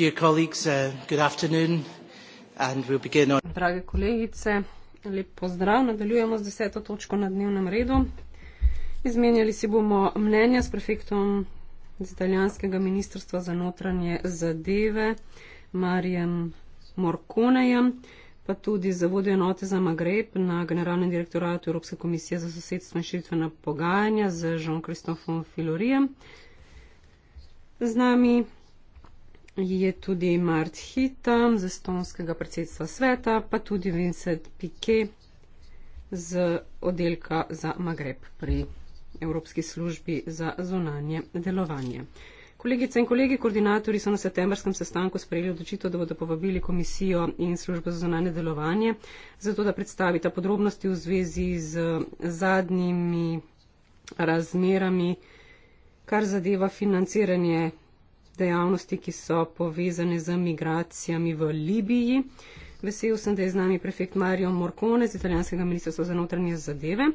Dear colleagues, uh, good afternoon and we'll begin on... Drage kolegice, lep pozdrav, nadaljujemo z deseto točko na dnevnem redu. Izmenjali si bomo mnenja s prefektom z italijanskega ministrstva za notranje zadeve, Marijem Morkonejem, pa tudi za vodjo enote za Magreb na generalnem direktoratu Evropske komisije za sosedstvo in širitvena pogajanja z Jean-Christophom Filorijem. Z nami je tudi Mart Hita z Estonskega predsedstva sveta, pa tudi Vincent Piquet z oddelka za Magreb pri Evropski službi za zunanje delovanje. Kolegice in kolegi, koordinatori so na septembrskem sestanku sprejeli odločitev, da bodo povabili komisijo in službo za zunanje delovanje, zato da predstavita podrobnosti v zvezi z zadnjimi razmerami, kar zadeva financiranje dejavnosti, ki so povezane z migracijami v Libiji. Vesel sem, da je z nami prefekt Mario Morcone z italijanskega ministrstva za notranje zadeve.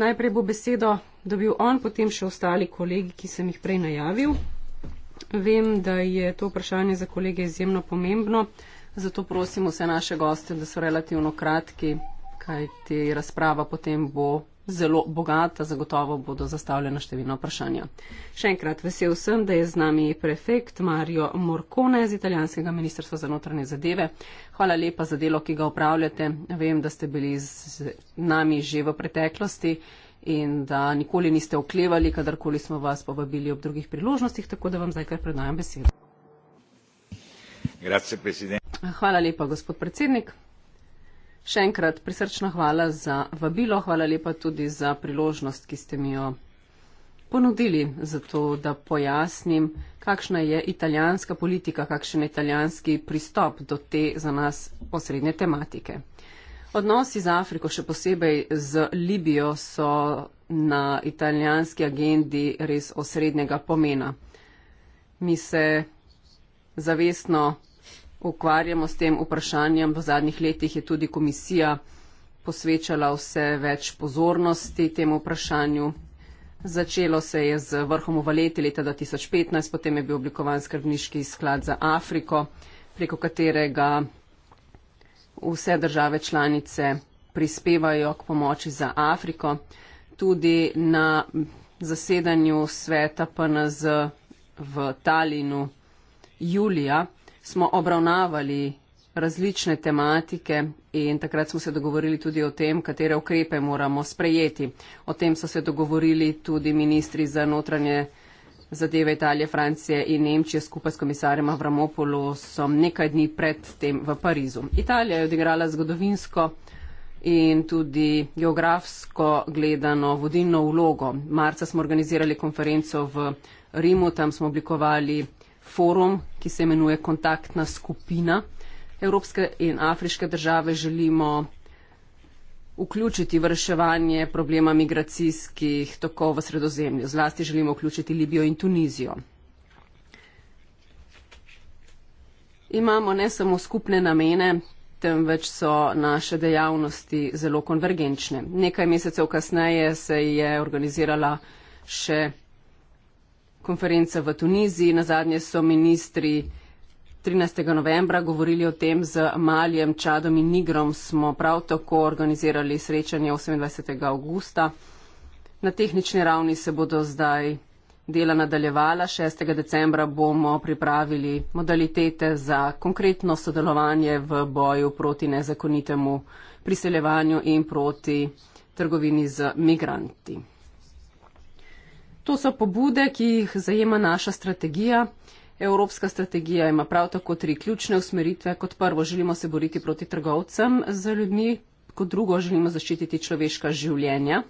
Najprej bo besedo dobil on, potem še ostali kolegi, ki sem jih prej najavil. Vem, da je to vprašanje za kolege izjemno pomembno, zato prosim vse naše goste, da so relativno kratki, kaj ti razprava potem bo zelo bogata, zagotovo bodo zastavljena številna vprašanja. Še enkrat vesel sem, da je z nami prefekt Mario Morcone iz italijanskega ministrstva za notranje zadeve. Hvala lepa za delo, ki ga upravljate. Vem, da ste bili z nami že v preteklosti in da nikoli niste oklevali, kadarkoli smo vas povabili ob drugih priložnostih, tako da vam zdaj kar predajam besedo. Hvala lepa, gospod predsednik. Še enkrat prisrčna hvala za vabilo, hvala lepa tudi za priložnost, ki ste mi jo ponudili, zato da pojasnim, kakšna je italijanska politika, kakšen je italijanski pristop do te za nas posrednje tematike. Odnosi z Afriko, še posebej z Libijo, so na italijanski agendi res osrednjega pomena. Mi se zavestno ukvarjamo s tem vprašanjem. V zadnjih letih je tudi komisija posvečala vse več pozornosti temu vprašanju. Začelo se je z vrhom v Valeti leta 2015, potem je bil oblikovan skrbniški sklad za Afriko, preko katerega vse države članice prispevajo k pomoči za Afriko. Tudi na zasedanju sveta PNZ v Talinu julija smo obravnavali različne tematike in takrat smo se dogovorili tudi o tem, katere ukrepe moramo sprejeti. O tem so se dogovorili tudi ministri za notranje zadeve Italije, Francije in Nemčije skupaj s komisarjem Avramopolosom nekaj dni pred tem v Parizu. Italija je odigrala zgodovinsko in tudi geografsko gledano vodilno vlogo. Marca smo organizirali konferenco v Rimu, tam smo oblikovali forum, ki se imenuje kontaktna skupina. Evropske in afriške države želimo vključiti v reševanje problema migracijskih tokov v sredozemlju. Zlasti želimo vključiti Libijo in Tunizijo. Imamo ne samo skupne namene, temveč so naše dejavnosti zelo konvergenčne. Nekaj mesecev kasneje se je organizirala še konferenca v Tuniziji. Na zadnje so ministri 13. novembra govorili o tem z Malijem, Čadom in Nigrom. Smo prav tako organizirali srečanje 28. augusta. Na tehnični ravni se bodo zdaj dela nadaljevala. 6. decembra bomo pripravili modalitete za konkretno sodelovanje v boju proti nezakonitemu priseljevanju in proti trgovini z migranti. To so pobude, ki jih zajema naša strategija. Evropska strategija ima prav tako tri ključne usmeritve. Kot prvo želimo se boriti proti trgovcem z ljudmi, kot drugo želimo zaščititi človeška življenja,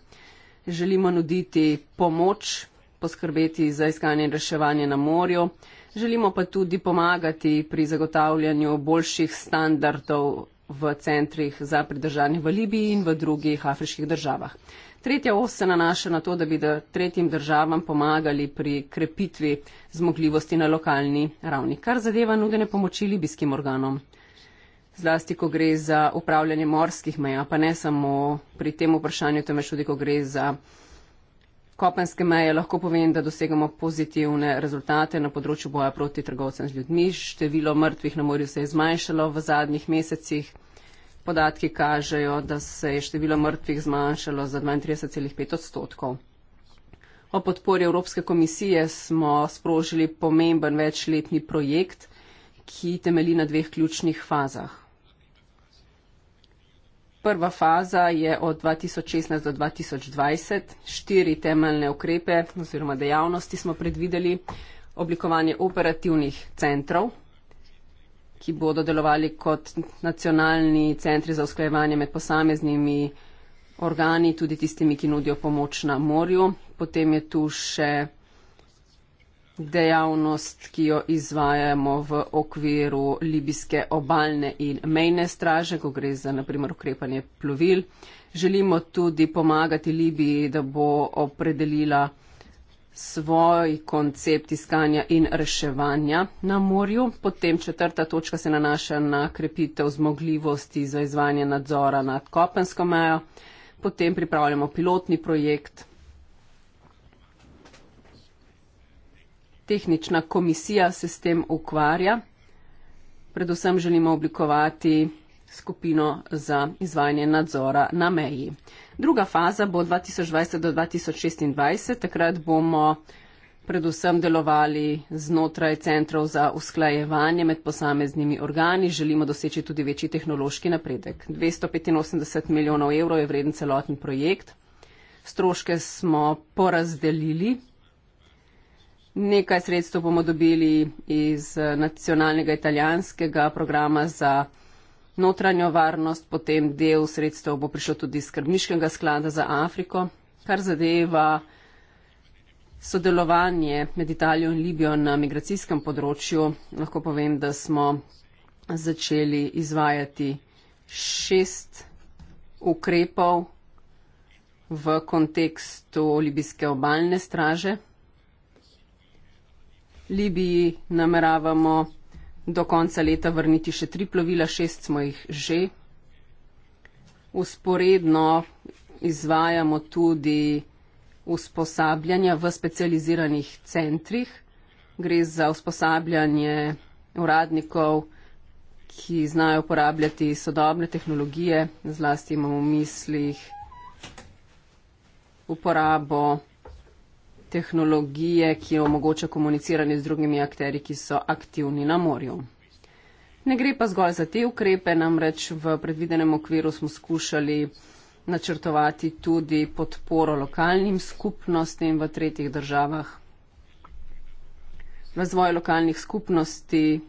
želimo nuditi pomoč, poskrbeti za iskanje in reševanje na morju, želimo pa tudi pomagati pri zagotavljanju boljših standardov v centrih za pridržanje v Libiji in v drugih afriških državah. Tretja os se nanaša na to, da bi da tretjim državam pomagali pri krepitvi zmogljivosti na lokalni ravni, kar zadeva nudene pomoči libijskim organom. Zlasti, ko gre za upravljanje morskih meja, pa ne samo pri tem vprašanju, temveč tudi, ko gre za kopenske meje, lahko povem, da dosegamo pozitivne rezultate na področju boja proti trgovcem z ljudmi. Število mrtvih na morju se je zmanjšalo v zadnjih mesecih podatki kažejo, da se je število mrtvih zmanjšalo za 32,5 odstotkov. O podpori Evropske komisije smo sprožili pomemben večletni projekt, ki temeli na dveh ključnih fazah. Prva faza je od 2016 do 2020. Štiri temeljne ukrepe oziroma dejavnosti smo predvideli. Oblikovanje operativnih centrov, ki bodo delovali kot nacionalni centri za usklajevanje med posameznimi organi, tudi tistimi, ki nudijo pomoč na morju. Potem je tu še dejavnost, ki jo izvajamo v okviru libijske obalne in mejne straže, ko gre za naprimer ukrepanje plovil. Želimo tudi pomagati Libiji, da bo opredelila svoj koncept iskanja in reševanja na morju. Potem četrta točka se nanaša na krepitev zmogljivosti za izvajanje nadzora nad kopensko mejo. Potem pripravljamo pilotni projekt. Tehnična komisija se s tem ukvarja. Predvsem želimo oblikovati skupino za izvajanje nadzora na meji. Druga faza bo 2020 do 2026, takrat bomo predvsem delovali znotraj centrov za usklajevanje med posameznimi organi, želimo doseči tudi večji tehnološki napredek. 285 milijonov evrov je vreden celoten projekt, stroške smo porazdelili. Nekaj sredstev bomo dobili iz nacionalnega italijanskega programa za notranjo varnost, potem del sredstev bo prišlo tudi iz skrbniškega sklada za Afriko, kar zadeva sodelovanje med Italijo in Libijo na migracijskem področju. Lahko povem, da smo začeli izvajati šest ukrepov v kontekstu libijske obaljne straže. Libiji nameravamo do konca leta vrniti še tri plovila, šest smo jih že. Usporedno izvajamo tudi usposabljanja v specializiranih centrih. Gre za usposabljanje uradnikov, ki znajo uporabljati sodobne tehnologije, zlasti imamo v mislih uporabo tehnologije, ki omogoča komuniciranje z drugimi akteri, ki so aktivni na morju. Ne gre pa zgolj za te ukrepe, namreč v predvidenem okviru smo skušali načrtovati tudi podporo lokalnim skupnostim v tretjih državah. Razvoj lokalnih skupnosti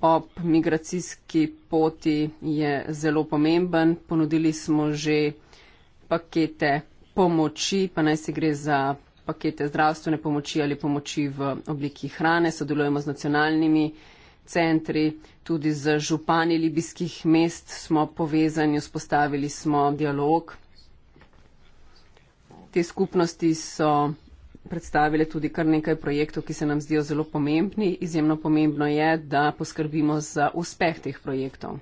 ob migracijski poti je zelo pomemben. Ponudili smo že pakete pomoči, pa naj se gre za pakete zdravstvene pomoči ali pomoči v obliki hrane, sodelujemo z nacionalnimi centri, tudi z župani libijskih mest smo povezani, vzpostavili smo dialog. Te skupnosti so predstavile tudi kar nekaj projektov, ki se nam zdijo zelo pomembni. Izjemno pomembno je, da poskrbimo za uspeh teh projektov.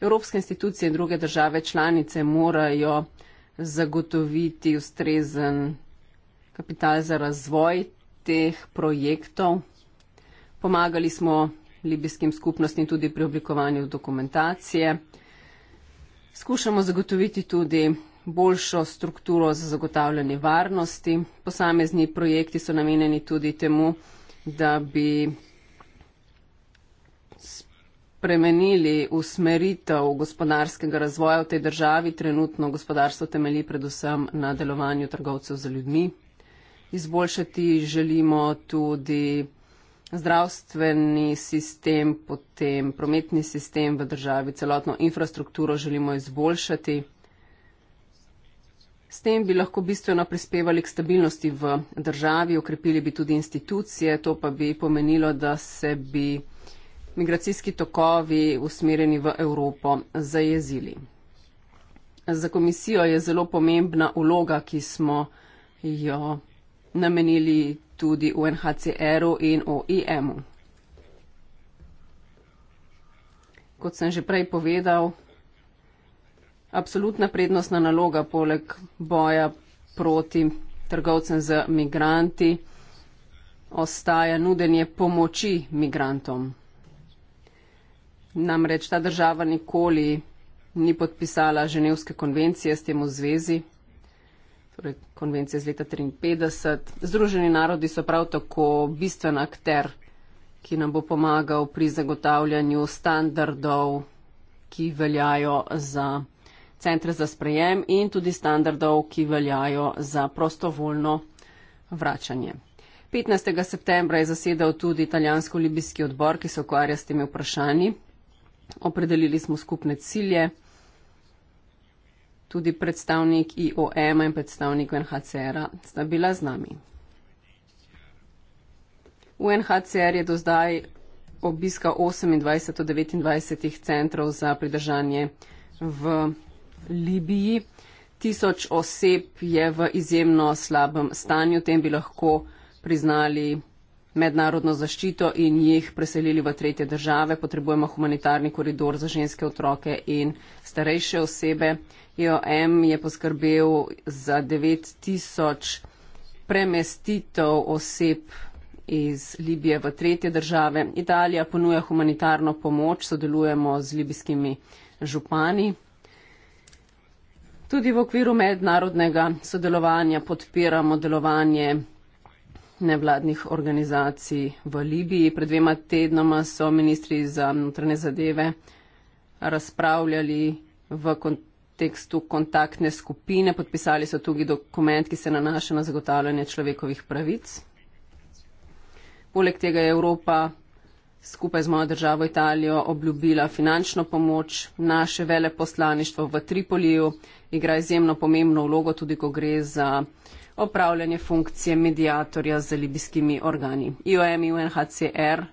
Evropske institucije in druge države članice morajo zagotoviti ustrezen kapital za razvoj teh projektov. Pomagali smo libijskim skupnostim tudi pri oblikovanju dokumentacije. Skušamo zagotoviti tudi boljšo strukturo za zagotavljanje varnosti. Posamezni projekti so namenjeni tudi temu, da bi spremenili usmeritev gospodarskega razvoja v tej državi. Trenutno gospodarstvo temelji predvsem na delovanju trgovcev za ljudmi izboljšati želimo tudi zdravstveni sistem, potem prometni sistem v državi, celotno infrastrukturo želimo izboljšati. S tem bi lahko bistveno prispevali k stabilnosti v državi, okrepili bi tudi institucije, to pa bi pomenilo, da se bi migracijski tokovi usmerjeni v Evropo zajezili. Za komisijo je zelo pomembna uloga, ki smo jo namenili tudi UNHCR-u in OIM-u. Kot sem že prej povedal, absolutna prednostna naloga poleg boja proti trgovcem z migranti ostaja nudenje pomoči migrantom. Namreč ta država nikoli ni podpisala Ženevske konvencije s tem v zvezi torej konvencije iz leta 1953. Združeni narodi so prav tako bistven akter, ki nam bo pomagal pri zagotavljanju standardov, ki veljajo za centre za sprejem in tudi standardov, ki veljajo za prostovoljno vračanje. 15. septembra je zasedal tudi italijansko-libijski odbor, ki se ukvarja s temi vprašanji. Opredelili smo skupne cilje tudi predstavnik IOM in predstavnik NHCR-a sta bila z nami. UNHCR je do zdaj obiskal 28 od 29 centrov za pridržanje v Libiji. Tisoč oseb je v izjemno slabem stanju, tem bi lahko priznali mednarodno zaščito in jih preselili v tretje države. Potrebujemo humanitarni koridor za ženske otroke in starejše osebe. IOM je poskrbel za 9000 premestitev oseb iz Libije v tretje države. Italija ponuja humanitarno pomoč, sodelujemo z libijskimi župani. Tudi v okviru mednarodnega sodelovanja podpiramo delovanje nevladnih organizacij v Libiji. Pred dvema tednoma so ministri za notranje zadeve razpravljali v kontekstu kontekstu kontaktne skupine, podpisali so tudi dokument, ki se nanaša na zagotavljanje človekovih pravic. Poleg tega je Evropa skupaj z mojo državo Italijo obljubila finančno pomoč. Naše veleposlaništvo v Tripoliju igra izjemno pomembno vlogo, tudi ko gre za opravljanje funkcije medijatorja z libijskimi organi. IOM in UNHCR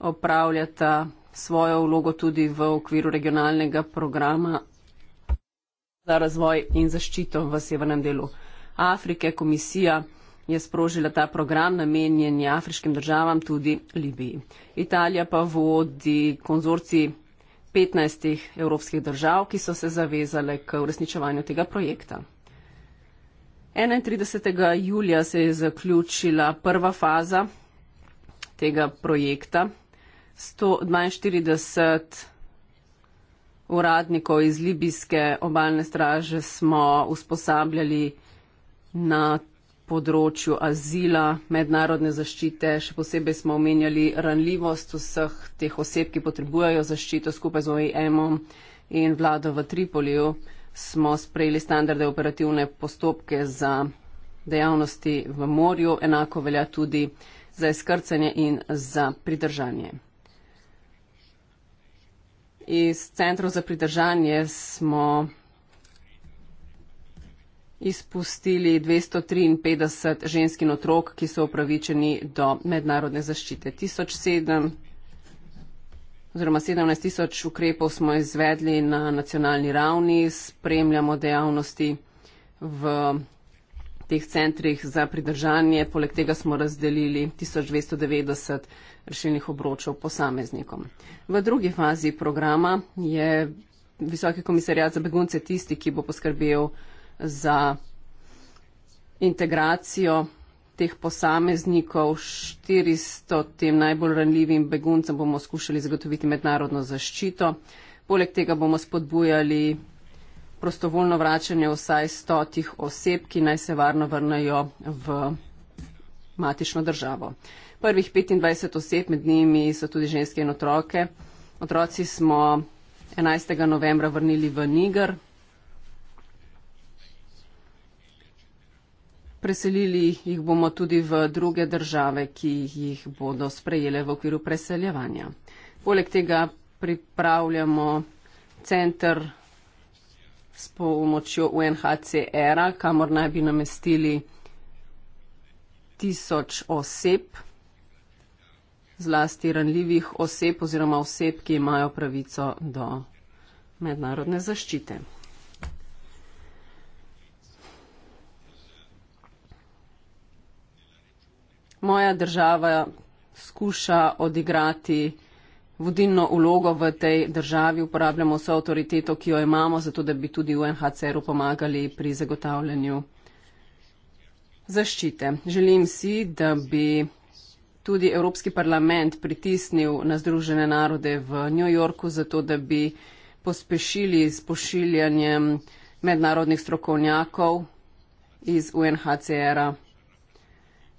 opravljata svojo vlogo tudi v okviru regionalnega programa za razvoj in zaščito v severnem delu Afrike. Komisija je sprožila ta program namenjen afriškim državam, tudi Libiji. Italija pa vodi konzorci 15 evropskih držav, ki so se zavezale k uresničevanju tega projekta. 31. julija se je zaključila prva faza tega projekta. 142 uradnikov iz Libijske obaljne straže smo usposabljali na področju azila, mednarodne zaščite. Še posebej smo omenjali ranljivost vseh teh oseb, ki potrebujejo zaščito skupaj z OEM-om in vlado v Tripoliju. Smo sprejeli standarde operativne postopke za dejavnosti v morju, enako velja tudi za izkrcanje in za pridržanje iz centrov za pridržanje smo izpustili 253 ženskih otrok, ki so upravičeni do mednarodne zaščite. 1007 oziroma 17 tisoč ukrepov smo izvedli na nacionalni ravni, spremljamo dejavnosti v teh centrih za pridržanje. Poleg tega smo razdelili 1290 rešilnih obročev posameznikom. V drugi fazi programa je Visoki komisarjat za begunce tisti, ki bo poskrbel za integracijo teh posameznikov. 400 tem najbolj ranljivim beguncem bomo skušali zagotoviti mednarodno zaščito. Poleg tega bomo spodbujali prostovoljno vračanje vsaj stotih oseb, ki naj se varno vrnejo v matično državo. Prvih 25 oseb, med njimi so tudi ženske in otroke. Otroci smo 11. novembra vrnili v Niger, preselili jih bomo tudi v druge države, ki jih bodo sprejele v okviru preseljevanja. Poleg tega pripravljamo center s pomočjo UNHCR-a, kamor naj bi namestili tisoč oseb, zlasti ranljivih oseb oziroma oseb, ki imajo pravico do mednarodne zaščite. Moja država skuša odigrati vodilno ulogo v tej državi, uporabljamo vso avtoriteto, ki jo imamo, zato da bi tudi UNHCR-u pomagali pri zagotavljanju zaščite. Želim si, da bi tudi Evropski parlament pritisnil na Združene narode v New Yorku, zato da bi pospešili s pošiljanjem mednarodnih strokovnjakov iz UNHCR-a.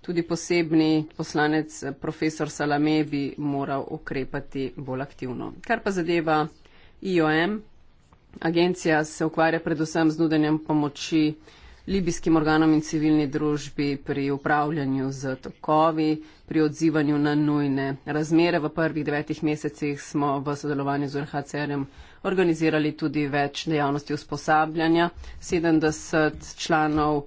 Tudi posebni poslanec eh, profesor Salame bi moral ukrepati bolj aktivno. Kar pa zadeva IOM, agencija se ukvarja predvsem z nudenjem pomoči libijskim organom in civilni družbi pri upravljanju z tokovi, pri odzivanju na nujne razmere. V prvih devetih mesecih smo v sodelovanju z UNHCR-em organizirali tudi več dejavnosti usposabljanja. 70 članov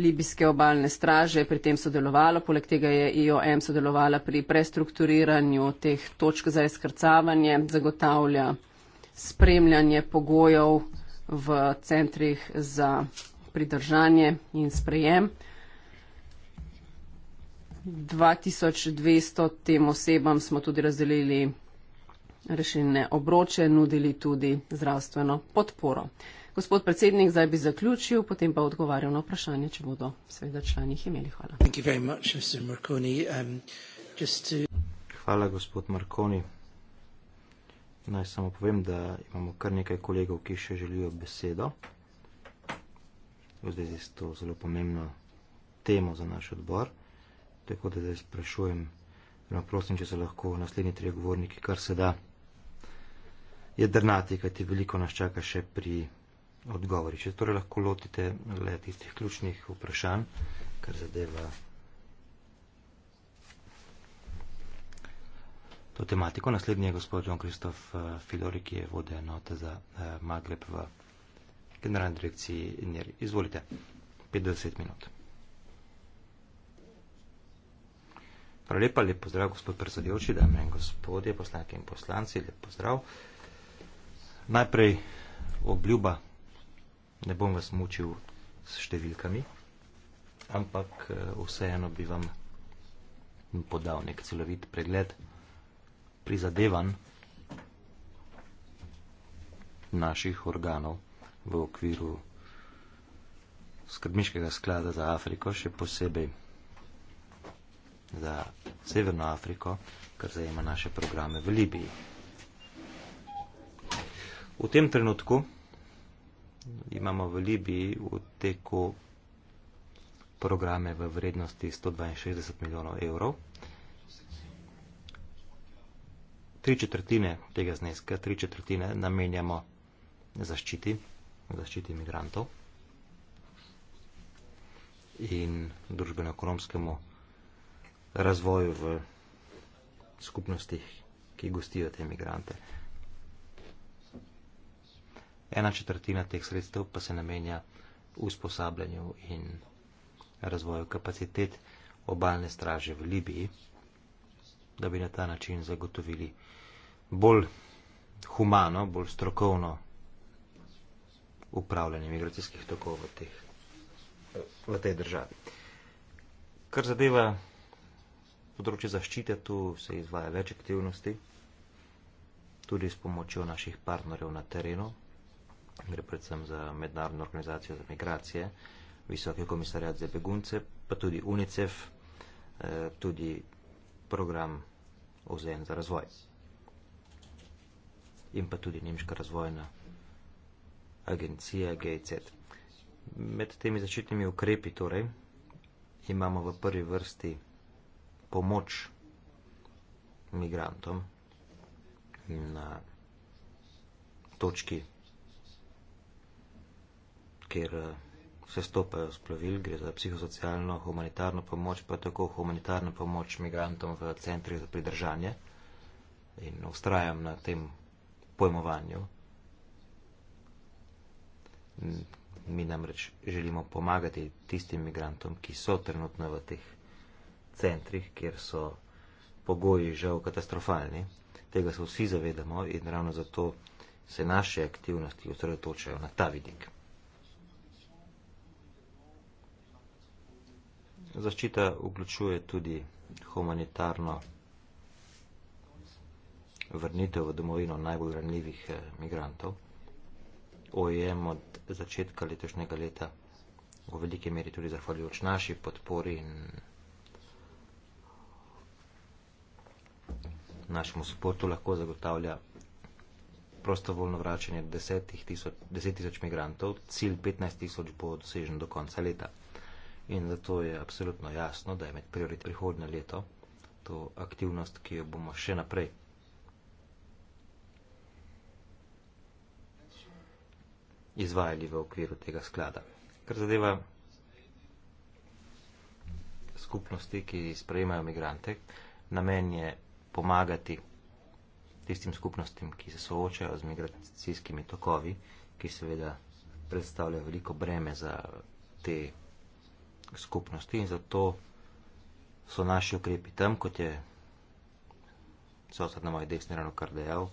libijske obalne straže pri tem sodelovalo, poleg tega je IOM sodelovala pri prestrukturiranju teh točk za izkrcavanje, zagotavlja spremljanje pogojev v centrih za pridržanje in sprejem. 2200 tem osebam smo tudi razdelili rešilne obroče, nudili tudi zdravstveno podporo. Gospod predsednik, zdaj bi zaključil, potem pa odgovarjal na vprašanje, če bodo seveda člani imeli. Hvala. Um, Hvala, gospod Markoni. Naj samo povem, da imamo kar nekaj kolegov, ki še želijo besedo v zvezi s to zelo pomembno temo za naš odbor. Tako da zdaj sprašujem, zelo no, prosim, če se lahko naslednji tri govorniki kar se da jedrnati, kajti veliko nas čaka še pri odgovori. Če torej lahko lotite le tistih ključnih vprašanj, kar zadeva to tematiko. Naslednji je gospod John Kristof eh, Filori, ki je vode enote za eh, Magreb v generalni direkciji NIR. Izvolite, 50 minut. Prav lepa, lep pozdrav, gospod predsedujoči, dame in gospodje, poslanke in poslanci, lep pozdrav. Najprej obljuba ne bom vas mučil s številkami, ampak eh, vseeno bi vam podal nek celovit pregled prizadevan naših organov v okviru Skrbniškega sklada za Afriko, še posebej za Severno Afriko, kar zajema naše programe v Libiji. V tem trenutku imamo v Libiji v teku programe v vrednosti 162 milijonov evrov. Tri četrtine tega zneska, tri četrtine namenjamo zaščiti, zaščiti imigrantov in družbeno-ekonomskemu razvoju v skupnostih, ki gostijo te imigrante ena četrtina teh sredstev pa se namenja usposabljanju in razvoju kapacitet obalne straže v Libiji, da bi na ta način zagotovili bolj humano, bolj strokovno upravljanje migracijskih tokov v, teh, v tej državi. Kar zadeva področje zaščite, tu se izvaja več aktivnosti, tudi s pomočjo naših partnerjev na terenu, gre predvsem za mednarodno organizacijo za migracije, visoke komisarjat za begunce, pa tudi UNICEF, eh, tudi program OZN za razvoj. In pa tudi Nemška razvojna agencija GIZ. Med temi začetnimi ukrepi torej imamo v prvi vrsti pomoč migrantom na točki kjer eh, se stopajo splavil, gre za psihosocialno, humanitarno pomoč, pa tako humanitarno pomoč migrantom v centrih za pridržanje. In ustrajam na tem pojmovanju. Mi namreč želimo pomagati tistim migrantom, ki so trenutno v teh centrih, kjer so pogoji žal katastrofalni. Tega se vsi zavedamo in ravno zato se naše aktivnosti osredotočajo na ta vidik. Zaščita vključuje tudi humanitarno vrnitev v domovino najbolj ranljivih eh, migrantov. OEM od začetka letošnjega leta v veliki meri tudi zahvaljujoč naši podpori in našemu suportu lahko zagotavlja prostovoljno vračanje 10 tisoč, 10 tisoč migrantov. Cilj 15 tisoč bo dosežen do konca leta. In zato je absolutno jasno, da je med prioritet prihodnje leto to aktivnost, ki jo bomo še naprej. Izvajali v okviru tega sklada. Kar zadeva skupnosti, ki sprejemajo migrante, namen je pomagati tistim skupnostim, ki se soočajo z migracijskimi tokovi, ki seveda predstavljajo veliko breme za te skupnosti in zato so naši ukrepi tam, kot je sosed na moj desni ravno kar dejal,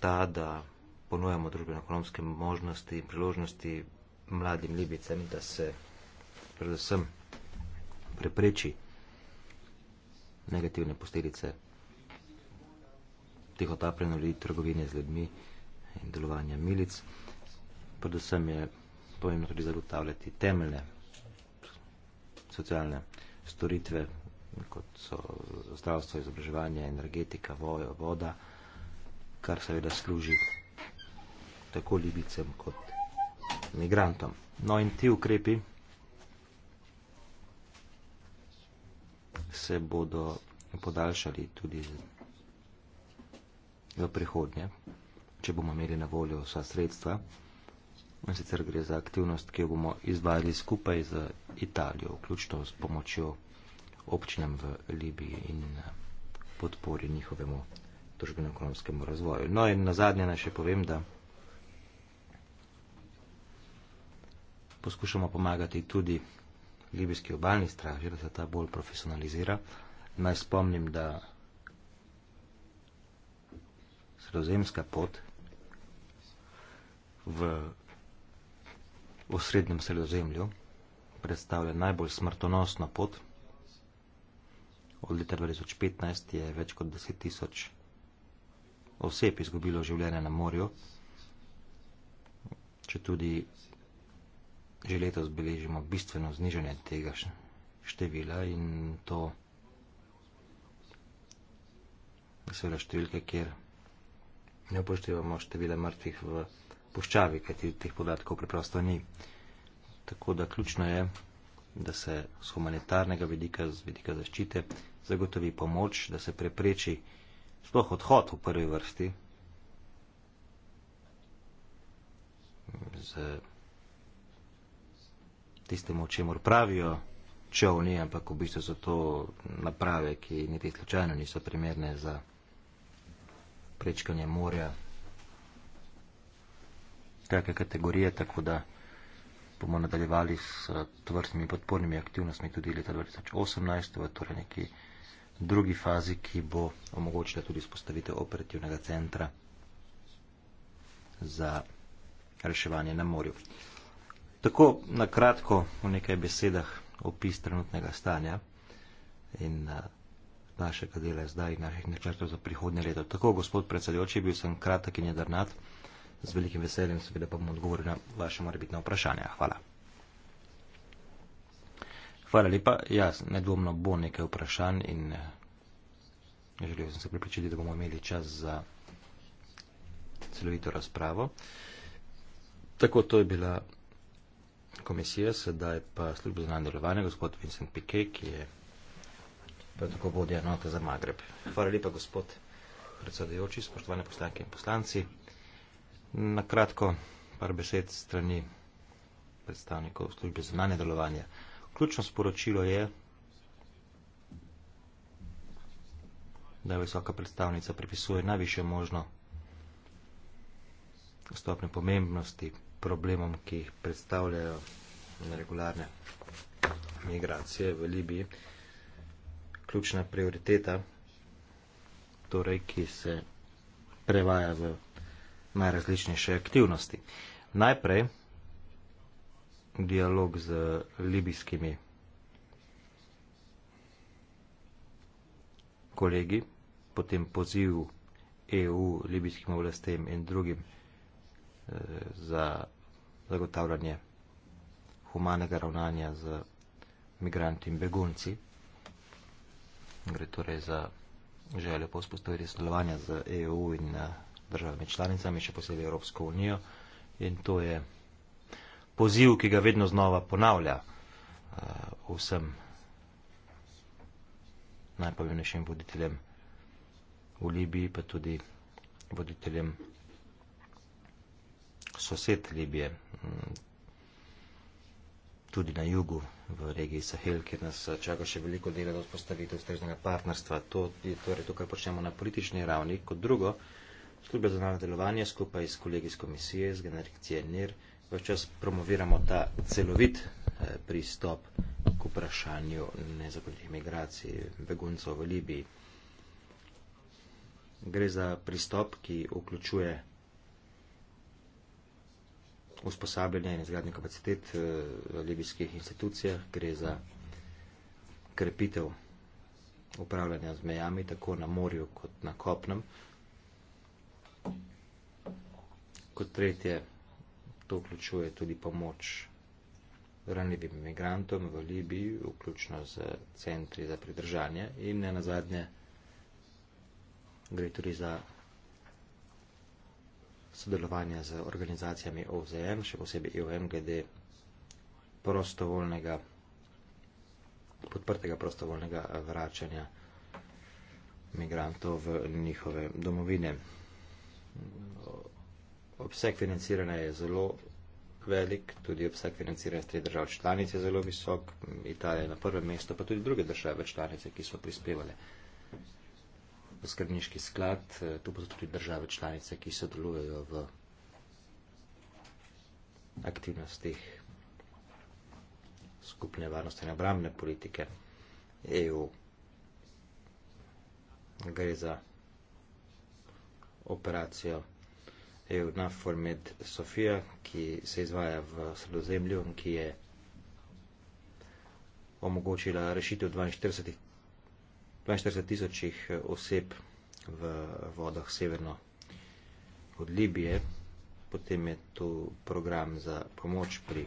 ta, da ponujamo družbeno-ekonomske možnosti in priložnosti mladim Libicem, da se predvsem prepreči negativne posledice tih otapljenih ljudi, trgovine z ljudmi in delovanja milic. Predvsem je pomembno tudi zagotavljati temeljne socialne storitve, kot so zdravstvo, izobraževanje, energetika, vojo, voda, kar seveda služi tako libicem kot migrantom. No in ti ukrepi se bodo podaljšali tudi v prihodnje, če bomo imeli na voljo vsa sredstva in sicer gre za aktivnost, ki jo bomo izvajali skupaj z Italijo, vključno s pomočjo občinam v Libiji in eh, podpori njihovemu družbeno-ekonomskemu razvoju. No in na zadnje naj še povem, da poskušamo pomagati tudi libijski obalni straži, da se ta bolj profesionalizira. Naj spomnim, da sredozemska pot v v srednjem sredozemlju, predstavlja najbolj smrtonosno pot. Od leta 2015 je več kot 10 tisoč oseb izgubilo življenje na morju, če tudi že letos beležimo bistveno znižanje tega števila in to seveda številke, kjer ne upoštevamo števila mrtvih v puščavi, kajti teh podatkov preprosto ni. Tako da ključno je, da se z humanitarnega vidika, z vidika zaščite, zagotovi pomoč, da se prepreči sploh odhod v prvi vrsti z tistem, o čemur pravijo čovni, ampak v bistvu so to naprave, ki niti slučajno niso primerne za prečkanje morja take kategorije, tako da bomo nadaljevali s tvrstnimi podpornimi aktivnostmi tudi leta 2018, v torej neki drugi fazi, ki bo omogočila tudi spostavitev operativnega centra za reševanje na morju. Tako na kratko v nekaj besedah opis trenutnega stanja in eh, našega dela zdaj in naših načrtov za prihodnje leto. Tako, gospod predsedujoči, bil sem kratek in jedrnat. Z velikim veseljem seveda pa bom odgovoril na vaše morebitne vprašanja. Hvala. Hvala lepa. Ja, nedvomno bo nekaj vprašanj in eh, želel sem se pripričati, da bomo imeli čas za celovito razpravo. Tako to je bila komisija, sedaj pa služba za nadelovanje, gospod Vincent Piquet, ki je pa tako vodja enote za Magreb. Hvala lepa, gospod predsedajoči, spoštovane poslanke in poslanci. Na kratko, par besed strani predstavnikov službe zunanje delovanje. Ključno sporočilo je, da je visoka predstavnica pripisuje najviše možno stopne pomembnosti problemom, ki jih predstavljajo neregularne migracije v Libiji. Ključna prioriteta, torej, ki se prevaja v najrazličnejše aktivnosti. Najprej dialog z libijskimi kolegi, potem poziv EU, libijskim oblastem in drugim eh, za zagotavljanje humanega ravnanja z migranti in begunci. Gre torej za željo po spostavitvi sodelovanja z EU in eh, državami članicami, še posebej Evropsko unijo. In to je poziv, ki ga vedno znova ponavlja uh, vsem najpomembnejšim voditeljem v Libiji, pa tudi voditeljem sosed Libije, mm, tudi na jugu v regiji Sahel, kjer nas čaka še veliko dela za vzpostavitev ustreznega partnerstva. To je torej to, kar počnemo na politični ravni. Kot drugo, uh, Službe za nove delovanje skupaj s kolegi iz komisije, z generacije NIR, včas promoviramo ta celovit eh, pristop k vprašanju nezakonitih migracij, beguncov v Libiji. Gre za pristop, ki vključuje usposabljanje in izgradnje kapacitet eh, v libijskih institucijah, gre za krepitev upravljanja z mejami tako na morju kot na kopnem. kot tretje, to vključuje tudi pomoč ranljivim imigrantom v Libiji, vključno z centri za pridržanje in ne nazadnje gre tudi za sodelovanje z organizacijami OZN, še posebej IOM, e glede prostovoljnega, podprtega prostovoljnega vračanja migrantov v njihove domovine obseg financiranja je zelo velik, tudi obseg financiranja strednje držav članic je zelo visok, Italija je na prvem mestu, pa tudi druge države članice, ki so prispevale v skrbniški sklad, eh, tu pa so tudi države članice, ki sodelujejo v aktivnostih skupne varnosti in obrambne politike EU. Gre za operacijo EU NAFOR med Sofija, ki se izvaja v sredozemlju in ki je omogočila rešitev 42 tisočih oseb v vodah severno od Libije. Potem je tu program za pomoč pri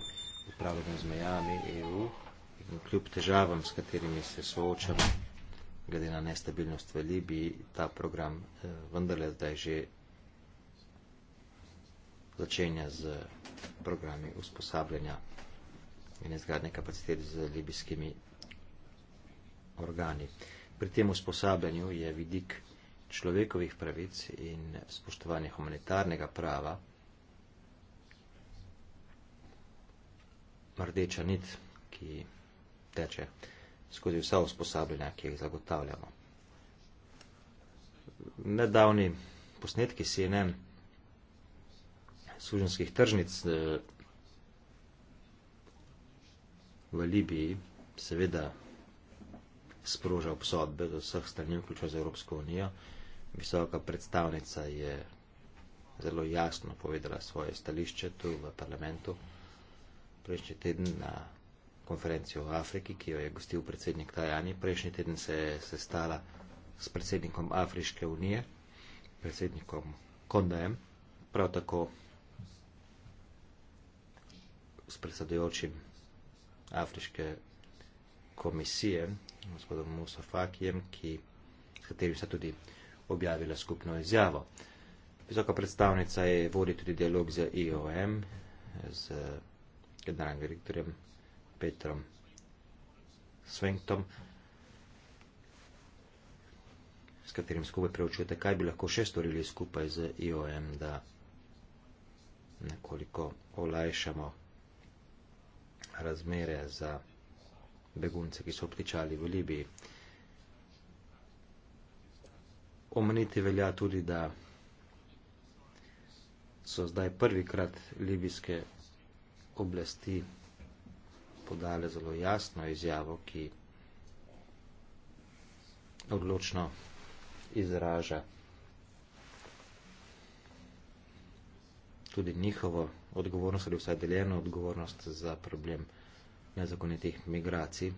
upravljanju z mejami EU in kljub težavam, s katerimi se soočamo glede na nestabilnost v Libiji, ta program eh, vendarle zdaj že začenja z programi usposabljanja in izgradnje kapacitet z libijskimi organi. Pri tem usposabljanju je vidik človekovih pravic in spoštovanje humanitarnega prava rdeča nit, ki teče skozi vsa usposabljanja, ki jih zagotavljamo. Nedavni posnetki CNN suženskih tržnic eh, v Libiji seveda sproža obsodbe z vseh strani, vključno z Evropsko unijo. Visoka predstavnica je zelo jasno povedala svoje stališče tu v parlamentu prejšnji teden na konferenci o Afriki, ki jo je gostil predsednik Tajani. Prejšnji teden se je sestala s predsednikom Afriške unije, predsednikom Kondajem. Prav tako s predsedujočim Afriške komisije, gospodom Musa Fakijem, ki, s katerim se tudi objavila skupno izjavo. Visoka predstavnica je vodi tudi dialog z IOM, z generalnim direktorjem Petrom Svengtom, s katerim skupaj preučujete, kaj bi lahko še storili skupaj z IOM, da nekoliko olajšamo razmere za begunce, ki so pričali v Libiji. Omeniti velja tudi, da so zdaj prvikrat libijske oblasti podale zelo jasno izjavo, ki odločno izraža tudi njihovo odgovornost ali vsaj deljeno odgovornost za problem nezakonitih migracij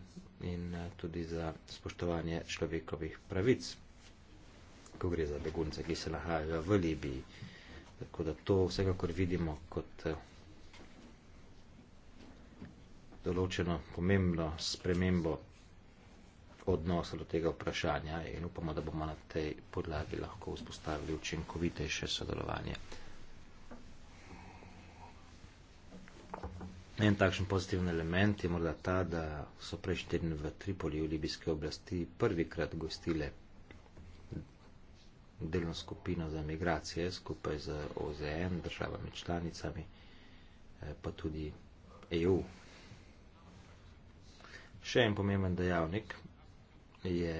in eh, tudi za spoštovanje človekovih pravic, ko gre za begunce, ki se nahajajo v Libiji. Tako da to vsekakor vidimo kot eh, določeno pomembno spremembo odnosa do tega vprašanja in upamo, da bomo na tej podlagi lahko vzpostavili učinkovitejše sodelovanje. En takšen pozitiven element je morda ta, da so prejšnji teden v Tripoliju libijske oblasti prvikrat gostile delno skupino za migracije skupaj z OZN, državami članicami, eh, pa tudi EU. Še en pomemben dejavnik je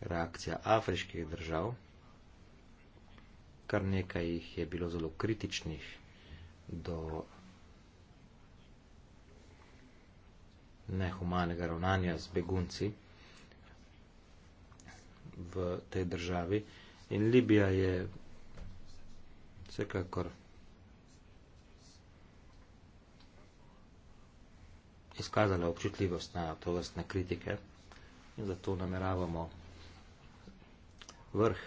reakcija afriških držav. Kar nekaj jih je bilo zelo kritičnih do nehumanega ravnanja z begunci v tej državi. In Libija je vsekakor izkazala občutljivost na to vrstne kritike in zato nameravamo vrh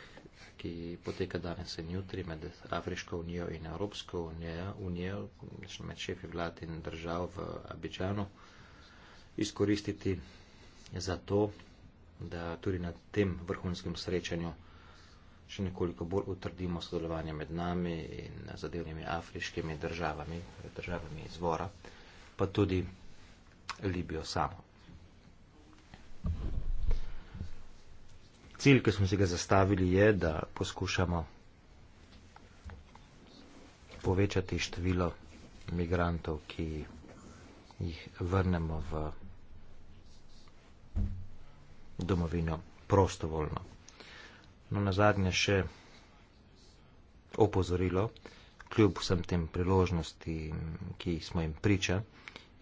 ki poteka danes in jutri med Afriško unijo in Evropsko unijo, unijo med šefi vlad in držav v Abidžanu, izkoristiti za to, da tudi na tem vrhunskem srečanju še nekoliko bolj utrdimo sodelovanje med nami in zadevnimi afriškimi državami, državami izvora, pa tudi Libijo samo. cilj, ki smo si ga zastavili, je, da poskušamo povečati število migrantov, ki jih vrnemo v domovino prostovoljno. No, na zadnje še opozorilo, kljub vsem tem priložnosti, ki smo jim priča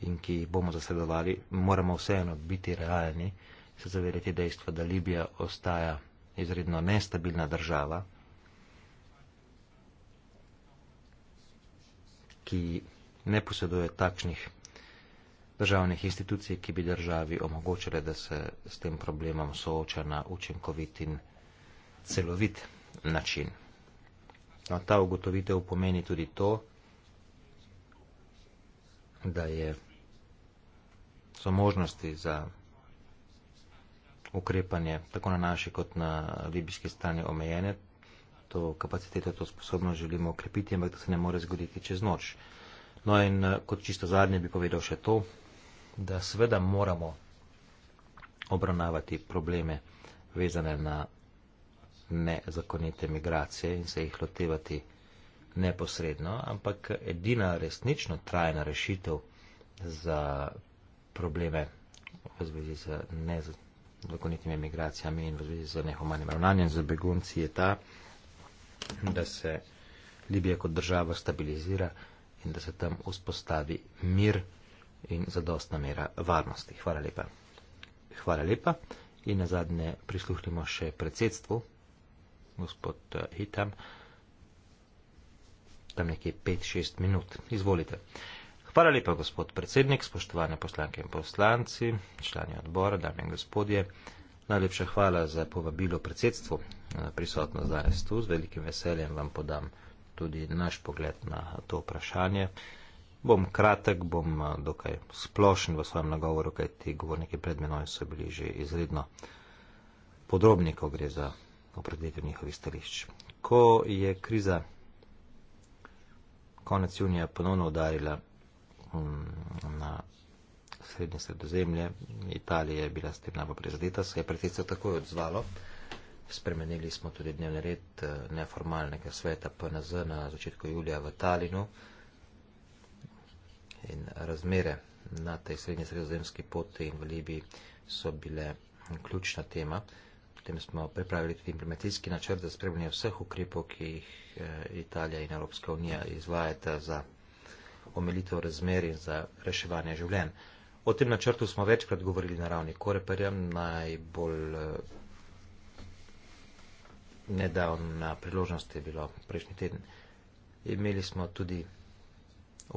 in ki jih bomo zasledovali, moramo vseeno biti realni se zavedati dejstva, da Libija ostaja izredno nestabilna država, ki ne poseduje takšnih državnih institucij, ki bi državi omogočile, da se s tem problemom sooča na učinkovit in celovit način. No, ta ugotovitev pomeni tudi to, da je, so možnosti za ukrepanje tako na naši kot na libijski strani omejene. To kapaciteto, to sposobnost želimo ukrepiti, ampak to se ne more zgoditi čez noč. No in eh, kot čisto zadnje bi povedal še to, da seveda moramo obravnavati probleme vezane na nezakonite migracije in se jih lotevati neposredno, ampak edina resnično trajna rešitev za probleme v zvezi z nezakonitimi zakonitimi migracijami in v zvezi z nehumanim ravnanjem za begunci je ta, da se Libija kot država stabilizira in da se tam vzpostavi mir in zadostna mera varnosti. Hvala lepa. Hvala lepa. In na zadnje prisluhnimo še predsedstvu, gospod eh, Hitam, tam nekje 5-6 minut. Izvolite. Hvala lepa, gospod predsednik, spoštovane poslanke in poslanci, člani odbora, dame in gospodje. Najlepša hvala za povabilo predsedstvu na eh, prisotnost danes tu. Z velikim veseljem vam podam tudi naš pogled na to vprašanje. Bom kratek, bom eh, dokaj splošen v svojem nagovoru, kaj ti govorniki pred menoj so bili že izredno podrobni, ko gre za opredelitev njihovih stališč. Ko je kriza konec junija ponovno udarila Um, na srednje sredozemlje. Italija je bila s tem najbolj prizadeta, se je predsedstvo takoj odzvalo. Spremenili smo tudi dnevni red eh, neformalnega sveta PNZ na začetku julija v Talinu in razmere na tej srednje sredozemski poti in v Libiji so bile ključna tema. Potem smo pripravili tudi implementacijski načrt za spremljanje vseh ukrepov, ki jih eh, Italija in Evropska unija izvajata za omilitev razmer in za reševanje življenj. O tem načrtu smo večkrat govorili na ravni Koreperja, najbolj eh, nedavna priložnost je bilo prejšnji teden. Imeli smo tudi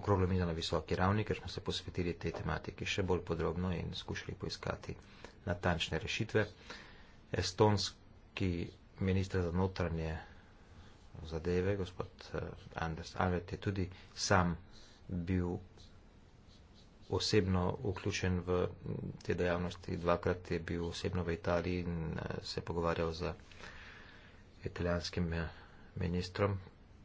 okroglo mizo na visoki ravni, ker smo se posvetili tej tematiki še bolj podrobno in skušali poiskati natančne rešitve. Estonski ministr za notranje zadeve, gospod eh, Anders Alvet, je tudi sam bil osebno vključen v te dejavnosti. Dvakrat je bil osebno v Italiji in eh, se pogovarjal z italijanskim eh, ministrom.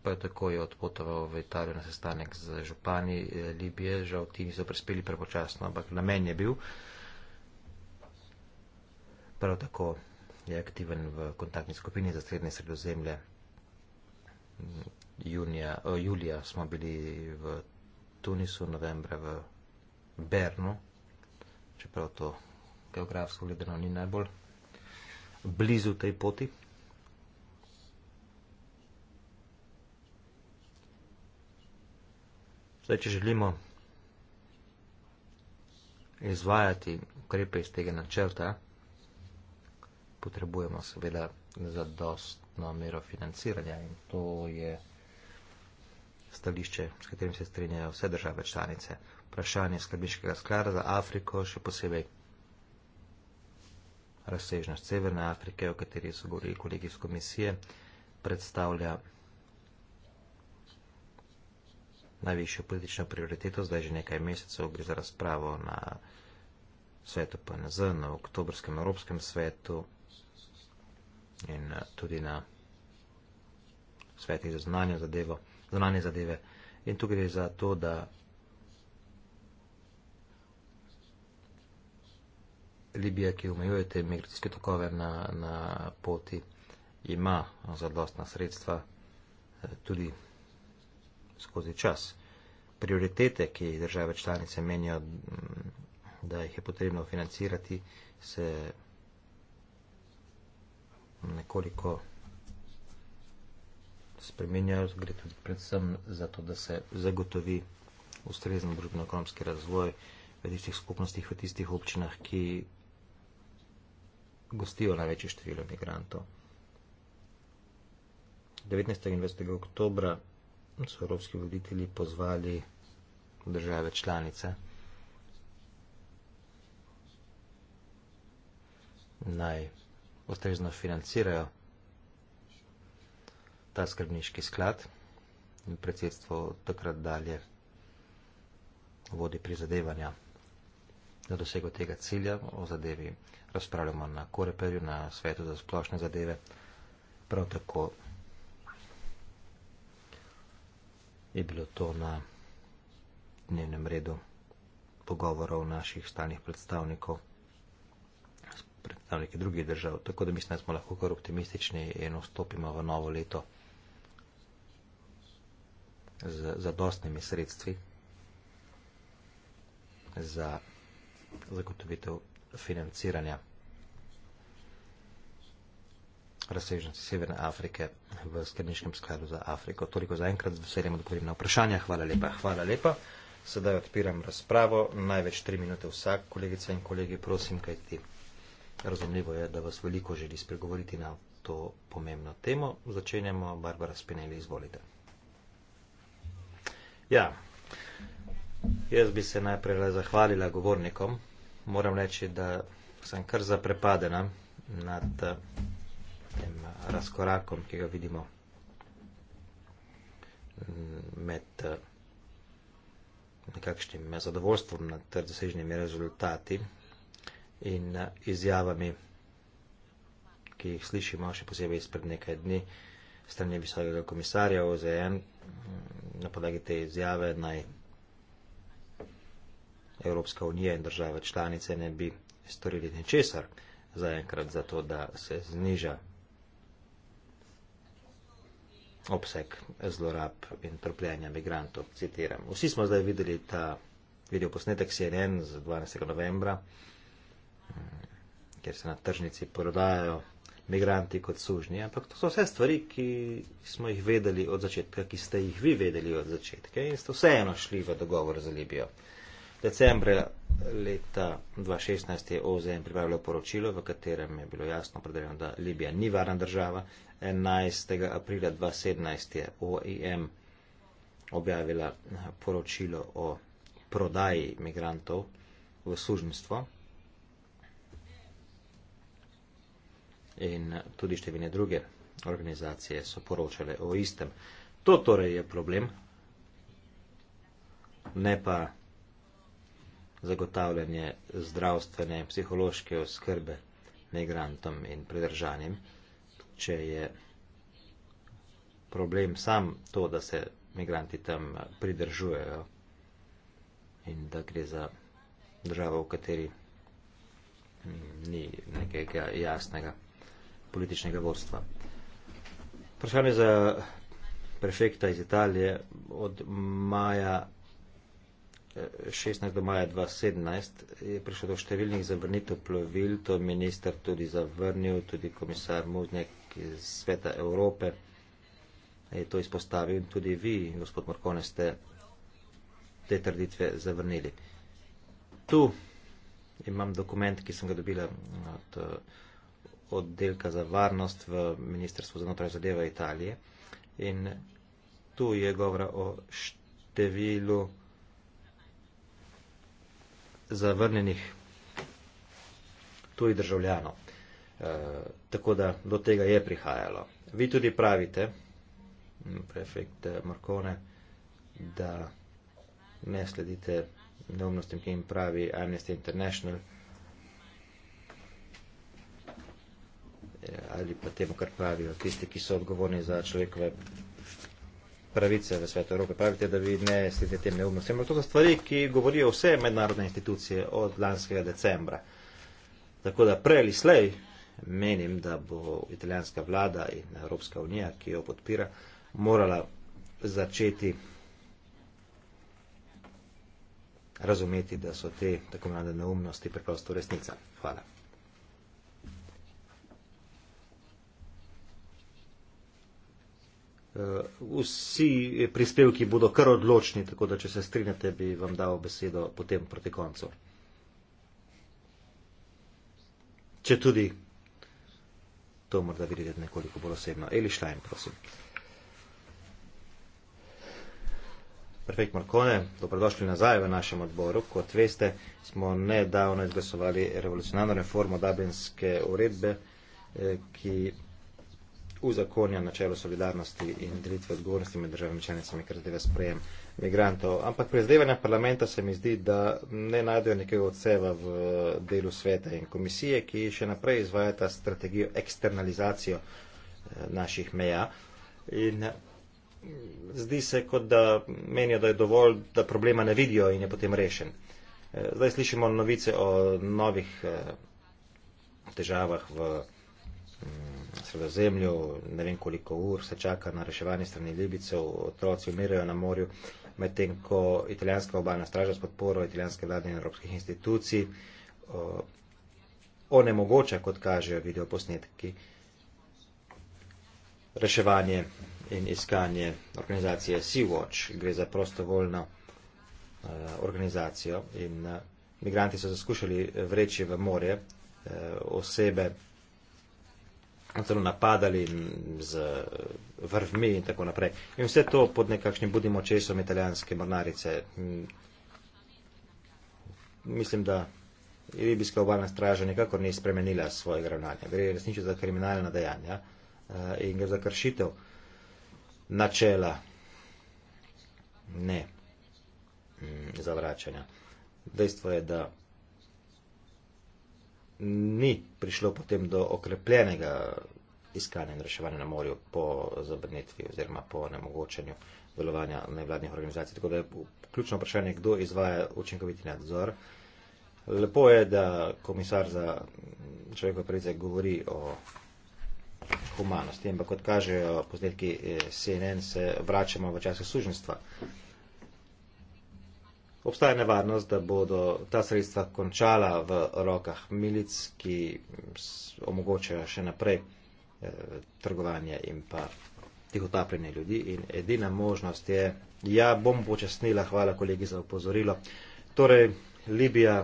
Pa je tako je odpotoval v Italijo na sestanek z župani eh, Libije. Žal ti niso prispeli prepočasno, ampak namen je bil. Prav tako je aktiven v kontaktni skupini za srednje sredozemlje. Mm, junija, o, julija smo bili v Tunisu, novembra v Bernu, čeprav to geografsko gledano ni najbolj blizu tej poti. Zdaj, če želimo izvajati ukrepe iz tega načrta, potrebujemo seveda zadostno mero financiranja in to je stališče, s katerim se strinjajo vse države članice. Vprašanje skrbiškega sklada za Afriko, še posebej razsežnost Severne Afrike, o kateri so govorili kolegi iz komisije, predstavlja najvišjo politično prioriteto. Zdaj že nekaj mesecev gre za razpravo na svetu PNZ, na oktobrskem Evropskem svetu in tudi na svetu za znanje zadevo zunanje zadeve. In tu gre za to, da Libija, ki omejuje te migracijske tokove na, na poti, ima zadostna sredstva eh, tudi skozi čas. Prioritete, ki jih države članice menijo, mm, da jih je potrebno financirati, se nekoliko spremenjajo, gre tudi predvsem za to, da se zagotovi ustrezen družbeno-ekonomski razvoj v tistih skupnostih, v tistih občinah, ki gostijo največje število migrantov. 19. in 20. oktobra so evropski voditelji pozvali države članice naj ustrezno financirajo ta skrbniški sklad in predsedstvo takrat dalje vodi prizadevanja na dosego tega cilja. O zadevi razpravljamo na Koreperju, na svetu za splošne zadeve. Prav tako je bilo to na dnevnem redu pogovorov naših stalnih predstavnikov predstavniki drugih držav, tako da mislim, da smo lahko kar optimistični in vstopimo v novo leto z zadostnimi sredstvi za zagotovitev financiranja razsežnosti Severne Afrike v skrbniškem skladu za Afriko. Toliko za enkrat, z veseljem odgovorim na vprašanja. Hvala lepa. Hvala lepa. Sedaj odpiram razpravo, največ tri minute vsak, kolegica in kolegi, prosim, kaj ti. Razumljivo je, da vas veliko želi spregovoriti na to pomembno temo. Začenjamo, Barbara Spinelli, izvolite. Ja, jaz bi se najprej zahvalila govornikom. Moram reči, da sem kar zaprepadena nad eh, tem razkorakom, ki ga vidimo mm, med eh, nekakšnim zadovoljstvom nad doseženimi rezultati in eh, izjavami, ki jih slišimo še posebej izpred nekaj dni strani visokega komisarja OZN, na podlagi te izjave naj Evropska unija in države članice ne bi storili ničesar zaenkrat za to, da se zniža obseg zlorab in trpljenja migrantov, citiram. Vsi smo zdaj videli ta videoposnetek CNN z 12. novembra, kjer se na tržnici prodajajo migranti kot sužnji. Ampak to so vse stvari, ki smo jih vedeli od začetka, ki ste jih vi vedeli od začetka in ste vseeno šli v dogovor za Libijo. Decembra leta 2016 je OZN pripravilo poročilo, v katerem je bilo jasno opredeljeno, da Libija ni varna država. 11. aprila 2017 je OIM objavila poročilo o prodaji migrantov v služnstvo. in tudi številne druge organizacije so poročale o istem. To torej je problem, ne pa zagotavljanje zdravstvene in psihološke oskrbe migrantom in pridržanjem, če je problem sam to, da se migranti tam pridržujejo in da gre za državo, v kateri ni nekega jasnega političnega vodstva. Vprašanje za prefekta iz Italije od maja 16 eh, do maja 2017 je prišlo do številnih zavrnitev plovil, to je minister tudi zavrnil, tudi komisar Muznik iz Sveta Evrope je to izpostavil in tudi vi, gospod Morkone, ste te trditve zavrnili. Tu imam dokument, ki sem ga dobila od uh, oddelka za varnost v Ministrstvu za notranje zadeve Italije. In tu je govora o številu zavrnjenih tujih državljanov. E, tako da do tega je prihajalo. Vi tudi pravite, prefekt Markone, da ne sledite neumnostim, ki jim pravi Amnesty International. Eh, ali pa temu, kar pravijo tisti, ki so odgovorni za človekove pravice v svetu Evrope. Pravite, da vi ne sledite tem neumnostem. To so stvari, ki govorijo vse mednarodne institucije od lanskega decembra. Tako da prej ali slej menim, da bo italijanska vlada in Evropska unija, ki jo podpira, morala začeti razumeti, da so te tako mlade neumnosti preprosto resnica. Hvala. Eh, vsi prispevki bodo kar odločni, tako da če se strinjate, bi vam dal besedo potem proti koncu. Če tudi to morda vidite nekoliko bolj osebno. Eli Šlajn, prosim. Perfekt Markone, dobrodošli nazaj v našem odboru. Kot veste, smo nedavno izglasovali revolucionarno reformo Dublinske uredbe, eh, ki uzakonja načelo solidarnosti in delitve odgovornosti med državami članicami, kar zadeva sprejem migrantov. Ampak prezdevanja parlamenta se mi zdi, da ne najdejo nekega odseva v delu sveta in komisije, ki še naprej izvaja ta strategijo eksternalizacijo eh, naših meja. In mm, zdi se, kot da menijo, da je dovolj, da problema ne vidijo in je potem rešen. Eh, zdaj slišimo novice o novih eh, težavah v mm, sredozemlju, ne vem koliko ur se čaka na reševanje strani Libicev, otroci umirajo na morju, medtem ko italijanska obalna straža s podporo italijanske vlade in evropskih institucij onemogoča, kot kažejo videoposnetki, reševanje in iskanje organizacije Sea-Watch. Gre za prostovoljno e, organizacijo in e, migranti so zaskušali vreči v morje e, osebe, celo napadali z vrvmi in tako naprej. In vse to pod nekakšnim budimo česom italijanske mornarice. Mislim, da Libijska obalna straža nekako ni spremenila svojega ravnanja. Gre resnično za kriminalna dejanja eh, in gre za kršitev načela ne mm, zavračanja. Dejstvo je, da ni prišlo potem do okrepljenega iskanja in reševanja na morju po zabrnitvi oziroma po nemogočenju delovanja nevladnih organizacij. Tako da je ključno vprašanje, kdo izvaja učinkoviti nadzor. Lepo je, da komisar za človekove pravice govori o humanosti, ampak kot kažejo posnetki eh, CNN, se vračamo v čase služenstva obstaja nevarnost, da bodo ta sredstva končala v rokah milic, ki omogočajo še naprej eh, trgovanje in pa tihotapljenje ljudi. In edina možnost je, ja, bom počasnila, hvala kolegi za upozorilo. Torej, Libija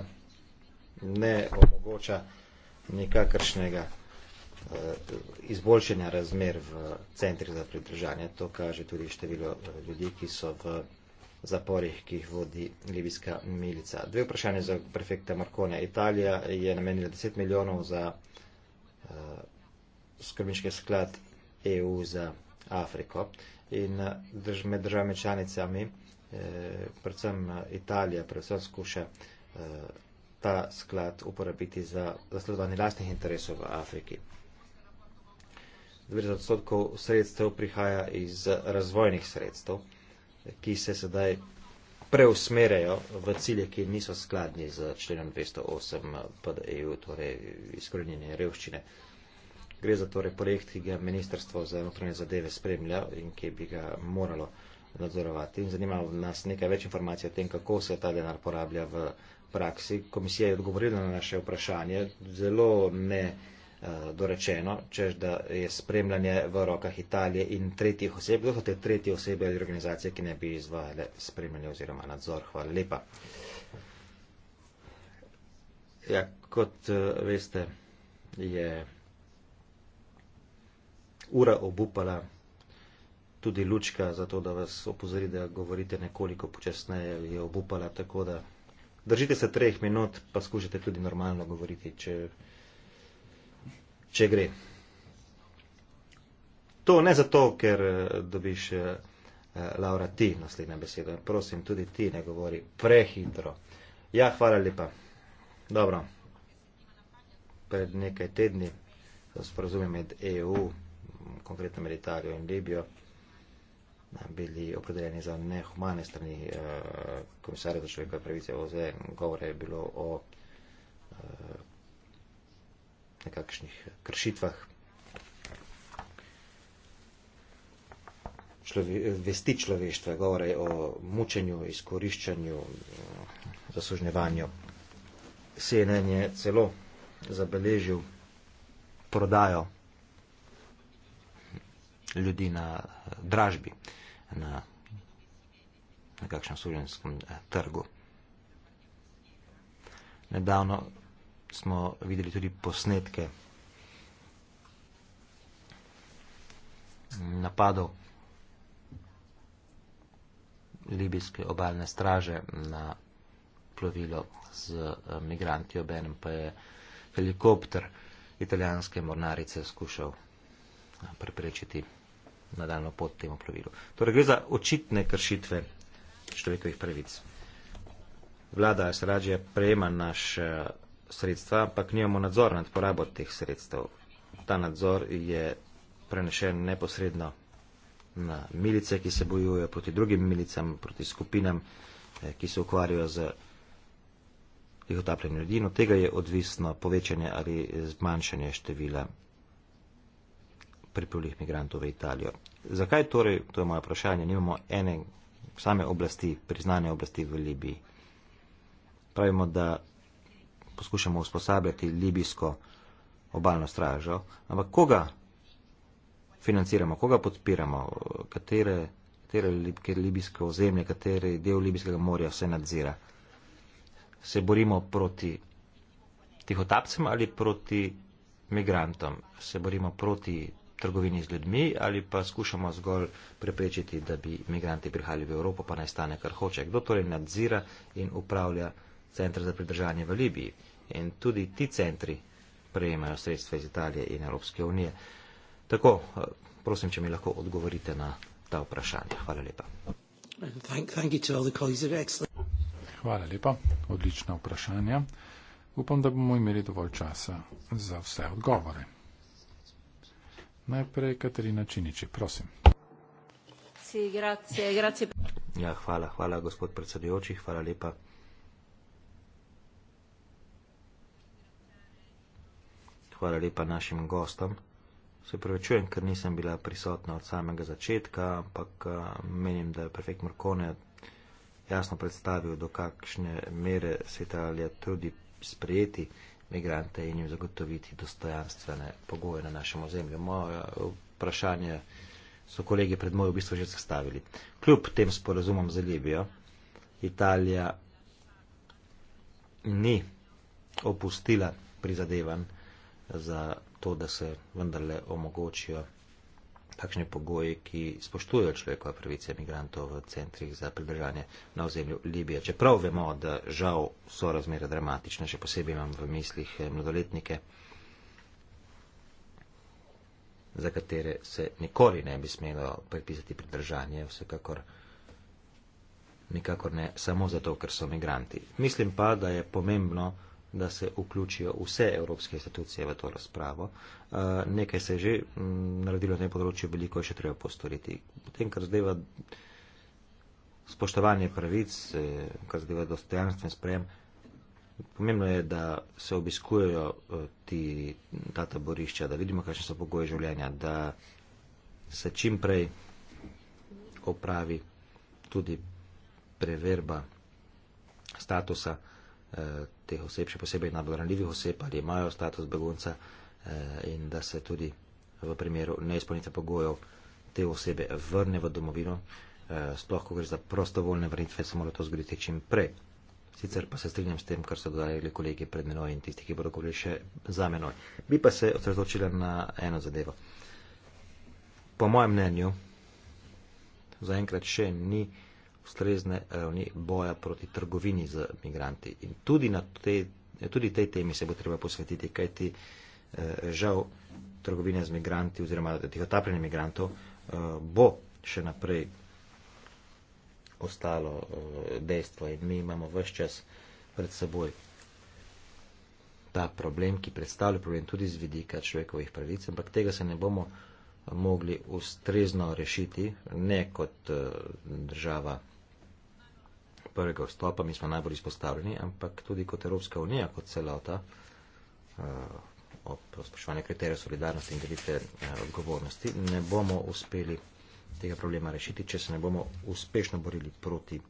ne omogoča nikakršnega eh, izboljšanja razmer v centrih za pridržanje. To kaže tudi število eh, ljudi, ki so v zaporih, ki jih vodi libijska milica. Dve vprašanje za prefekta Markone. Italija je namenila 10 milijonov za uh, skrbniški sklad EU za Afriko in eh, drž, med državami članicami, eh, predvsem eh, Italija, predvsem skuša eh, ta sklad uporabiti za zasledovanje lastnih interesov v Afriki. 20 odstotkov sredstev prihaja iz razvojnih sredstev ki se sedaj preusmerjajo v cilje, ki niso skladni z členom 208 PDEU, torej izkorenjenje revščine. Gre za torej projekt, ki ga Ministrstvo za notranje zadeve spremlja in ki bi ga moralo nadzorovati. In zanima nas nekaj več informacij o tem, kako se ta denar porablja v praksi. Komisija je odgovorila na naše vprašanje. Zelo ne. Eh, dorečeno, čež da je spremljanje v rokah Italije in tretjih oseb. Kdo so te tretje osebe ali organizacije, ki ne bi izvajale spremljanje oziroma nadzor? Hvala lepa. Ja, kot eh, veste, je ura obupala tudi lučka, zato da vas opozori, da govorite nekoliko počasneje, je obupala, tako da držite se treh minut, pa skušajte tudi normalno govoriti, če če gre. To ne zato, ker eh, dobiš, eh, eh, Laura, ti naslednja beseda. Prosim, tudi ti ne govori prehitro. Ja, hvala lepa. Dobro. Pred nekaj tedni so sporozumi med EU, konkretno med Italijo in Libijo, bili opredeljeni za nehumane strani eh, komisarja za človekove pravice OZE. Govore je bilo o eh, nekakšnih kršitvah človeštva, vesti človeštva, govore o mučenju, izkoriščanju, zasužnjevanju. CNN je celo zabeležil prodajo ljudi na eh, dražbi na, na kakšnem služenskem eh, trgu. Nedavno smo videli tudi posnetke napadov libijske obalne straže na plovilo z eh, migranti, obenem pa je helikopter italijanske mornarice skušal eh, preprečiti nadaljno pot temu plovilu. Torej gre za očitne kršitve človekovih pravic. Vlada Sarađe prejema naš eh, sredstva, ampak nimamo nadzor nad porabo teh sredstev. Ta nadzor je prenešen neposredno na milice, ki se bojujejo proti drugim milicam, proti skupinam, eh, ki se ukvarjajo z jih otapljanjem ljudi. Od tega je odvisno povečanje ali zmanjšanje števila priplulih migrantov v Italijo. Zakaj torej, to je moje vprašanje, nimamo ene same oblasti, priznane oblasti v Libiji? Pravimo, da poskušamo usposabljati libijsko obalno stražo, ampak koga financiramo, koga podpiramo, katere, katere libijske ozemlje, kateri del libijskega morja se nadzira. Se borimo proti tihotapcem ali proti migrantom, se borimo proti trgovini z ljudmi ali pa skušamo zgolj preprečiti, da bi migranti prihajali v Evropo, pa naj stane kar hoče. Kdo torej nadzira in upravlja center za pridržanje v Libiji? in tudi ti centri prejemajo sredstva iz Italije in Evropske unije. Tako, eh, prosim, če mi lahko odgovorite na ta vprašanja. Hvala lepa. Thank, thank Hvala lepa, odlična vprašanja. Upam, da bomo imeli dovolj časa za vse odgovore. Najprej Katarina Činiči, prosim. Ja, hvala, hvala gospod predsedujoči, hvala lepa. hvala lepa našim gostom. Se prevečujem, ker nisem bila prisotna od samega začetka, ampak eh, menim, da je prefekt Morkone jasno predstavil, do kakšne mere se Italija trudi sprejeti migrante in jim zagotoviti dostojanstvene pogoje na našem ozemlju. Moje eh, vprašanje so kolegi pred mojo v bistvu že sestavili. Kljub tem sporazumom za Libijo, Italija ni opustila prizadevanj za to, da se vendarle omogočijo takšni pogoji, ki spoštujejo človekove pravice imigrantov v centrih za pridržanje na ozemlju Libije. Čeprav vemo, da žal so razmere dramatične, še posebej imam v mislih eh, mladoletnike, za katere se nikoli ne bi smelo predpisati pridržanje, vsekakor nikakor ne samo zato, ker so imigranti. Mislim pa, da je pomembno, da se vključijo vse evropske institucije v to razpravo. Eh, nekaj se je že mm, naredilo na tem področju, veliko je še treba postoriti. Potem, kar zdajva spoštovanje pravic, eh, kar zdajva dostojanstven sprejem, pomembno je, da se obiskujejo eh, ti, ta taborišča, da vidimo, kakšne so pogoje življenja, da se čim prej opravi tudi preverba statusa Eh, teh oseb, še posebej najbolj ranljivih oseb, ali imajo status begunca eh, in da se tudi v primeru neizpolnitve pogojev te osebe vrne v domovino, eh, sploh ko gre za prostovoljne vrnitve, se mora to zgoditi čim prej. Sicer pa se strinjam s tem, kar so dodali kolegi pred menoj in tisti, ki bodo govorili še za menoj. Bi pa se osredotočila na eno zadevo. Po mojem mnenju, zaenkrat še ni ustrezne ravni boja proti trgovini z migranti. In tudi, te, tudi tej temi se bo treba posvetiti, kaj ti eh, žal trgovina z migranti oziroma tih otapljenih migrantov eh, bo še naprej ostalo eh, dejstvo in mi imamo vse čas pred seboj ta problem, ki predstavlja problem tudi z vidika človekovih pravic, ampak tega se ne bomo mogli ustrezno rešiti, ne kot država prvega vstopa, mi smo najbolj izpostavljeni, ampak tudi kot Evropska unija, kot celota, eh, ob spoštovanju kriterijev solidarnosti in delitve eh, odgovornosti, ne bomo uspeli tega problema rešiti, če se ne bomo uspešno borili proti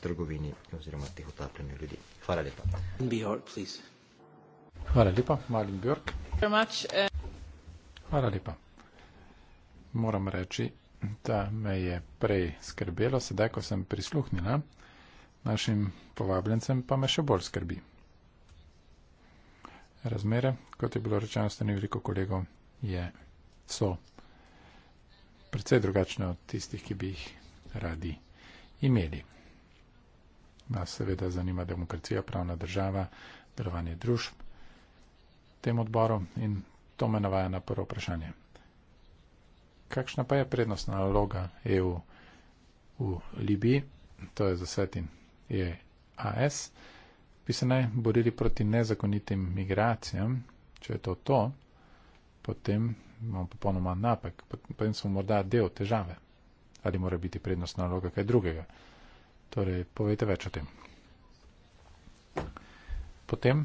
trgovini oziroma tih utapljanju ljudi. Hvala lepa. Hvala lepa, Marin Björk. Eh. Hvala lepa. Moram reči, da me je prej skrbelo, sedaj ko sem prisluhnila našim povabljencem pa me še bolj skrbi. Razmere, kot je bilo rečeno strani veliko kolegov, je, so predvsej drugačne od tistih, ki bi jih radi imeli. Nas seveda zanima demokracija, pravna država, delovanje družb tem odborom in to me navaja na prvo vprašanje. Kakšna pa je prednostna naloga EU v Libiji? To je za Svetin je AS, bi se naj borili proti nezakonitim migracijam, če je to to, potem imamo popolnoma napak, potem smo morda del težave. Ali mora biti prednostna naloga kaj drugega? Torej, povejte več o tem. Potem,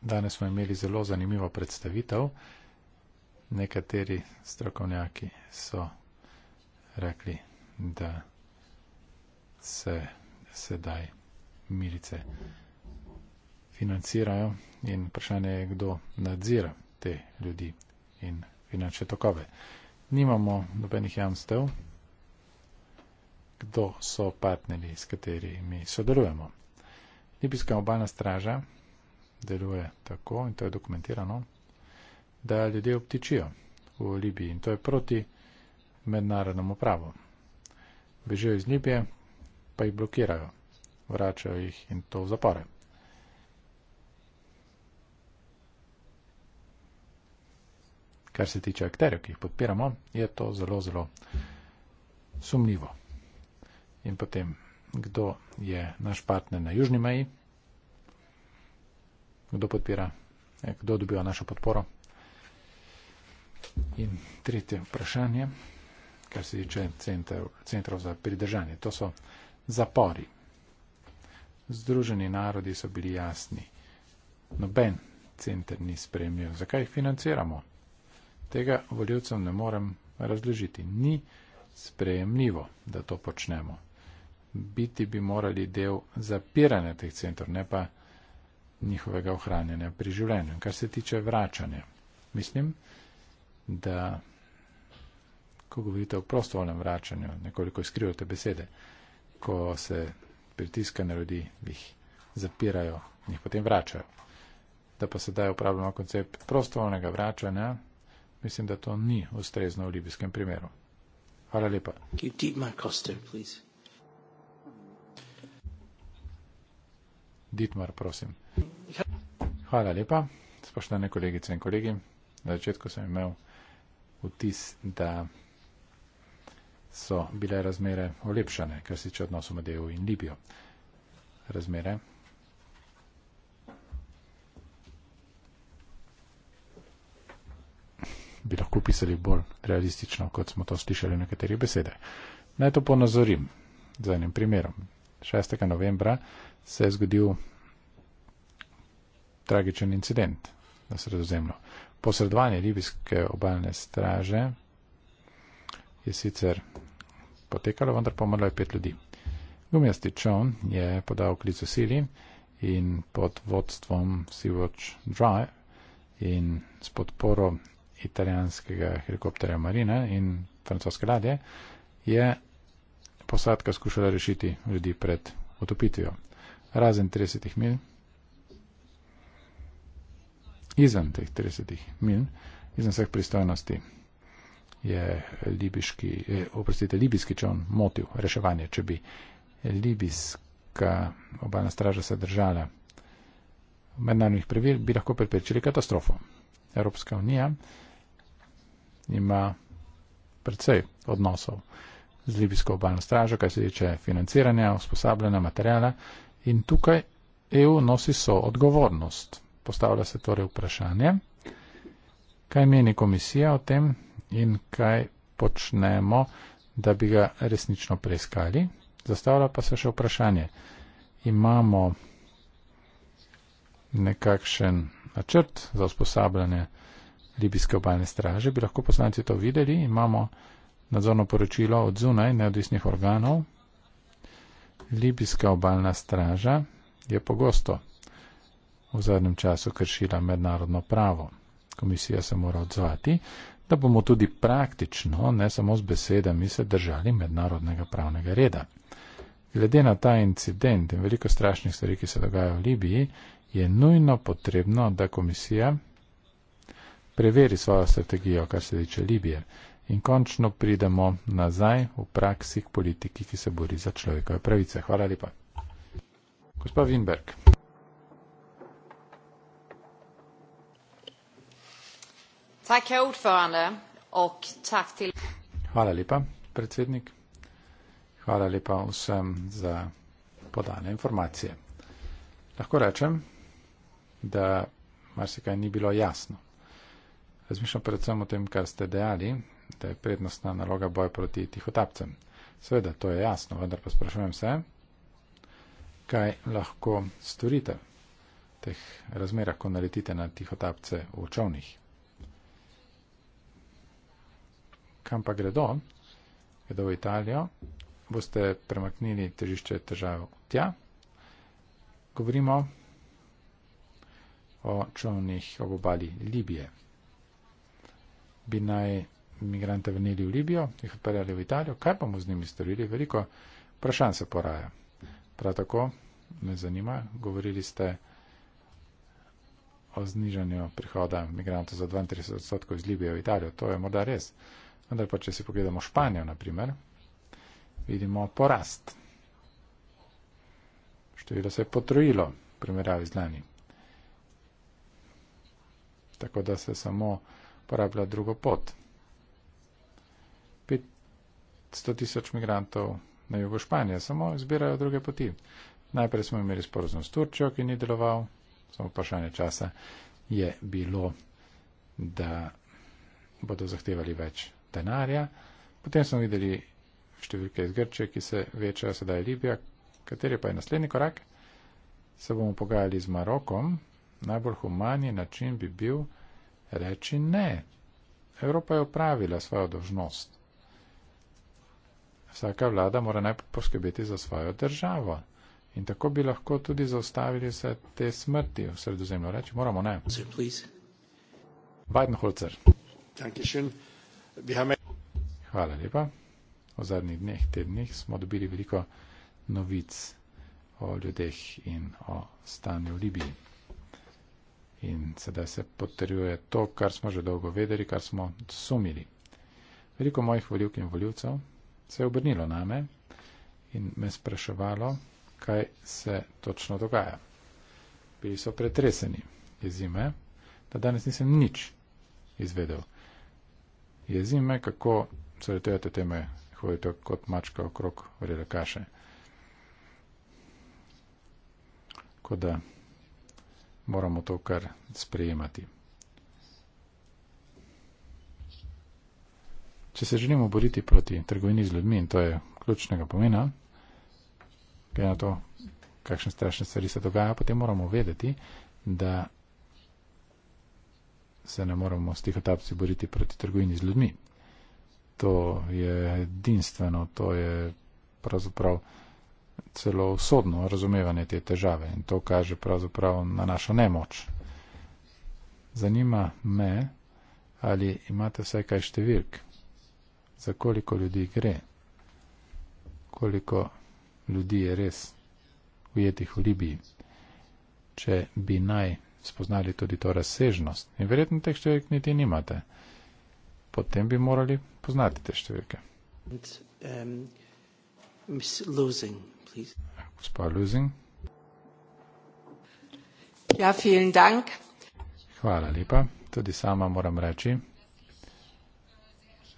danes smo imeli zelo zanimivo predstavitev. Nekateri strokovnjaki so rekli, da se sedaj mirice financirajo in vprašanje je, kdo nadzira te ljudi in finančne tokove. Nimamo nobenih jamstev, kdo so partnerji, s katerimi sodelujemo. Libijska obalna straža deluje tako in to je dokumentirano, da ljudje obtičijo v Libiji in to je proti mednarodnemu pravu. Bežijo iz Libije, pa jih blokirajo, vračajo jih in to v zapore. Kar se tiče akterjev, ki jih podpiramo, je to zelo, zelo sumljivo. In potem, kdo je naš partner na južni meji, kdo podpira, e, kdo dobiva našo podporo. In tretje vprašanje, kar se tiče centrov, centrov za pridržanje. To so zapori. Združeni narodi so bili jasni. Noben center ni spremljal. Zakaj jih financiramo? Tega voljivcem ne morem razložiti. Ni sprejemljivo, da to počnemo. Biti bi morali del zapiranja teh centrov, ne pa njihovega ohranjanja pri življenju. Kar se tiče vračanja, mislim, da, ko govorite o prostovoljnem vračanju, nekoliko skrivate besede, ko se pritiska na ljudi, jih zapirajo in jih potem vračajo. Da pa sedaj upravljamo koncept prostovoljnega vračanja, mislim, da to ni ustrezno v libijskem primeru. Hvala lepa. Ditmar, prosim. Hvala lepa, spoštovane kolegice in kolegi. Na začetku sem imel vtis, da so bile razmere olepšane, kar se tiče odnosov med EU in Libijo. Razmere. bi lahko pisali bolj realistično, kot smo to slišali v nekaterih besedah. Naj to ponazorim z enim primerom. 6. novembra se je zgodil tragičen incident na sredozemlju. Posredovanje libijske obaljne straže je sicer potekalo, vendar pa umrlo je pet ljudi. Gumijasti čovn je podal klic v sili in pod vodstvom Sea Watch Drive in s podporo italijanskega helikopterja Marine in francoske ladje je posadka skušala rešiti ljudi pred utopitvijo. Razen 30 mil, izven teh 30 mil, izven vseh pristojnosti je libiški, eh, oprostite, libijski čovn motil reševanje, če bi libijska obalna straža se držala mednarodnih pravil, bi lahko preprečili katastrofo. Evropska unija ima predvsej odnosov z libijsko obalno stražo, kaj se tiče financiranja, usposabljanja, materijala in tukaj EU nosi so odgovornost. Postavlja se torej vprašanje, kaj meni komisija o tem, in kaj počnemo, da bi ga resnično preiskali. Zastavlja pa se še vprašanje. Imamo nekakšen načrt za usposabljanje libijske obalne straže. Bi lahko poslanci to videli? Imamo nadzorno poročilo od zunaj neodvisnih organov. Libijska obalna straža je pogosto v zadnjem času kršila mednarodno pravo. Komisija se mora odzvati da bomo tudi praktično, ne samo z besedami, se držali mednarodnega pravnega reda. Glede na ta incident in veliko strašnih stvari, ki se dogajajo v Libiji, je nujno potrebno, da komisija preveri svojo strategijo, kar se tiče Libije. In končno pridemo nazaj v praksi k politiki, ki se bori za človekove pravice. Hvala lepa. Gospa Winberg. Hvala lepa, predsednik. Hvala lepa vsem za podane informacije. Lahko rečem, da marsikaj ni bilo jasno. Razmišljam predvsem o tem, kar ste dejali, da je prednostna naloga boj proti tihotapcem. Seveda, to je jasno, vendar pa sprašujem se, kaj lahko storite v teh razmerah, ko naletite na tihotapce v čovnih. kam pa gredo, gredo v Italijo, boste premaknili težišče težav tja. Govorimo o čovnih ob obali Libije. Bi naj migrante vrnili v Libijo, jih odpeljali v Italijo, kaj bomo z njimi storili? Veliko vprašanj se poraja. Prav tako me zanima, govorili ste o znižanju prihoda migrantov za 32 odstotkov iz Libije v Italijo. To je morda res. Vendar pa, če si pogledamo Španijo, naprimer, vidimo porast. Število se je potrojilo v primerjavi z lani. Tako da se samo porablja drugo pot. 500 tisoč migrantov na jugu Španije samo izbirajo druge poti. Najprej smo imeli sporozum s Turčijo, ki ni deloval, samo vprašanje časa je bilo, da bodo zahtevali več denarja. Potem smo videli številke iz Grče, ki se večajo sedaj Libija. Kateri pa je naslednji korak? Se bomo pogajali z Marokom. Najbolj humani način bi bil reči ne. Evropa je upravila svojo dožnost. Vsaka vlada mora najprej poskrbeti za svojo državo. In tako bi lahko tudi zaustavili vse te smrti v sredozemlju. Reči moramo ne. Biden Holzer. Danke schön. Hvala lepa. V zadnjih dneh, tednih smo dobili veliko novic o ljudeh in o stanju v Libiji. In sedaj se potrjuje to, kar smo že dolgo vedeli, kar smo sumili. Veliko mojih voljivk in voljivcev se je obrnilo name in me spraševalo, kaj se točno dogaja. Bili so pretreseni iz zime, da danes nisem nič izvedel jezi me, kako svetujete teme, hodite kot mačka okrog vrele kaše. Tako da moramo to kar sprejemati. Če se želimo boriti proti trgovini z ljudmi, in to je ključnega pomena, glede na to, kakšne strašne stvari se dogaja, potem moramo vedeti, da se ne moramo s tihotapci boriti proti trgovini z ljudmi. To je edinstveno, to je pravzaprav celo usodno razumevanje te težave in to kaže pravzaprav na našo nemoč. Zanima me, ali imate vsaj kaj številk, za koliko ljudi gre, koliko ljudi je res ujetih v Libiji. Če bi naj spoznali tudi to razsežnost. In verjetno teh številk niti nimate. Potem bi morali poznati te številke. Um, Gospa Luzing. Ja, vielen Dank. Hvala lepa. Tudi sama moram reči,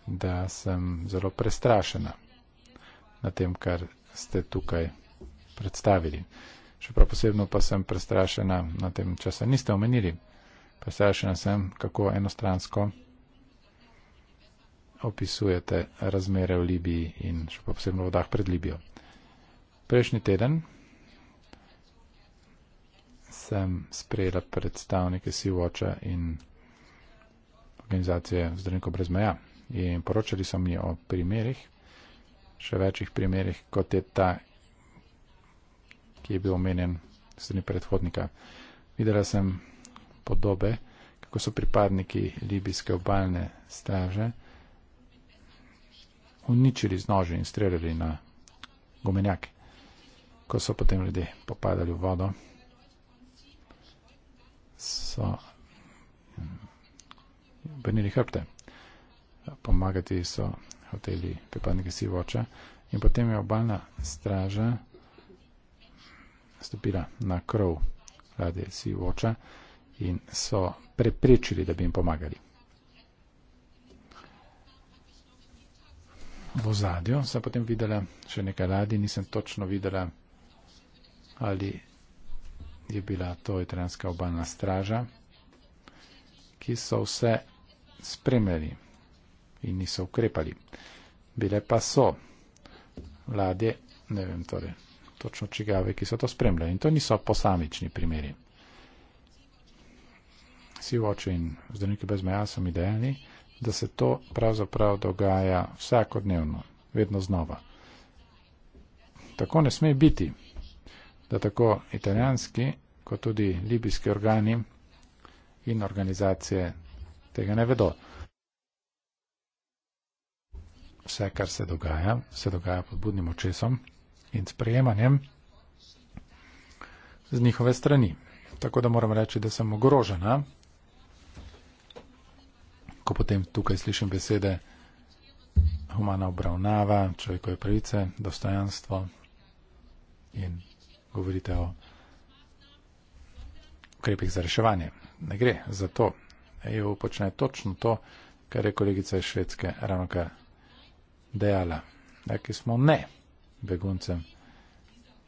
da sem zelo prestrašena na tem, kar ste tukaj predstavili še prav posebno pa sem prestrašena na tem, če se niste omenili. Prestrašena sem, kako enostransko opisujete razmere v Libiji in še prav posebno v vodah pred Libijo. Prejšnji teden sem sprejela predstavnike Sea Watcha in organizacije Zdravniko brez meja in poročali so mi o primerih, še večjih primerih, kot je ta, ki je bil omenjen strani predhodnika. Videla sem podobe, kako so pripadniki libijske obaljne straže uničili z nože in streljali na gomenjake, ko so potem ljudje popadali v vodo. So obrnili mm, hrbte. Pomagati so hoteli pripadniki Sivoča in potem je obaljna straža stopila na krov Radio Sea Watcha in so preprečili, da bi jim pomagali. V ozadju sem potem videla še nekaj ladij, nisem točno videla, ali je bila to italijanska obalna straža, ki so vse spremljali in niso ukrepali. Bile pa so ladje, ne vem torej, točno čigave, ki so to spremljali. In to niso posamični primeri. Vsi oči in zdravniki brez meja so idealni, da se to pravzaprav dogaja vsakodnevno, vedno znova. Tako ne sme biti, da tako italijanski, kot tudi libijski organi in organizacije tega ne vedo. Vse, kar se dogaja, se dogaja pod budnim očesom, in sprejemanjem z njihove strani. Tako da moram reči, da sem ogrožena, ko potem tukaj slišim besede humana obravnava, človekove pravice, dostojanstvo in govorite o ukrepih za reševanje. Ne gre za to. EU počne točno to, kar je kolegica iz Švedske ravno kar dejala. Rekli smo ne beguncem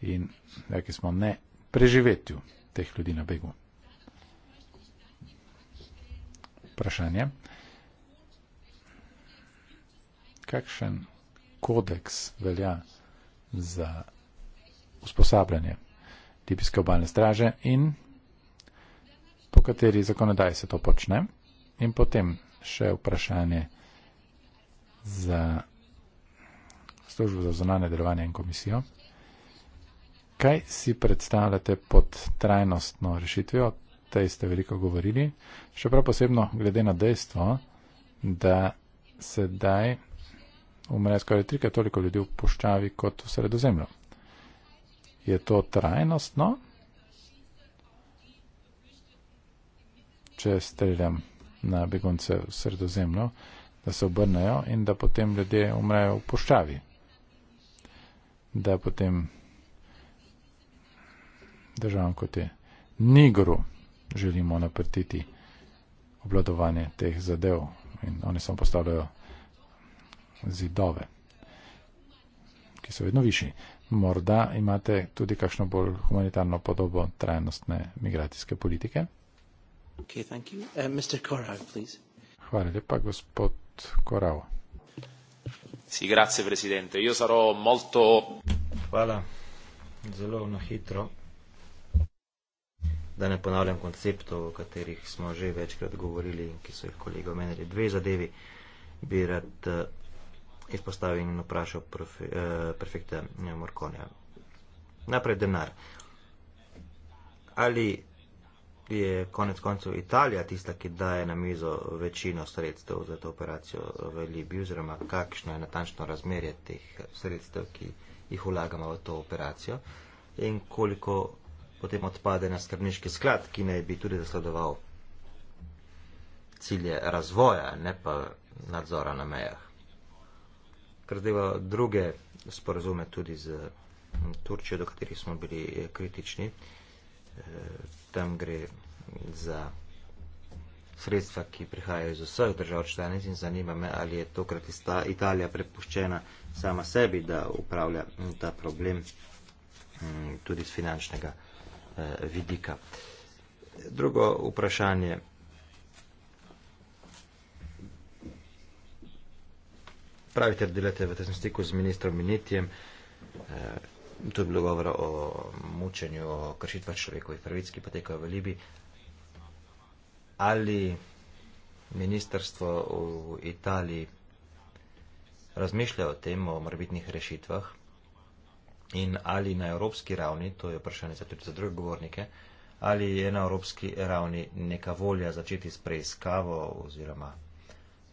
in rekli smo ne preživetju teh ljudi na begu. Vprašanje. Kakšen kodeks velja za usposabljanje libijske obalne straže in po kateri zakonodaj se to počne? In potem še vprašanje za službo za zonalne delovanje in komisijo. Kaj si predstavljate pod trajnostno rešitvijo? Tej ste veliko govorili, še prav posebno glede na dejstvo, da sedaj umre skoraj trikrat toliko ljudi v puščavi kot v sredozemlju. Je to trajnostno? Če streljam na begunce v sredozemlju, da se obrnejo in da potem ljudje umrejo v puščavi da potem državam kot je Nigru želimo naprtiti obladovanje teh zadev in oni samo postavljajo zidove, ki so vedno višji. Morda imate tudi kakšno bolj humanitarno podobo trajnostne migracijske politike. Okay, um, Hvala lepa, gospod Korao. Sì, grazie Presidente. Io sarò molto. Hvala. Zelo na hitro. Da ne ponavljam konceptov, o katerih smo že večkrat govorili in ki so jih kolega omenili. Dve zadevi bi rad eh, izpostavil in vprašal profe, eh, prefekta Morkonja. Najprej denar. Ali je konec koncev Italija tista, ki daje na mizo večino sredstev za to operacijo v Libiji, oziroma kakšno je natančno razmerje teh sredstev, ki jih vlagamo v to operacijo in koliko potem odpade na skrbniški sklad, ki naj bi tudi zasledoval cilje razvoja, ne pa nadzora na mejah. Kar zdaj v druge sporazume tudi z Turčijo, do katerih smo bili kritični tam gre za sredstva, ki prihajajo iz vseh držav članic in zanima me, ali je tokrat Italija prepuščena sama sebi, da upravlja mm, ta problem mm, tudi z finančnega eh, vidika. Drugo vprašanje. Pravite, da delate v tesnem stiku z ministrom Minitijem. Eh, tu je bilo govora o mučenju, o kršitvah človekovih pravic, ki potekajo v Libiji. Ali ministrstvo v Italiji razmišlja o tem, o morbitnih rešitvah in ali na evropski ravni, to je vprašanje za, za druge govornike, ali je na evropski ravni neka volja začeti s preiskavo oziroma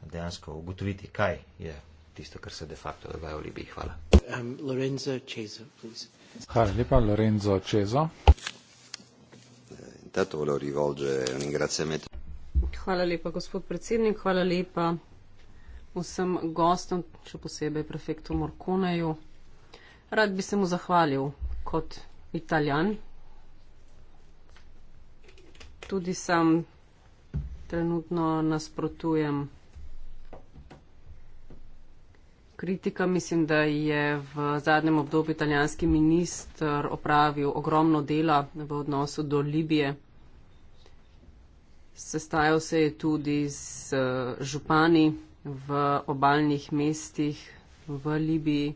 dejansko ugotoviti, kaj je tisto, kar se de facto dogaja v Libiji. Hvala. Um, Lorenzo Cezo, please. Hvala lepa, Lorenzo Cezo. Intanto volevo rivolgere un ringraziamento. Hvala lepa, gospod predsednik. Hvala lepa vsem gostom, še posebej prefektu Morkoneju. Rad bi se mu zahvalil kot italijan. Tudi sam trenutno nasprotujem kritika. Mislim, da je v zadnjem obdobju italijanski ministr opravil ogromno dela v odnosu do Libije. Sestajal se je tudi z eh, župani v obaljnih mestih v Libiji.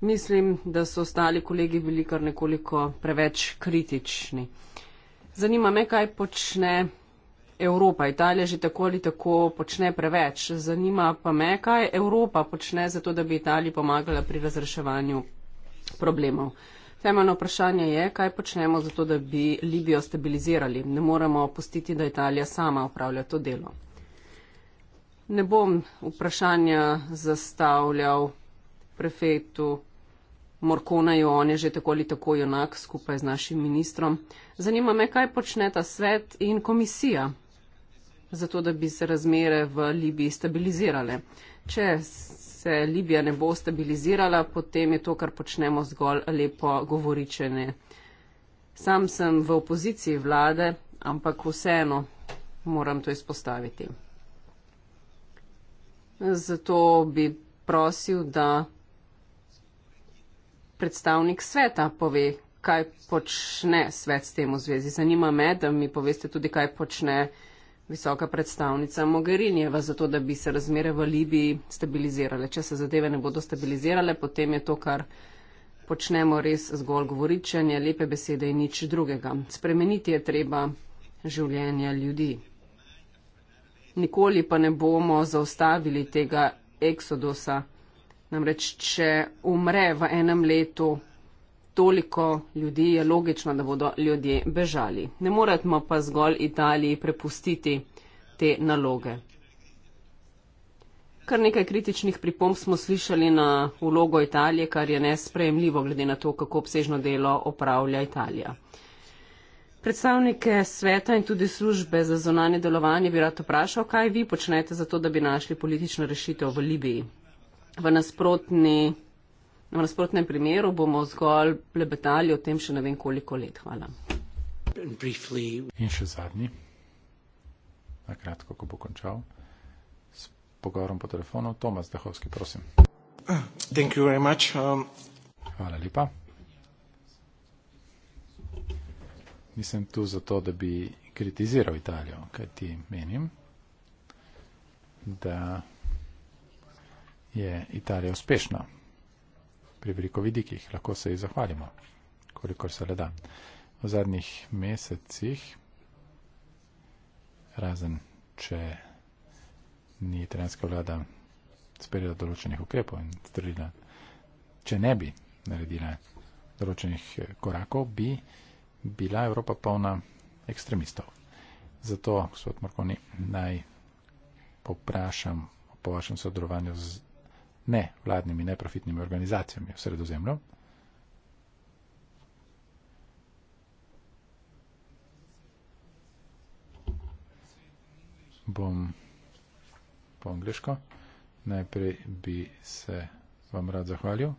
Mislim, da so ostali kolegi bili kar nekoliko preveč kritični. Zanima me, kaj počne Evropa, Italija že tako ali tako počne preveč. Zanima pa me, kaj Evropa počne za to, da bi Italiji pomagala pri razreševanju problemov. Temeljno vprašanje je, kaj počnemo za to, da bi Libijo stabilizirali. Ne moremo opustiti, da Italija sama upravlja to delo. Ne bom vprašanja zastavljal prefetu Morkonaju, on je že tako ali tako junak skupaj z našim ministrom. Zanima me, kaj počne ta svet in komisija zato da bi se razmere v Libiji stabilizirale. Če se Libija ne bo stabilizirala, potem je to, kar počnemo, zgolj lepo govoričene. Sam sem v opoziciji vlade, ampak vseeno moram to izpostaviti. Zato bi prosil, da predstavnik sveta pove, kaj počne svet s tem v zvezi. Zanima me, da mi poveste tudi, kaj počne svet visoka predstavnica Mogherinjeva za to, da bi se razmere v Libiji stabilizirale. Če se zadeve ne bodo stabilizirale, potem je to, kar počnemo, res zgolj govoričanje, lepe besede in nič drugega. Spremeniti je treba življenje ljudi. Nikoli pa ne bomo zaustavili tega eksodusa. Namreč, če umre v enem letu toliko ljudi, je logično, da bodo ljudje bežali. Ne moremo pa zgolj Italiji prepustiti te naloge. Kar nekaj kritičnih pripomb smo slišali na vlogo Italije, kar je nesprejemljivo, glede na to, kako obsežno delo opravlja Italija. Predstavnike sveta in tudi službe za zonanje delovanje bi rad vprašal, kaj vi počnete za to, da bi našli politično rešitev v Libiji. V nasprotni V nasprotnem primeru bomo zgolj plebetali o tem še ne vem koliko let. Hvala. In še zadnji, na kratko, ko bo končal s pogovorom po telefonu, Tomas Dehovski, prosim. Um... Hvala lepa. Nisem tu zato, da bi kritiziral Italijo, kaj ti menim, da je Italija uspešna pri veliko vidikih, lahko se ji zahvalimo, kolikor se le da. V zadnjih mesecih, razen če ni italijanska vlada sprejela določenih ukrepov in strelila, če ne bi naredila določenih eh, korakov, bi bila Evropa polna ekstremistov. Zato, gospod Morkoni, naj poprašam po vašem sodelovanju z ne vladnimi neprofitnimi organizacijami v sredozemlju. Bom po angliško. Najprej bi se vam rad zahvalil.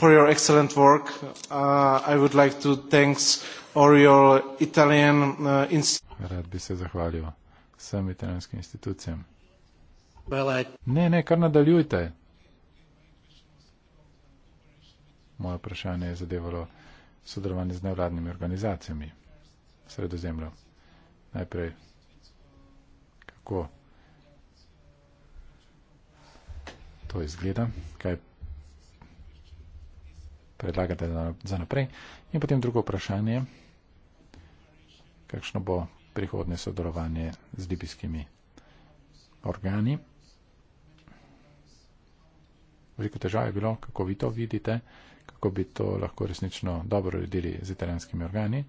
For your excellent work, uh, I would like to thanks Oriol Italian uh, Institute. Rad bi se zahvalil vsem italijanskim institucijam. Ne, ne, kar nadaljujte. Moje vprašanje je zadevalo sodelovanje z nevladnimi organizacijami sredozemlja. Najprej, kako to izgleda, kaj predlagate za naprej. In potem drugo vprašanje, kakšno bo prihodne sodelovanje z libijskimi organi veliko težav je bilo, kako vi to vidite, kako bi to lahko resnično dobro uredili z italijanskimi organi,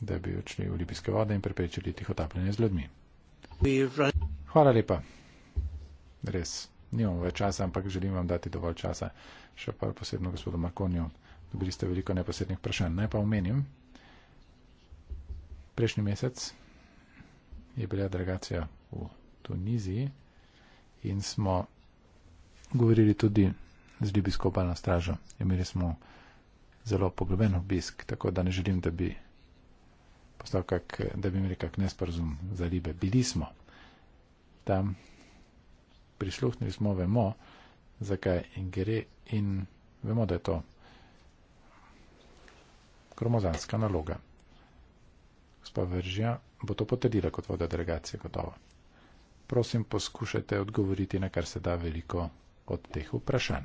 da bi odšli v libijske vode in preprečili tihotapljenje z ljudmi. Hvala lepa. Res, nimamo več časa, ampak želim vam dati dovolj časa, še pa posebno gospodu Makonju. Dobili ste veliko neposrednih vprašanj. Naj pa omenim, prejšnji mesec je bila delegacija v Tuniziji in smo govorili tudi z libijsko obalno stražo. Imeli smo zelo poglobljen obisk, tako da ne želim, da bi, kak, da bi imeli kak nesporazum za ribe. Bili smo tam, prisluhnili smo, vemo, zakaj in gre in vemo, da je to kromozanska naloga. Gospa Veržija bo to potrdila kot voda delegacije, gotovo prosim, poskušajte odgovoriti na kar se da veliko od teh vprašanj.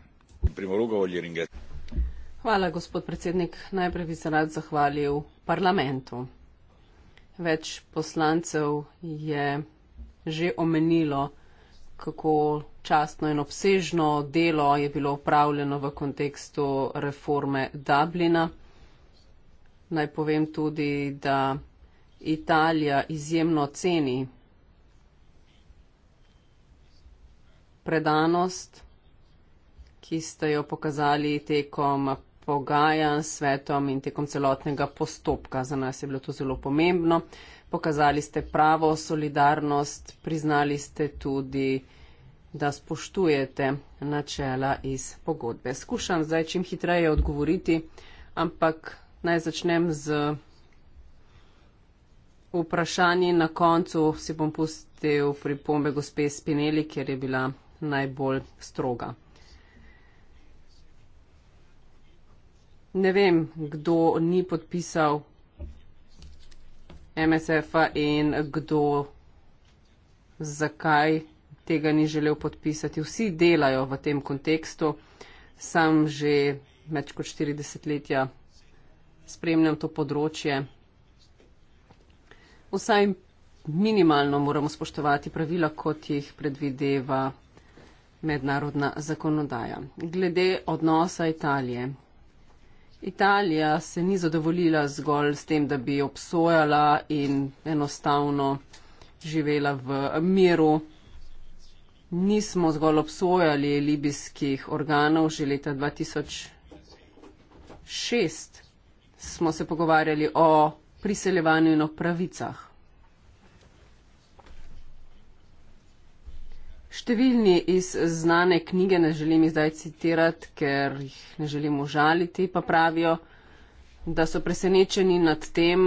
Hvala, gospod predsednik. Najprej bi se rad zahvalil parlamentu. Več poslancev je že omenilo, kako častno in obsežno delo je bilo upravljeno v kontekstu reforme Dublina. Naj povem tudi, da Italija izjemno ceni predanost, ki ste jo pokazali tekom pogajanj s svetom in tekom celotnega postopka. Za nas je bilo to zelo pomembno. Pokazali ste pravo solidarnost, priznali ste tudi, da spoštujete načela iz pogodbe. Skušam zdaj čim hitreje odgovoriti, ampak naj začnem z vprašanji. Na koncu si bom pustil pripombe gospe Spinelli, ker je bila najbolj stroga. Ne vem, kdo ni podpisal MSF-a in kdo zakaj tega ni želel podpisati. Vsi delajo v tem kontekstu. Sam že več kot 40 letja spremljam to področje. Vsaj minimalno moramo spoštovati pravila, kot jih predvideva mednarodna zakonodaja. Glede odnosa Italije. Italija se ni zadovoljila zgolj s tem, da bi obsojala in enostavno živela v miru. Nismo zgolj obsojali libijskih organov že leta 2006. Smo se pogovarjali o priseljevanju in o pravicah. Številni iz znane knjige ne želim zdaj citirati, ker jih ne želimo žaliti, pa pravijo, da so presenečeni nad tem,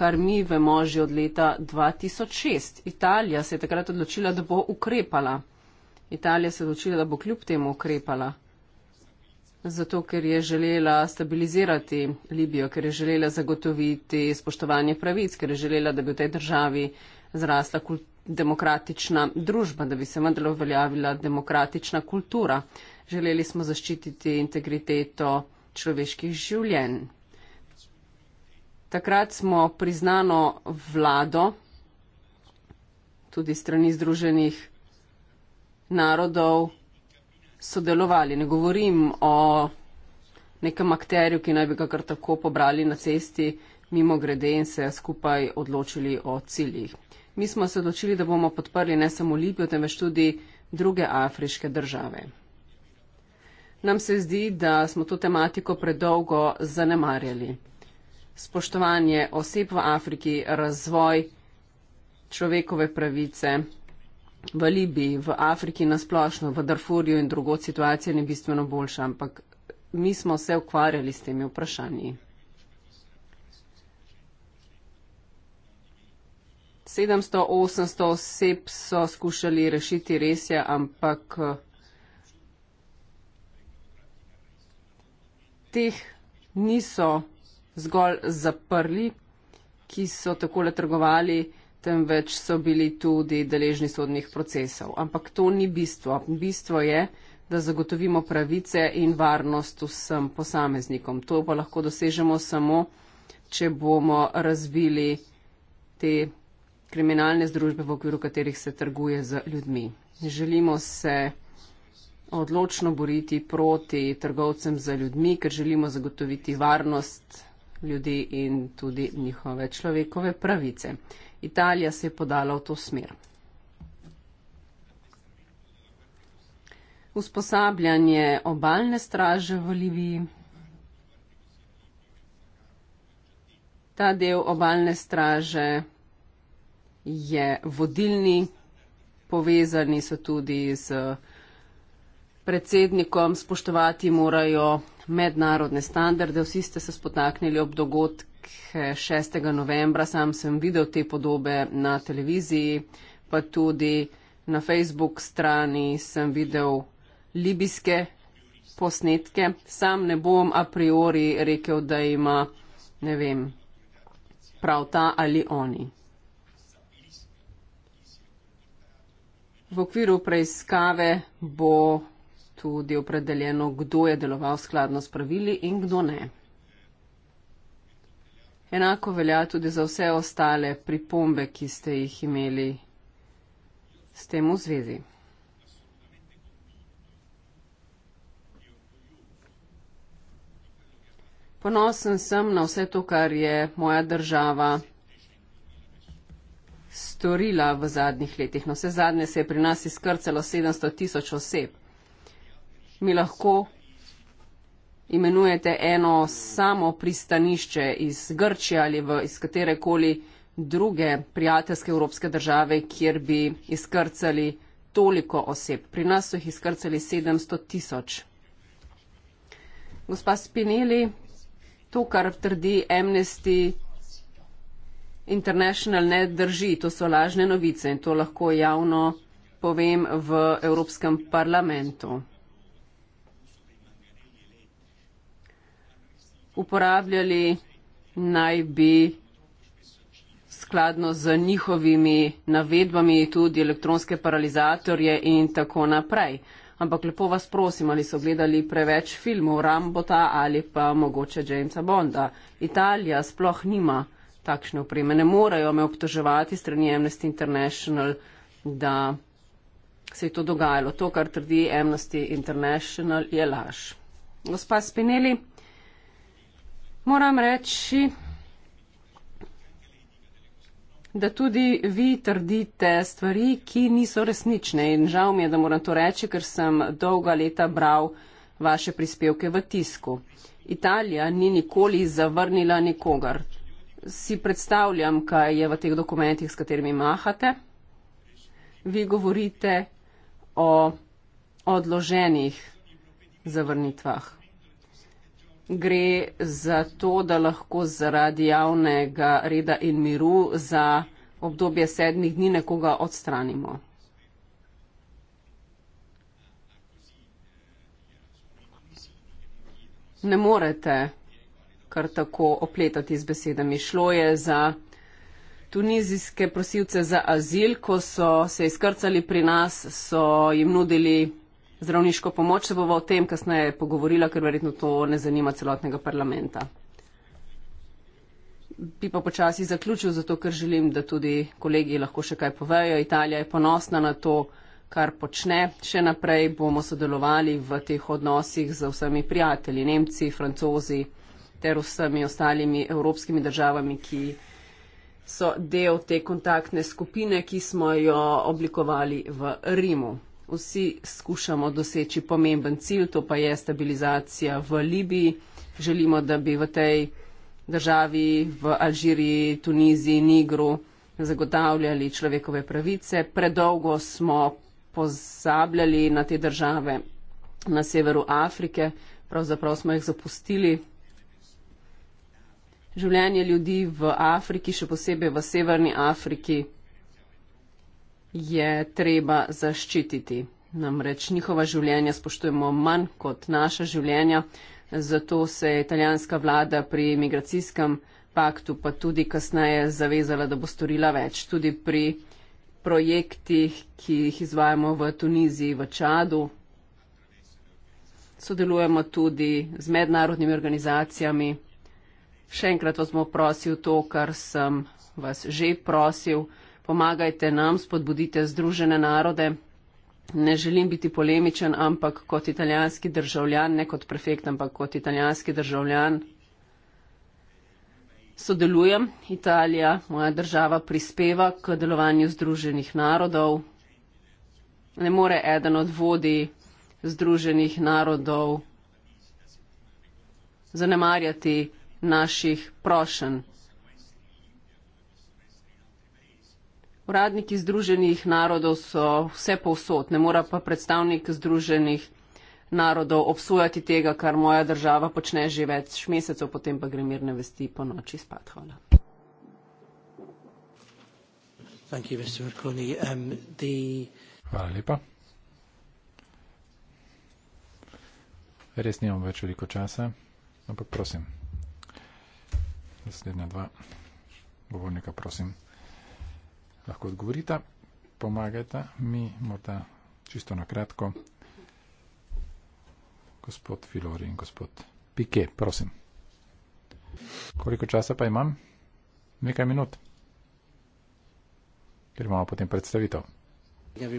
kar mi vemo že od leta 2006. Italija se je takrat odločila, da bo ukrepala. Italija se je odločila, da bo kljub temu ukrepala. Zato, ker je želela stabilizirati Libijo, ker je želela zagotoviti spoštovanje pravic, ker je želela, da bi v tej državi zrasla kul demokratična družba, da bi se vendarle uveljavila demokratična kultura. Želeli smo zaščititi integriteto človeških življenj. Takrat smo priznano vlado, tudi strani Združenih narodov, sodelovali. Ne govorim o nekem akterju, ki naj bi ga kar tako pobrali na cesti mimo grede in se skupaj odločili o ciljih. Mi smo se odločili, da bomo podprli ne samo Libijo, temveč tudi druge afriške države. Nam se zdi, da smo to tematiko predolgo zanemarjali. Spoštovanje oseb v Afriki, razvoj človekove pravice v Libiji, v Afriki nasplošno, v Darfurju in drugo situacija ni bistveno boljša, ampak mi smo se ukvarjali s temi vprašanji. 700-800 oseb so skušali rešiti res je, ampak eh, teh niso zgolj zaprli, ki so takole trgovali, temveč so bili tudi deležni sodnih procesov. Ampak to ni bistvo. Bistvo je, da zagotovimo pravice in varnost vsem posameznikom. To pa lahko dosežemo samo, če bomo razvili te kriminalne združbe, v okviru katerih se trguje z ljudmi. Želimo se odločno boriti proti trgovcem z ljudmi, ker želimo zagotoviti varnost ljudi in tudi njihove človekove pravice. Italija se je podala v to smer. Usposabljanje obalne straže v Libiji. Ta del obalne straže je vodilni, povezani so tudi z predsednikom, spoštovati morajo mednarodne standarde. Vsi ste se spotaknili ob dogodk 6. novembra, sam sem videl te podobe na televiziji, pa tudi na Facebook strani sem videl libijske posnetke. Sam ne bom a priori rekel, da ima, ne vem, prav ta ali oni. V okviru preiskave bo tudi opredeljeno, kdo je deloval skladno s pravili in kdo ne. Enako velja tudi za vse ostale pripombe, ki ste jih imeli s tem v zvezi. Ponosen sem na vse to, kar je moja država storila v zadnjih letih. No, vse zadnje se je pri nas izkrcalo 700 tisoč oseb. Mi lahko imenujete eno samo pristanišče iz Grčije ali v, iz katerekoli druge prijateljske evropske države, kjer bi izkrcali toliko oseb. Pri nas so jih izkrcali 700 tisoč. Gospa Spinelli, to, kar trdi Amnesty International ne drži, to so lažne novice in to lahko javno povem v Evropskem parlamentu. Uporabljali naj bi skladno z njihovimi navedbami tudi elektronske paralizatorje in tako naprej. Ampak lepo vas prosim, ali so gledali preveč filmov Rambota ali pa mogoče Jamesa Bonda. Italija sploh nima takšne opreme. Ne morejo me obtoževati strani Amnesty International, da se je to dogajalo. To, kar trdi Amnesty International, je laž. Gospa Spinelli, moram reči, da tudi vi trdite stvari, ki niso resnične. In žal mi je, da moram to reči, ker sem dolga leta bral vaše prispevke v tisku. Italija ni nikoli zavrnila nikogar si predstavljam, kaj je v teh dokumentih, s katerimi mahate. Vi govorite o odloženih zavrnitvah. Gre za to, da lahko zaradi javnega reda in miru za obdobje sedmih dni nekoga odstranimo. Ne morete kar tako opletati z besedami. Šlo je za tunizijske prosilce za azil, ko so se izkrcali pri nas, so jim nudili zdravniško pomoč, se bova o tem kasneje pogovorila, ker verjetno to ne zanima celotnega parlamenta. Bi pa počasi zaključil, zato ker želim, da tudi kolegi lahko še kaj povejo. Italija je ponosna na to, kar počne. Še naprej bomo sodelovali v teh odnosih z vsemi prijatelji, Nemci, Francozi ter vsemi ostalimi evropskimi državami, ki so del te kontaktne skupine, ki smo jo oblikovali v Rimu. Vsi skušamo doseči pomemben cilj, to pa je stabilizacija v Libiji. Želimo, da bi v tej državi, v Alžiriji, Tuniziji, Nigru zagotavljali človekove pravice. Predolgo smo pozabljali na te države na severu Afrike, pravzaprav smo jih zapustili življenje ljudi v Afriki, še posebej v Severni Afriki, je treba zaščititi. Namreč njihova življenja spoštujemo manj kot naša življenja, zato se je italijanska vlada pri migracijskem paktu pa tudi kasneje zavezala, da bo storila več. Tudi pri projektih, ki jih izvajamo v Tuniziji, v Čadu. Sodelujemo tudi z mednarodnimi organizacijami. Še enkrat vas bom prosil to, kar sem vas že prosil. Pomagajte nam, spodbudite Združene narode. Ne želim biti polemičen, ampak kot italijanski državljan, ne kot prefekt, ampak kot italijanski državljan sodelujem. Italija, moja država, prispeva k delovanju Združenih narodov. Ne more eden od vodi Združenih narodov zanemarjati naših prošenj. Uradniki Združenih narodov so vse povsod, ne mora pa predstavnik Združenih narodov obsojati tega, kar moja država počne že več mesecev, potem pa gre mirne vesti po noči spat. Hvala. Um, Hvala lepa. Res nimam več veliko časa, ampak prosim naslednja dva govornika, prosim, lahko odgovorite, pomagajte mi, morda čisto na kratko. Gospod Filori in gospod Pike, prosim. Koliko časa pa imam? Nekaj minut. Ker imamo potem predstavitev. Ja.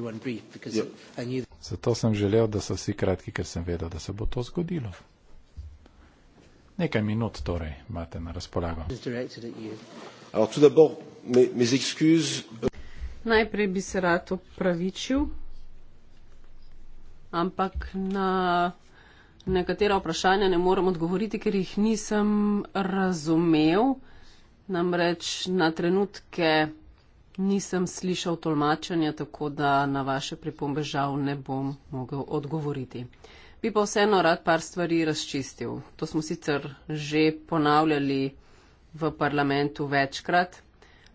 Zato sem želel, da so vsi kratki, ker sem vedel, da se bo to zgodilo. Nekaj minut torej imate na razpolago. Najprej bi se rad opravičil, ampak na nekatera vprašanja ne moram odgovoriti, ker jih nisem razumel. Namreč na trenutke nisem slišal tolmačenja, tako da na vaše pripombe žal ne bom mogel odgovoriti bi pa vseeno rad par stvari razčistil. To smo sicer že ponavljali v parlamentu večkrat,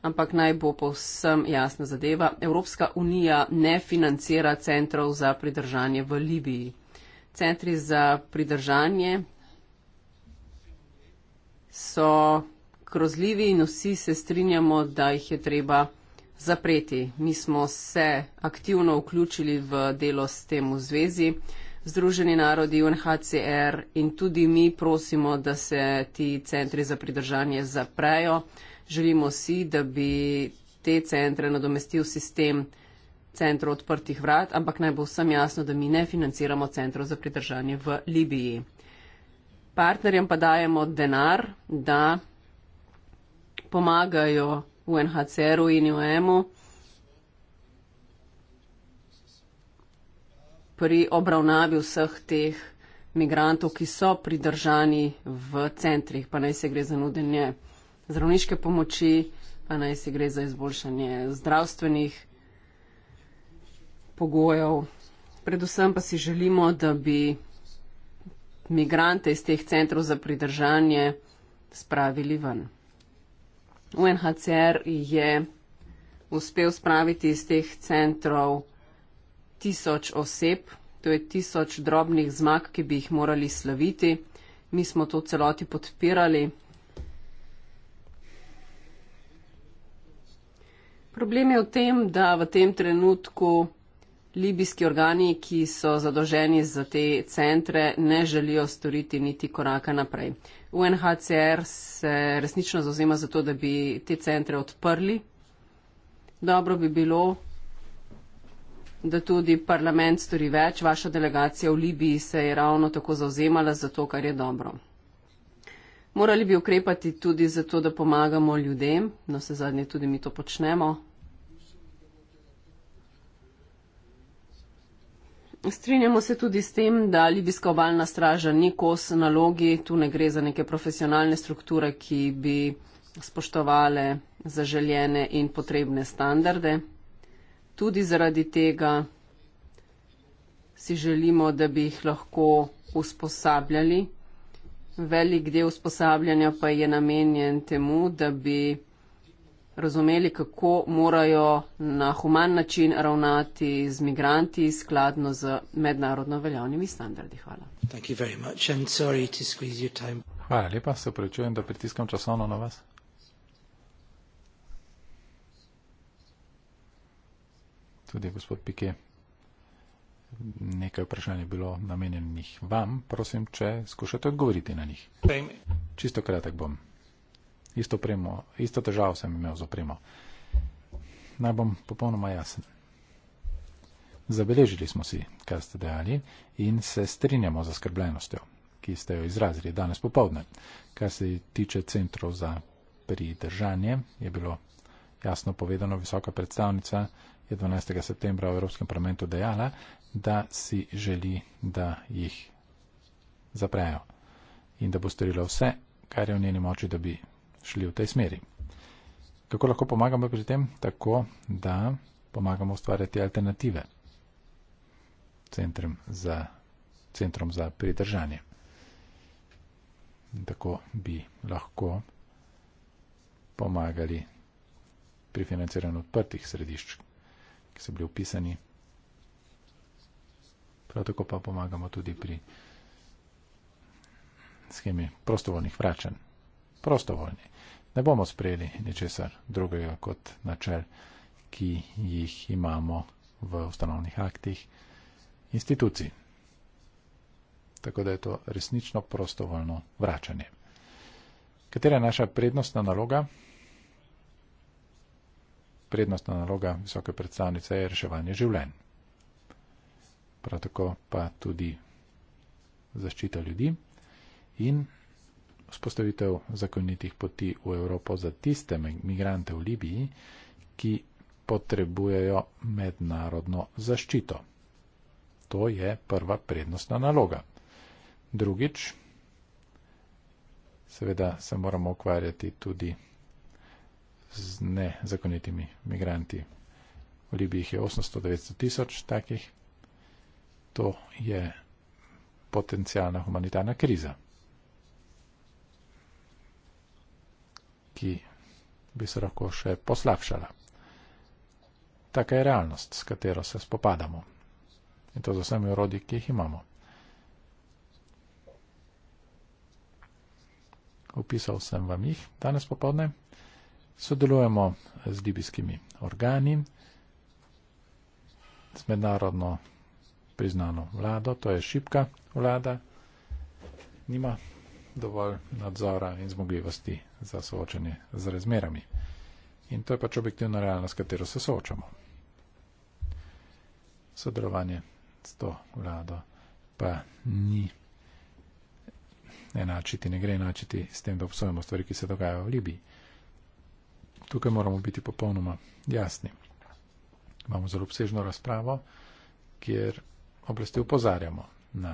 ampak naj bo povsem jasna zadeva. Evropska unija ne financira centrov za pridržanje v Libiji. Centri za pridržanje so grozljivi in vsi se strinjamo, da jih je treba zapreti. Mi smo se aktivno vključili v delo s tem v zvezi. Združeni narodi, UNHCR in tudi mi prosimo, da se ti centri za pridržanje zaprejo. Želimo si, da bi te centre nadomestil sistem centrov odprtih vrat, ampak naj bo vsem jasno, da mi ne financiramo centrov za pridržanje v Libiji. Partnerjem pa dajemo denar, da pomagajo UNHCR-u in UEM-u. pri obravnavi vseh teh migrantov, ki so pridržani v centrih, pa naj se gre za nudenje zdravniške pomoči, pa naj se gre za izboljšanje zdravstvenih pogojev. Predvsem pa si želimo, da bi migrante iz teh centrov za pridržanje spravili ven. UNHCR je uspel spraviti iz teh centrov tisoč oseb, to je tisoč drobnih zmag, ki bi jih morali slaviti. Mi smo to celoti podpirali. Problem je v tem, da v tem trenutku libijski organi, ki so zadoženi za te centre, ne želijo storiti niti koraka naprej. UNHCR se resnično zauzema za to, da bi te centre odprli. Dobro bi bilo, da tudi parlament stori več. Vaša delegacija v Libiji se je ravno tako zauzemala za to, kar je dobro. Morali bi ukrepati tudi zato, da pomagamo ljudem, no se zadnje tudi mi to počnemo. Strinjamo se tudi s tem, da libijska obaljna straža ni kos nalogi, tu ne gre za neke profesionalne strukture, ki bi spoštovale zaželjene in potrebne standarde tudi zaradi tega si želimo, da bi jih lahko usposabljali. Velik del usposabljanja pa je namenjen temu, da bi razumeli, kako morajo na human način ravnati z migranti skladno z mednarodno veljavnimi standardi. Hvala. Hvala lepa, se prečujem, da pritiskam časovno na vas. tudi gospod Pike. Nekaj vprašanj je bilo namenjenih vam, prosim, če skušate odgovoriti na njih. Čisto kratek bom. Isto, premo, isto težavo sem imel z opremo. Naj bom popolnoma jasen. Zabeležili smo si, kar ste dejali, in se strinjamo z skrbljenostjo, ki ste jo izrazili danes popovdne. Kar se tiče centrov za pridržanje, je bilo jasno povedano visoka predstavnica je 12. septembra v Evropskem parlamentu dejala, da si želi, da jih zaprejo in da bo storila vse, kar je v njeni moči, da bi šli v tej smeri. Kako lahko pomagamo pri tem? Tako, da pomagamo ustvarjati alternative centrom za, centrom za pridržanje. In tako bi lahko pomagali pri financiranju odprtih središčk ki so bili upisani. Prav tako pa pomagamo tudi pri schemi prostovoljnih vračanj. Prostovoljni. Ne bomo sprejeli ničesar drugega kot načel, ki jih imamo v ustanovnih aktih institucij. Tako da je to resnično prostovoljno vračanje. Katera je naša prednostna naloga? prednostna naloga visoke predstavnice je reševanje življenj. Prav tako pa tudi zaščita ljudi in spostavitev zakonitih poti v Evropo za tiste migrante v Libiji, ki potrebujejo mednarodno zaščito. To je prva prednostna naloga. Drugič, seveda se moramo ukvarjati tudi z nezakonitimi migranti. V Libiji jih je 800-900 tisoč takih. To je potencijalna humanitarna kriza, ki bi se lahko še poslabšala. Taka je realnost, s katero se spopadamo. In to z vsemi urodji, ki jih imamo. Upisal sem vam jih danes popodne. Sodelujemo z libijskimi organi, z mednarodno priznano vlado, to je šipka vlada, nima dovolj nadzora in zmogljivosti za soočanje z razmerami. In to je pač objektivna realnost, s katero se soočamo. Sodelovanje s to vlado pa ni enačiti, ne gre enačiti s tem, da obsojamo stvari, ki se dogajajo v Libiji. Tukaj moramo biti popolnoma jasni. Imamo zelo obsežno razpravo, kjer oblasti upozarjamo na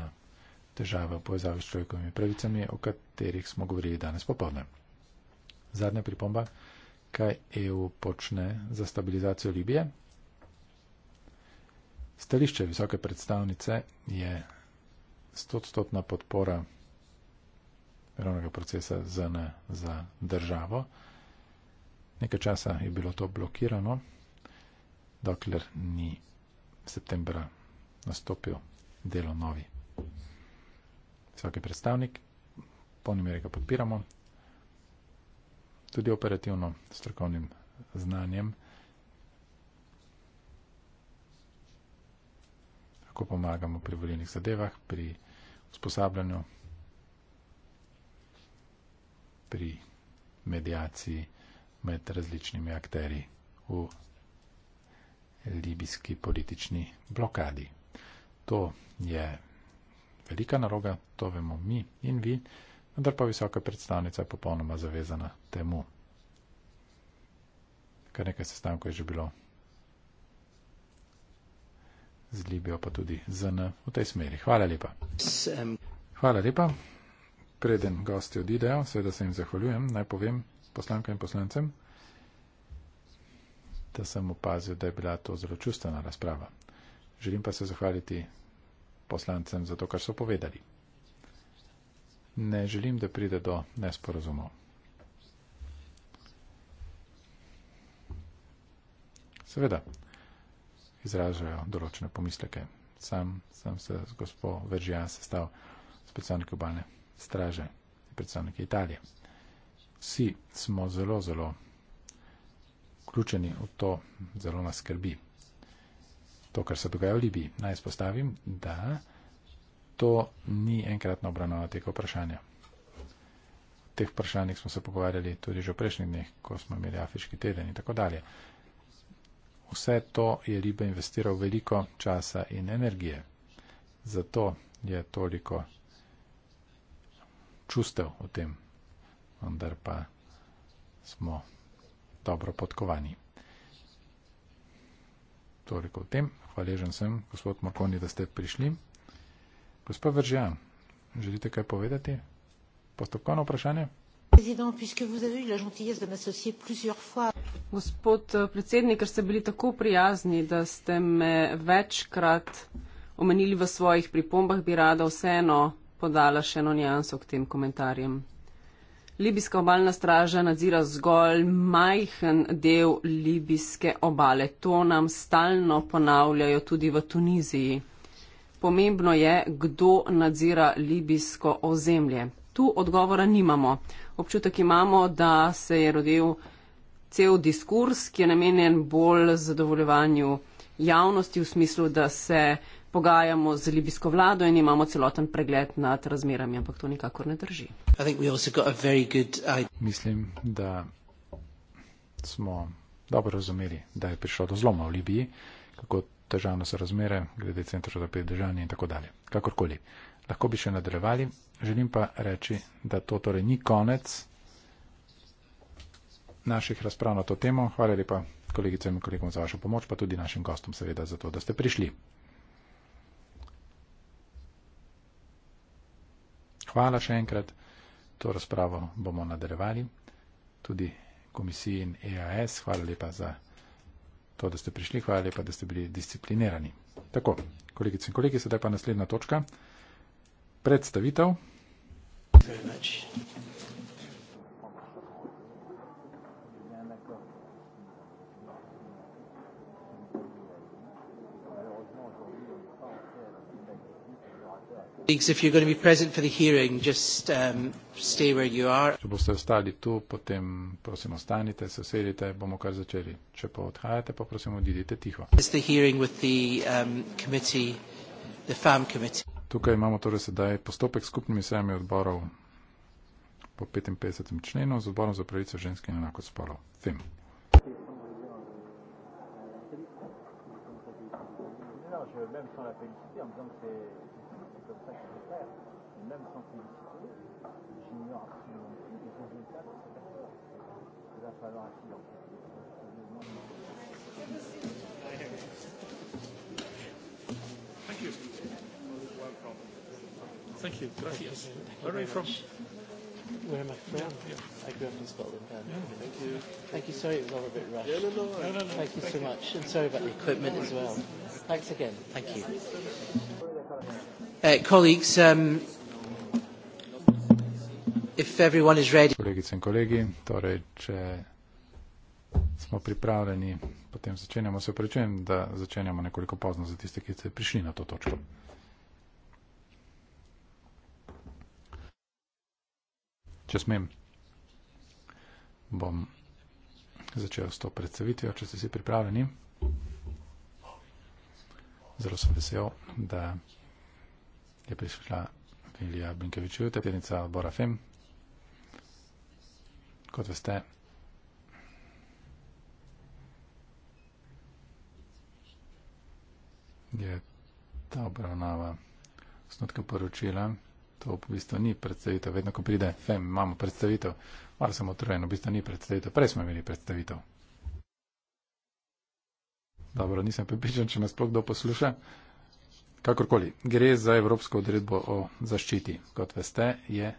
težave v povezavi s človekovimi pravicami, o katerih smo govorili danes popolne. Zadnja pripomba, kaj EU počne za stabilizacijo Libije. Stališče visoke predstavnice je stotstotna podpora ravnega procesa ZN za državo. Nekaj časa je bilo to blokirano, dokler ni septembra nastopil delo novi. Vsaki predstavnik, polni meri ga podpiramo, tudi operativno strokovnim znanjem, kako pomagamo pri voljenih zadevah, pri usposabljanju, pri medijaciji, med različnimi akteri v libijski politični blokadi. To je velika naloga, to vemo mi in vi, vendar pa visoka predstavnica je popolnoma zavezana temu. Kar nekaj sestankov je že bilo z Libijo, pa tudi z N v tej smeri. Hvala lepa. Hvala lepa. Preden gosti odidejo, seveda se jim zahvaljujem, naj povem, poslankam in poslancem, da sem opazil, da je bila to zelo čustvena razprava. Želim pa se zahvaliti poslancem za to, kar so povedali. Ne želim, da pride do nesporazumov. Seveda, izražajo določene pomisleke. Sam sem se z gospod Veržija sestal s predstavniki obalne straže in predstavniki Italije vsi smo zelo, zelo vključeni v to, zelo nas skrbi. To, kar se dogaja v Libiji, naj spostavim, da to ni enkratna obravnava tega vprašanja. V teh vprašanjih smo se pogovarjali tudi že v prejšnjih dneh, ko smo imeli afriški teden in tako dalje. Vse to je Libija investiral veliko časa in energije. Zato je toliko čustev v tem vendar pa smo dobro podkovani. Toliko o tem. Hvaležen sem, gospod Makoni, da ste prišli. Gospod Vržja, želite kaj povedati? Postopkovno vprašanje? Gospod eh, predsednik, ker ste bili tako prijazni, da ste me večkrat omenili v svojih pripombah, bi rada vseeno podala še eno njanso k tem komentarjem. Libijska obaljna straža nadzira zgolj majhen del libijske obale. To nam stalno ponavljajo tudi v Tuniziji. Pomembno je, kdo nadzira libijsko ozemlje. Tu odgovora nimamo. Občutek imamo, da se je rodil cel diskurs, ki je namenjen bolj zadovoljevanju javnosti v smislu, da se pogajamo z libijsko vlado in imamo celoten pregled nad razmerami, ampak to nikakor ne drži. Mislim, da smo dobro razumeli, da je prišlo do zloma v Libiji, kako težavno so razmere glede centra za pridržanje in tako dalje. Kakorkoli. Lahko bi še nadaljevali, želim pa reči, da to torej ni konec naših razprav na to temo. Hvala lepa kolegicam in kolegom za vašo pomoč, pa tudi našim gostom seveda za to, da ste prišli. Hvala še enkrat. To razpravo bomo nadaljevali. Tudi komisiji in EAS, hvala lepa za to, da ste prišli, hvala lepa, da ste bili disciplinirani. Tako, kolegice in kolegi, sedaj pa naslednja točka. Predstavitev. Zdaj, Hearing, just, um, Če boste ostali tu, potem prosim ostanite, se sedite, bomo kar začeli. Če pa odhajate, pa prosim odidite tiho. The, um, committee, Tukaj imamo torej sedaj postopek skupnimi sejami odborov po 55. členu z odborom za pravice ženske in enako spolov. FEM. Okay, peuvent pas être frères. Et même sans qu'ils le trouvent, j'ignore absolument plus les résultats de cette affaire. Il va falloir attirer. Thank you. Thank you. Thank you. Where are you from? Where am I from? Yeah, yeah. I grew up in Scotland. Yeah. Thank you. Thank, thank you. you. Sorry, it was all a bit rushed. Yeah, no, no, no. No, no, no. Thank you thank so you. much. And sorry about the equipment no as well. Thanks again. Thank yeah. you. Uh, um, kolegice in kolegi torej če smo pripravljeni potem začenjamo se opravičujem da začenjamo nekoliko pozno za tiste ki ste prišli na to točko če smem bom začel s to predstavitvijo če ste si pripravljeni zelo sem vesel da je prišla Vilija Binkevičuta, predsednica odbora FEM. Kot veste, je ta obravnava osnotka poročila. To v bistvu ni predstavitev. Vedno, ko pride FEM, imamo predstavitev. Malo sem otrojen, v bistvu ni predstavitev. Prej smo imeli predstavitev. Dobro, nisem pripričan, če me sploh kdo posluša. Kakorkoli, gre za Evropsko odredbo o zaščiti. Kot veste, je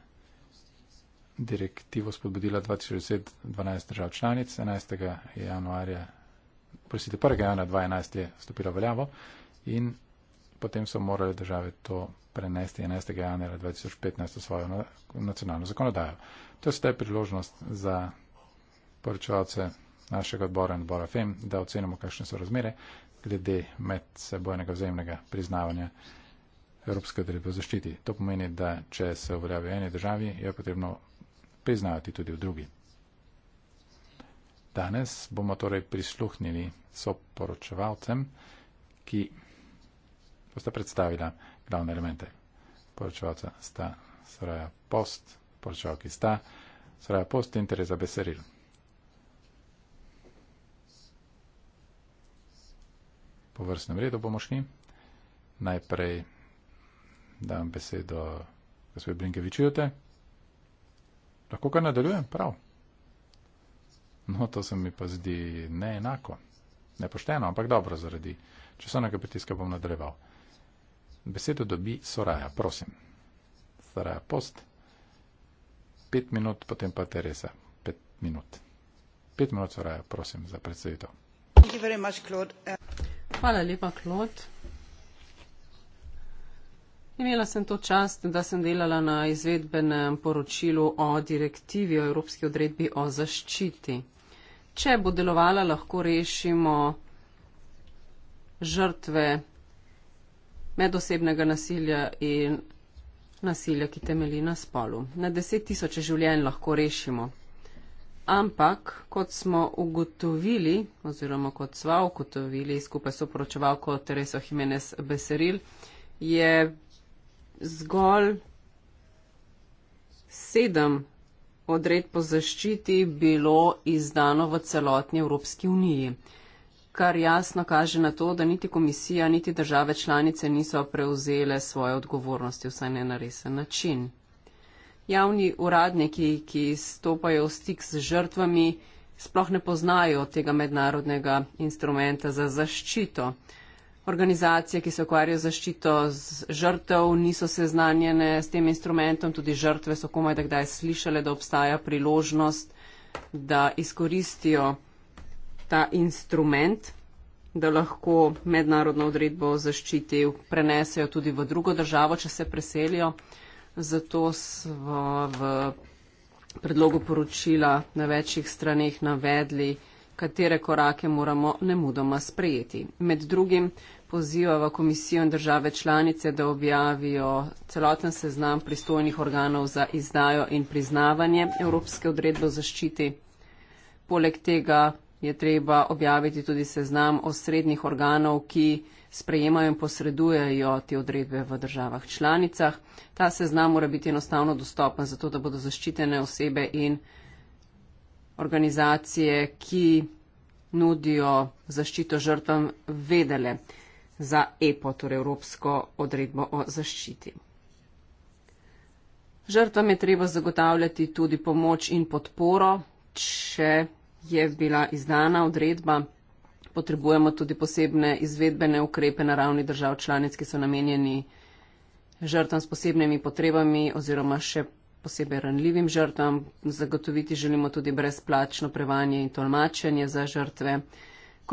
direktivo spodbudila 2012 držav članic, 11. januarja, prosite, 1. januarja 2011 je stopila veljavo in potem so morali države to prenesti 11. januarja 2015 v svojo nacionalno zakonodajo. To je sedaj priložnost za poročevalce našega odbora in odbora FEM, da ocenimo, kakšne so razmere, glede med sebojnega vzajemnega priznavanja Evropske odredbe o zaščiti. To pomeni, da če se uveljavi v eni državi, jo je potrebno priznavati tudi v drugi. Danes bomo torej prisluhnili soporočevalcem, ki sta predstavila glavne elemente. Poročevalca sta Soraya Post, poročevalki sta Soraya Post in Teresa Becerril. po vrstnem redu bomo šli. Najprej dam besedo gospodu Blinkeviču. Lahko kar nadaljujem? Prav. No, to se mi pa zdi neenako, nepošteno, ampak dobro zaradi časovnega pritiska bom nadaljeval. Besedo dobi Soraja, prosim. Soraja post, pet minut, potem pa Teresa, pet minut. Pet minut Soraja, prosim, za predsedo. Thank you very much, Claude. Hvala lepa, Klot. Imela sem to čast, da sem delala na izvedbenem poročilu o direktivi o Evropski odredbi o zaščiti. Če bo delovala, lahko rešimo žrtve medosebnega nasilja in nasilja, ki temeli na spolu. Na deset tisoče življenj lahko rešimo ampak kot smo ugotovili oziroma kot sva ugotovili skupaj s poročevalko Tereso Jimenez Beseril, je zgolj sedem odred po zaščiti bilo izdano v celotni Evropski uniji kar jasno kaže na to, da niti komisija, niti države članice niso prevzele svoje odgovornosti, vsaj ne na resen način javni uradniki, ki stopajo v stik z žrtvami, sploh ne poznajo tega mednarodnega instrumenta za zaščito. Organizacije, ki se ukvarjajo z zaščito žrtev, niso seznanjene s tem instrumentom, tudi žrtve so komaj da kdaj slišale, da obstaja priložnost, da izkoristijo ta instrument, da lahko mednarodno odredbo o zaščiti prenesejo tudi v drugo državo, če se preselijo. Zato smo v predlogu poročila na večjih straneh navedli, katere korake moramo nemudoma sprejeti. Med drugim pozivava komisijo in države članice, da objavijo celoten seznam pristojnih organov za izdajo in priznavanje Evropske odredbe o zaščiti. Poleg tega je treba objaviti tudi seznam osrednjih organov, ki sprejemajo in posredujejo te odredbe v državah članicah. Ta seznam mora biti enostavno dostopen, zato da bodo zaščitene osebe in organizacije, ki nudijo zaščito žrtvam, vedele za EPO, torej Evropsko odredbo o zaščiti. Žrtvam je treba zagotavljati tudi pomoč in podporo, če je bila izdana odredba potrebujemo tudi posebne izvedbene ukrepe na ravni držav članic, ki so namenjeni žrtvam s posebnimi potrebami oziroma še posebej ranljivim žrtvam. Zagotoviti želimo tudi brezplačno prevanje in tolmačenje za žrtve.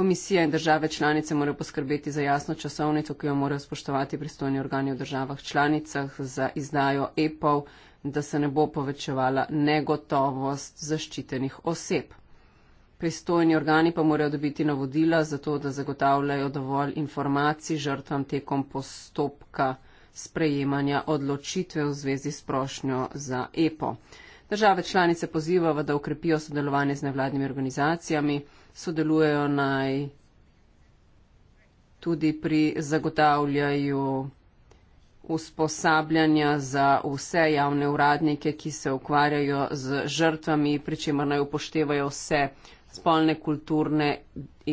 Komisija in države članice morajo poskrbeti za jasno časovnico, ki jo morajo spoštovati pristojni organi v državah članicah za izdajo EPO, da se ne bo povečevala negotovost zaščitenih oseb. Pristojni organi pa morajo dobiti navodila za to, da zagotavljajo dovolj informacij žrtvam tekom postopka sprejemanja odločitve v zvezi s prošnjo za EPO. Države članice pozivajo, da ukrepijo sodelovanje z nevladnimi organizacijami, sodelujejo naj tudi pri zagotavljanju usposabljanja za vse javne uradnike, ki se ukvarjajo z žrtvami, pri čemer naj upoštevajo vse spolne, kulturne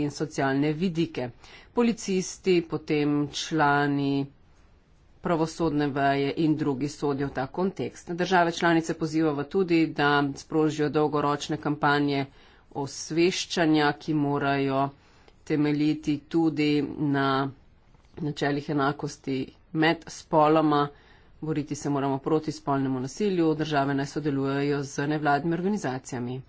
in socialne vidike. Policisti, potem člani pravosodne veje in drugi sodijo v ta kontekst. Države članice pozivajo tudi, da sprožijo dolgoročne kampanje osveščanja, ki morajo temeljiti tudi na načelih enakosti med spoloma. Boriti se moramo proti spolnemu nasilju, države ne sodelujejo z nevladnimi organizacijami.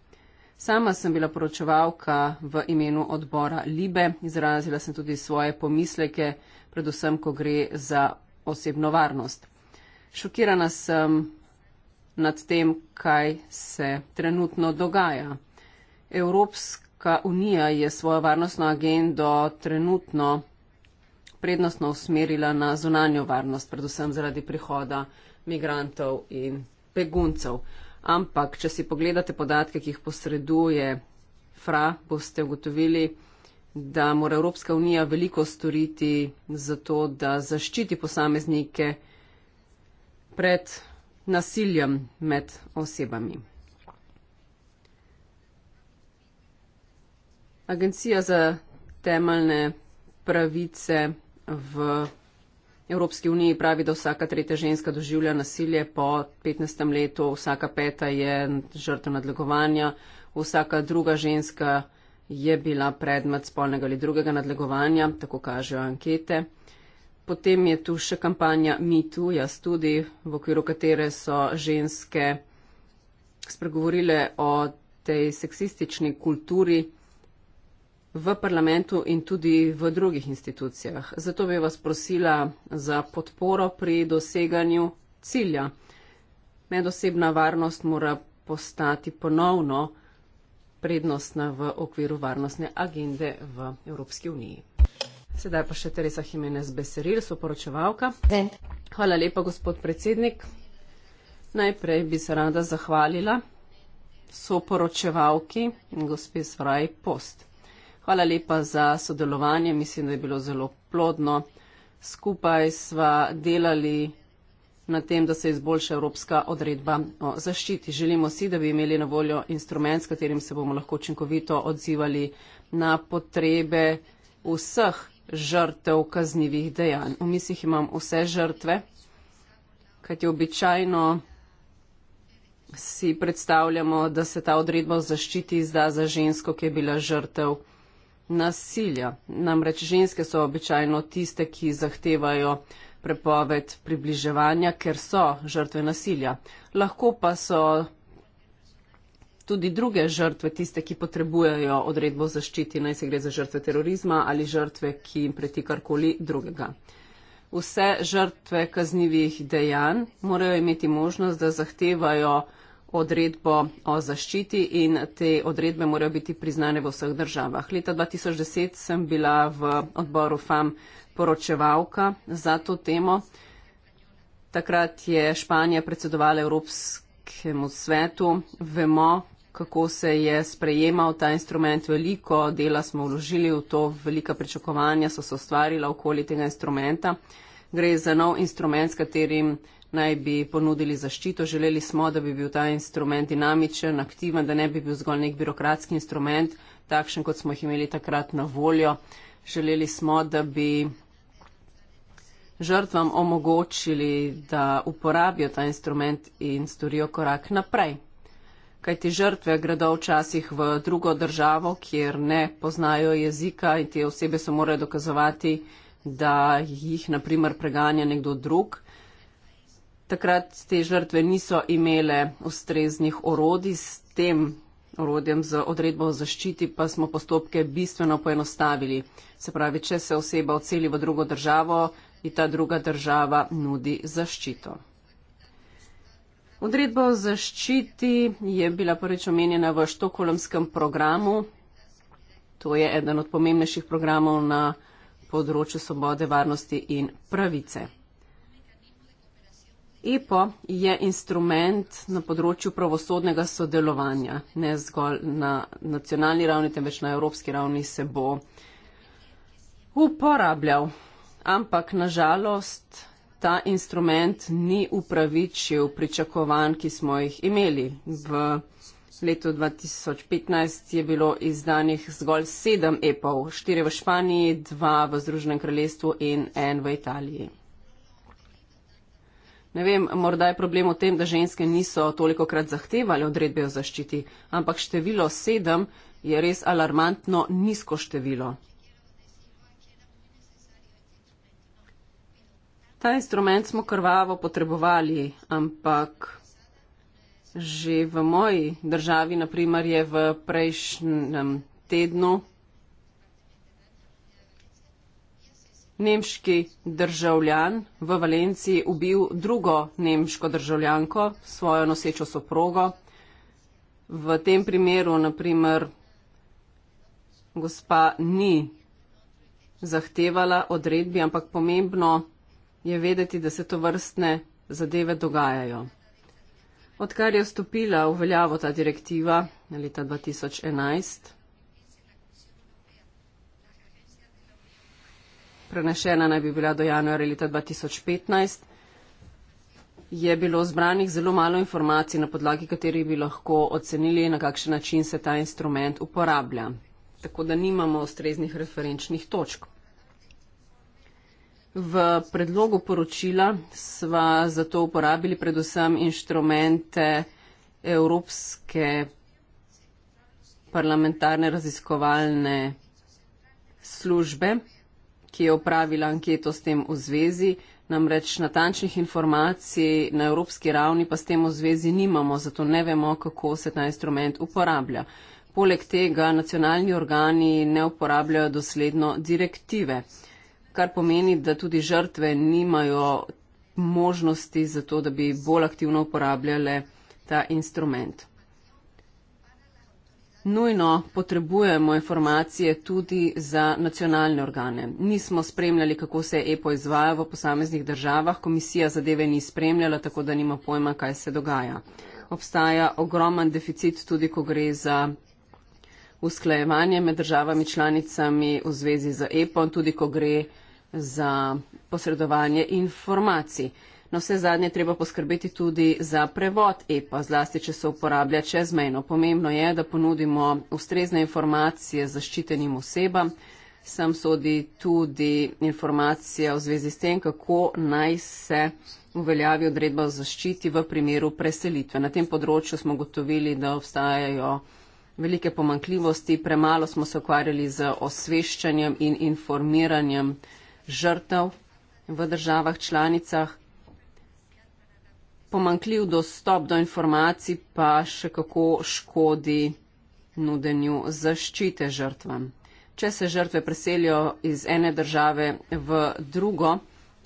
Sama sem bila poročevalka v imenu odbora Libe, izrazila sem tudi svoje pomisleke, predvsem, ko gre za osebno varnost. Šokirana sem nad tem, kaj se trenutno dogaja. Evropska unija je svojo varnostno agendo trenutno prednostno usmerila na zunanjo varnost, predvsem zaradi prihoda migrantov in beguncev. Ampak, če si pogledate podatke, ki jih posreduje FRA, boste ugotovili, da mora Evropska unija veliko storiti za to, da zaščiti posameznike pred nasiljem med osebami. Agencija za temeljne pravice v Evropski uniji pravi, da vsaka tretja ženska doživlja nasilje po 15. letu, vsaka peta je žrtev nadlegovanja, vsaka druga ženska je bila predmet spolnega ali drugega nadlegovanja, tako kažejo ankete. Potem je tu še kampanja MeToo, jaz tudi, v okviru katere so ženske spregovorile o tej seksistični kulturi v parlamentu in tudi v drugih institucijah. Zato bi vas prosila za podporo pri doseganju cilja. Medosebna varnost mora postati ponovno prednostna v okviru varnostne agende v Evropski uniji. Sedaj pa še Teresa Jimenez Beseril, soporočevalka. Hvala lepa, gospod predsednik. Najprej bi se rada zahvalila soporočevalki gospe Svraj Post. Hvala lepa za sodelovanje, mislim, da je bilo zelo plodno. Skupaj sva delali na tem, da se izboljša evropska odredba o zaščiti. Želimo si, da bi imeli na voljo instrument, s katerim se bomo lahko učinkovito odzivali na potrebe vseh žrtev kaznjivih dejanj. V mislih imam vse žrtve, kajti običajno si predstavljamo, da se ta odredba o zaščiti izda za žensko, ki je bila žrtev kaznjivih dejanj nasilja. Namreč ženske so običajno tiste, ki zahtevajo prepoved približevanja, ker so žrtve nasilja. Lahko pa so tudi druge žrtve tiste, ki potrebujejo odredbo zaščiti, naj se gre za žrtve terorizma ali žrtve, ki jim preti karkoli drugega. Vse žrtve kaznjivih dejanj morajo imeti možnost, da zahtevajo odredbo o zaščiti in te odredbe morajo biti priznane v vseh državah. Leta 2010 sem bila v odboru FAM poročevalka za to temo. Takrat je Španija predsedovala Evropskemu svetu. Vemo, kako se je sprejemal ta instrument. Veliko dela smo vložili v to, velika pričakovanja so se ustvarila okoli tega instrumenta. Gre za nov instrument, s katerim naj bi ponudili zaščito. Želeli smo, da bi bil ta instrument dinamičen, aktiven, da ne bi bil zgolj nek birokratski instrument, takšen, kot smo jih imeli takrat na voljo. Želeli smo, da bi žrtvam omogočili, da uporabijo ta instrument in storijo korak naprej. Kajti žrtve gredo včasih v drugo državo, kjer ne poznajo jezika in te osebe se morajo dokazovati, da jih naprimer preganja nekdo drug takrat te žrtve niso imele ustreznih orodi, s tem orodjem za odredbo o zaščiti pa smo postopke bistveno poenostavili. Se pravi, če se oseba odseli v drugo državo, ji ta druga država nudi zaščito. Odredba o zaščiti je bila prvič omenjena v štokolemskem programu. To je eden od pomembnejših programov na področju svobode, varnosti in pravice. EPO je instrument na področju pravosodnega sodelovanja, ne zgolj na nacionalni ravni, temveč na evropski ravni se bo uporabljal. Ampak nažalost ta instrument ni upravičil pričakovanj, ki smo jih imeli. V letu 2015 je bilo izdanih zgolj sedem EPO, štiri v Španiji, dva v Združenem kraljestvu in en v Italiji ne vem, morda je problem v tem, da ženske niso toliko krat zahtevali odredbe o zaščiti, ampak število sedem je res alarmantno nizko število. Ta instrument smo krvavo potrebovali, ampak že v moji državi, naprimer, je v prejšnjem tednu nemški državljan v Valenciji ubil drugo nemško državljanko, svojo nosečo soprogo. V tem primeru, naprimer, gospa ni zahtevala odredbi, ampak pomembno je vedeti, da se to vrstne zadeve dogajajo. Odkar je vstopila v veljavo ta direktiva leta 2011, prenešena naj bi bila do januarja leta 2015, je bilo zbranih zelo malo informacij, na podlagi katerih bi lahko ocenili, na kakšen način se ta instrument uporablja. Tako da nimamo ustreznih referenčnih točk. V predlogu poročila sva zato uporabili predvsem inštrumente Evropske parlamentarne raziskovalne službe ki je upravila anketo s tem v zvezi. Namreč natančnih informacij na evropski ravni pa s tem v zvezi nimamo, zato ne vemo, kako se ta instrument uporablja. Poleg tega nacionalni organi ne uporabljajo dosledno direktive, kar pomeni, da tudi žrtve nimajo možnosti za to, da bi bolj aktivno uporabljale ta instrument. Nujno potrebujemo informacije tudi za nacionalne organe. Nismo spremljali, kako se EPO izvaja v posameznih državah, komisija zadeve ni spremljala, tako da nima pojma, kaj se dogaja. Obstaja ogroman deficit tudi, ko gre za usklajevanje med državami članicami v zvezi z EPO in tudi, ko gre za posredovanje informacij na vse zadnje treba poskrbeti tudi za prevod EPA, zlasti če se uporablja čezmejno. Pomembno je, da ponudimo ustrezne informacije zaščitenim osebam. Sem sodi tudi informacija v zvezi s tem, kako naj se uveljavi odredba o zaščiti v primeru preselitve. Na tem področju smo gotovili, da obstajajo velike pomankljivosti, premalo smo se ukvarjali z osveščanjem in informiranjem žrtev v državah članicah pomankljiv dostop do informacij pa še kako škodi nudenju zaščite žrtvam. Če se žrtve preselijo iz ene države v drugo,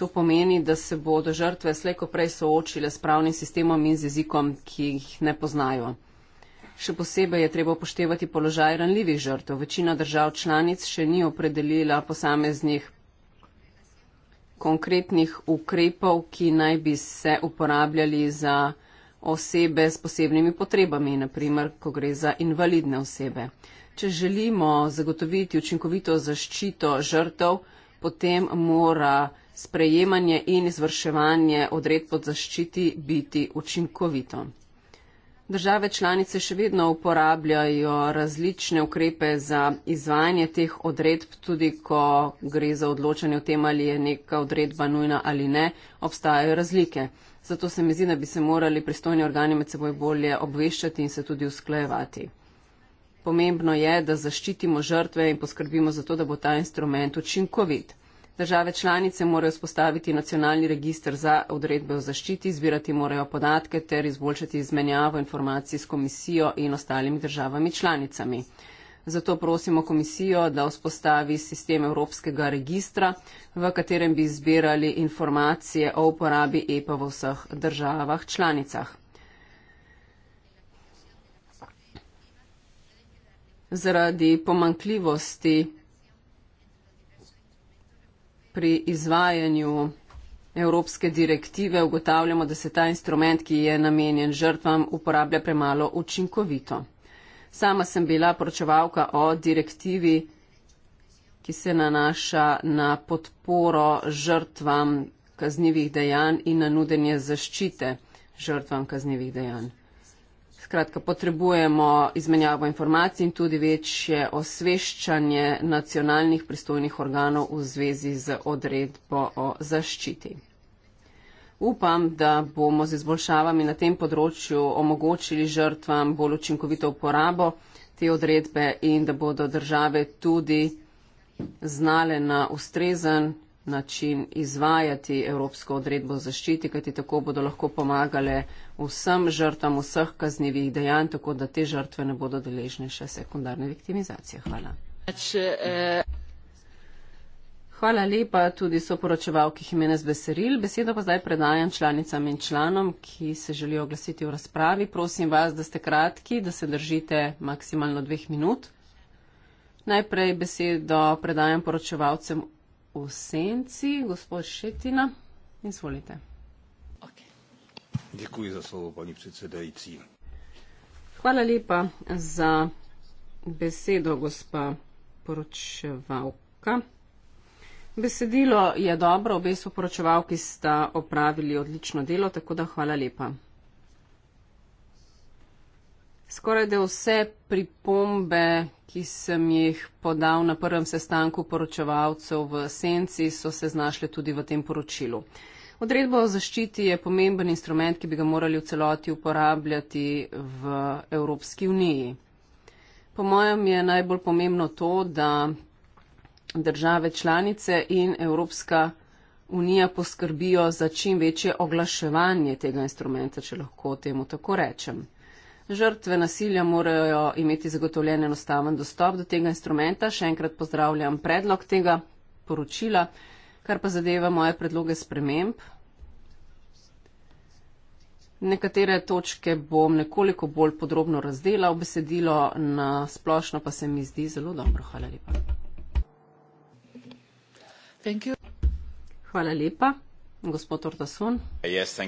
to pomeni, da se bodo žrtve slejko prej soočile s pravnim sistemom in z jezikom, ki jih ne poznajo. Še posebej je treba upoštevati položaj ranljivih žrtev. Večina držav članic še ni opredelila posameznih konkretnih ukrepov, ki naj bi se uporabljali za osebe s posebnimi potrebami, naprimer, ko gre za invalidne osebe. Če želimo zagotoviti učinkovito zaščito žrtev, potem mora sprejemanje in izvrševanje odredb od zaščiti biti učinkovito. Države članice še vedno uporabljajo različne ukrepe za izvajanje teh odredb, tudi ko gre za odločanje o tem, ali je neka odredba nujna ali ne, obstajajo razlike. Zato se mi zdi, da bi se morali pristojni organi med seboj bolje obveščati in se tudi usklajevati. Pomembno je, da zaščitimo žrtve in poskrbimo za to, da bo ta instrument učinkovit. Države članice morajo spostaviti nacionalni registr za odredbe o zaščiti, zbirati morajo podatke ter izboljšati izmenjavo informacij s komisijo in ostalimi državami članicami. Zato prosimo komisijo, da vzpostavi sistem Evropskega registra, v katerem bi zbirali informacije o uporabi EPA v vseh državah članicah. Zaradi pomankljivosti pri izvajanju Evropske direktive ugotavljamo, da se ta instrument, ki je namenjen žrtvam, uporablja premalo učinkovito. Sama sem bila poročevalka o direktivi, ki se nanaša na podporo žrtvam kaznjivih dejanj in na nudenje zaščite žrtvam kaznjivih dejanj. Skratka, potrebujemo izmenjavo informacij in tudi večje osveščanje nacionalnih pristojnih organov v zvezi z odredbo o zaščiti. Upam, da bomo z izboljšavami na tem področju omogočili žrtvam bolj učinkovito uporabo te odredbe in da bodo države tudi znale na ustrezen način izvajati Evropsko odredbo zaščiti, kajti tako bodo lahko pomagale vsem žrtvam vseh kaznjivih dejanj, tako da te žrtve ne bodo deležne še sekundarne viktimizacije. Hvala. Hvala lepa tudi soporočevalki Jimenez Beseril. Besedo pa zdaj predajam članicam in članom, ki se želijo oglasiti v razpravi. Prosim vas, da ste kratki, da se držite maksimalno dveh minut. Najprej besedo predajam poročevalcem v senci, gospod Šetina. Izvolite. Okay. Děkuji za slovo, paní předsedající. Hvala lepa za besedo, gospa poročevalka. Besedilo je dobro, obe so poročevalki sta opravili odlično delo, tako da hvala lepa. Skoraj da vse pripombe, ki sem jih podal na prvem sestanku poročevalcev v Senci, so se znašle tudi v tem poročilu. Odredbo o zaščiti je pomemben instrument, ki bi ga morali v celoti uporabljati v Evropski uniji. Po mojem je najbolj pomembno to, da države članice in Evropska unija poskrbijo za čim večje oglaševanje tega instrumenta, če lahko temu tako rečem. Žrtve nasilja morajo imeti zagotovljen enostaven dostop do tega instrumenta. Še enkrat pozdravljam predlog tega poročila, kar pa zadeva moje predloge sprememb. Nekatere točke bom nekoliko bolj podrobno razdela v besedilo, na splošno pa se mi zdi zelo dobro. Hvala lepa. Hvala lepa, gospod Ortasun. Yes,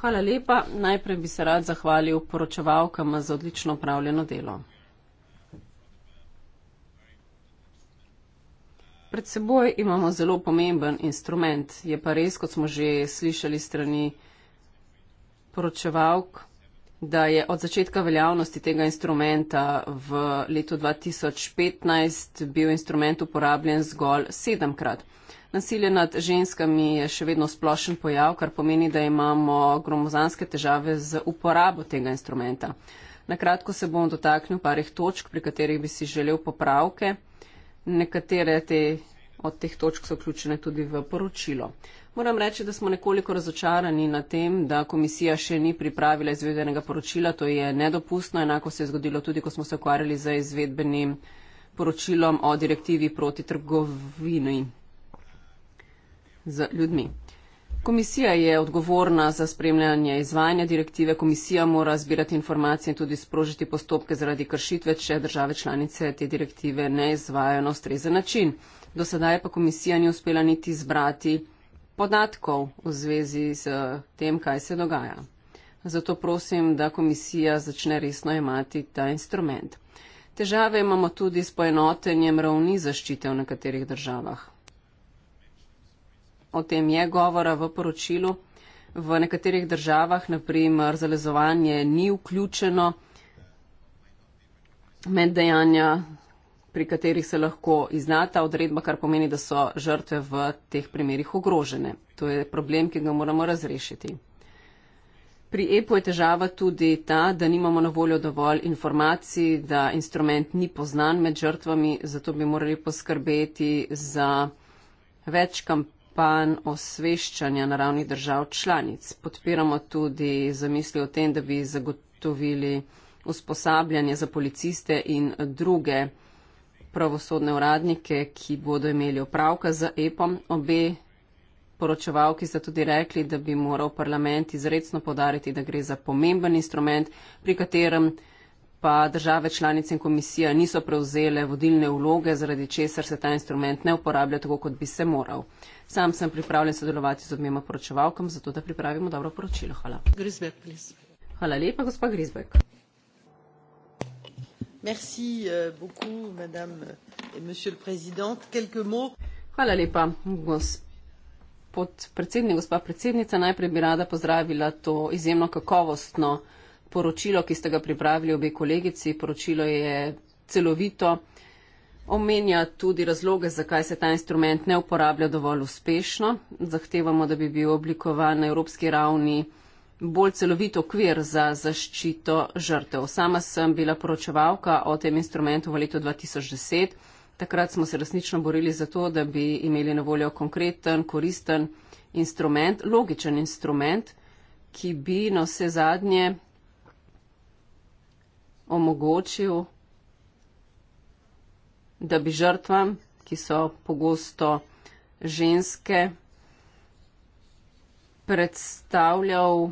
Hvala lepa. Najprej bi se rad zahvalil poročevalkama za odlično upravljeno delo. Pred seboj imamo zelo pomemben instrument. Je pa res, kot smo že slišali strani poročevalk, da je od začetka veljavnosti tega instrumenta v letu 2015 bil instrument uporabljen zgolj sedemkrat. Nasilje nad ženskami je še vedno splošen pojav, kar pomeni, da imamo gromozanske težave z uporabo tega instrumenta. Nakratko se bom dotaknil parih točk, pri katerih bi si želel popravke. Nekatere te od teh točk so vključene tudi v poročilo. Moram reči, da smo nekoliko razočarani na tem, da komisija še ni pripravila izvedenega poročila. To je nedopustno. Enako se je zgodilo tudi, ko smo se ukvarjali z izvedbenim poročilom o direktivi proti trgovini z ljudmi. Komisija je odgovorna za spremljanje izvajanja direktive. Komisija mora zbirati informacije in tudi sprožiti postopke zaradi kršitve, če države članice te direktive ne izvajajo na ustrezen način. Do sedaj pa komisija ni uspela niti zbrati podatkov v zvezi z tem, kaj se dogaja. Zato prosim, da komisija začne resno imati ta instrument. Težave imamo tudi s poenotenjem ravni zaščite v nekaterih državah. O tem je govora v poročilu. V nekaterih državah, naprimer, zalezovanje ni vključeno med dejanja pri katerih se lahko izna ta odredba, kar pomeni, da so žrtve v teh primerjih ogrožene. To je problem, ki ga moramo razrešiti. Pri EPO je težava tudi ta, da nimamo na voljo dovolj informacij, da instrument ni poznan med žrtvami, zato bi morali poskrbeti za več kampanj osveščanja na ravni držav članic. Podpiramo tudi zamisli o tem, da bi zagotovili usposabljanje za policiste in druge pravosodne uradnike, ki bodo imeli opravka z EPOM. Obe poročevalki sta tudi rekli, da bi moral parlament izredno podariti, da gre za pomemben instrument, pri katerem pa države članice in komisija niso prevzele vodilne vloge, zaradi česar se ta instrument ne uporablja tako, kot bi se moral. Sam sem pripravljen sodelovati z obmema poročevalkam, zato da pripravimo dobro poročilo. Hvala. Grisbek, Hvala lepa, gospod Grizbek. Merci euh, beaucoup, Madame euh, et Monsieur le Président. Quelques mots. Hvala lepa, gospod predsednik, gospa predsednica. Najprej bi rada pozdravila to izjemno kakovostno poročilo, ki ste ga pripravili obe kolegici. Poročilo je celovito, omenja tudi razloge, zakaj se ta instrument ne uporablja dovolj uspešno. Zahtevamo, da bi bil oblikovan na evropski ravni bolj celovit okvir za zaščito žrtev. Sama sem bila poročevalka o tem instrumentu v letu 2010. Takrat smo se resnično borili za to, da bi imeli na voljo konkreten, koristen instrument, logičen instrument, ki bi na vse zadnje omogočil, da bi žrtvam, ki so pogosto ženske, predstavljal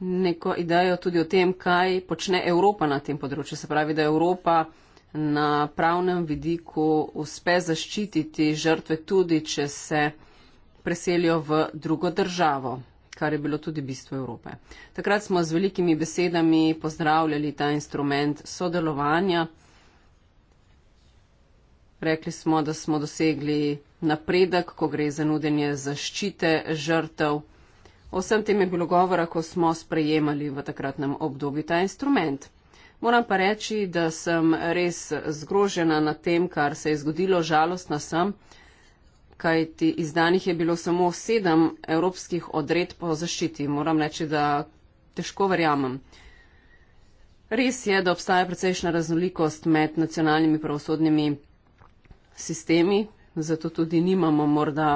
neko idejo tudi o tem, kaj počne Evropa na tem področju. Se pravi, da Evropa na pravnem vidiku uspe zaščititi žrtve tudi, če se preselijo v drugo državo, kar je bilo tudi bistvo Evrope. Takrat smo z velikimi besedami pozdravljali ta instrument sodelovanja. Rekli smo, da smo dosegli napredek, ko gre za nudenje zaščite žrtev. Vsem tem je bilo govora, ko smo sprejemali v takratnem obdobju ta instrument. Moram pa reči, da sem res zgrožena nad tem, kar se je zgodilo, žalostna sem, kajti izdanih je bilo samo sedem evropskih odredb o zaščiti. Moram reči, da težko verjamem. Res je, da obstaja precejšna raznolikost med nacionalnimi pravosodnimi sistemi, zato tudi nimamo morda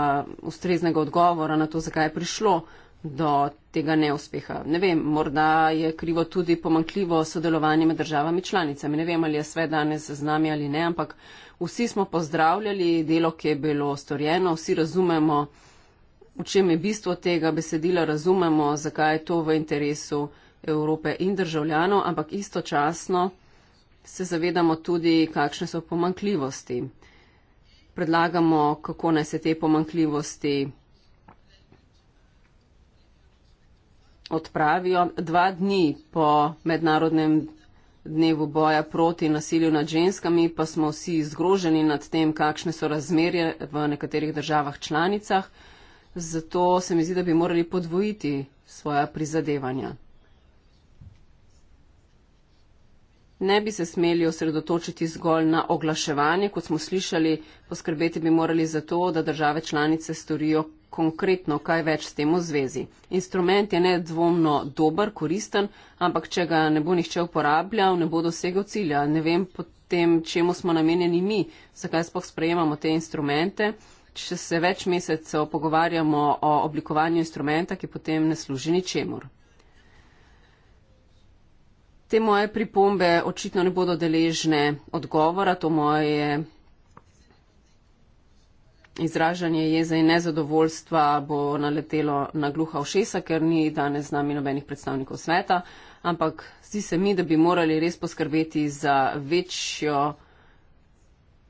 ustreznega odgovora na to, zakaj je prišlo do tega neuspeha. Ne vem, morda je krivo tudi pomankljivo sodelovanje med državami članicami. Ne vem, ali je sve danes z nami ali ne, ampak vsi smo pozdravljali delo, ki je bilo storjeno, vsi razumemo, v čem je bistvo tega besedila, razumemo, zakaj je to v interesu Evrope in državljanov, ampak istočasno se zavedamo tudi, kakšne so pomankljivosti. Predlagamo, kako naj se te pomankljivosti odpravijo dva dni po mednarodnem dnevu boja proti nasilju nad ženskami, pa smo vsi zgroženi nad tem, kakšne so razmerje v nekaterih državah članicah. Zato se mi zdi, da bi morali podvojiti svoja prizadevanja. Ne bi se smeli osredotočiti zgolj na oglaševanje, kot smo slišali, poskrbeti bi morali za to, da države članice storijo konkretno kaj več s tem v zvezi. Instrument je nedvomno dober, koristen, ampak če ga ne bo nihče uporabljal, ne bo dosegel cilja. Ne vem potem, čemu smo namenjeni mi, zakaj spoh sprejemamo te instrumente. Če se več mesecev pogovarjamo o oblikovanju instrumenta, ki potem ne služi ničemur. Te moje pripombe očitno ne bodo deležne odgovora, to moje izražanje jeze in nezadovoljstva bo naletelo na gluha ušesa, ker ni danes z nami nobenih predstavnikov sveta, ampak zdi se mi, da bi morali res poskrbeti za večjo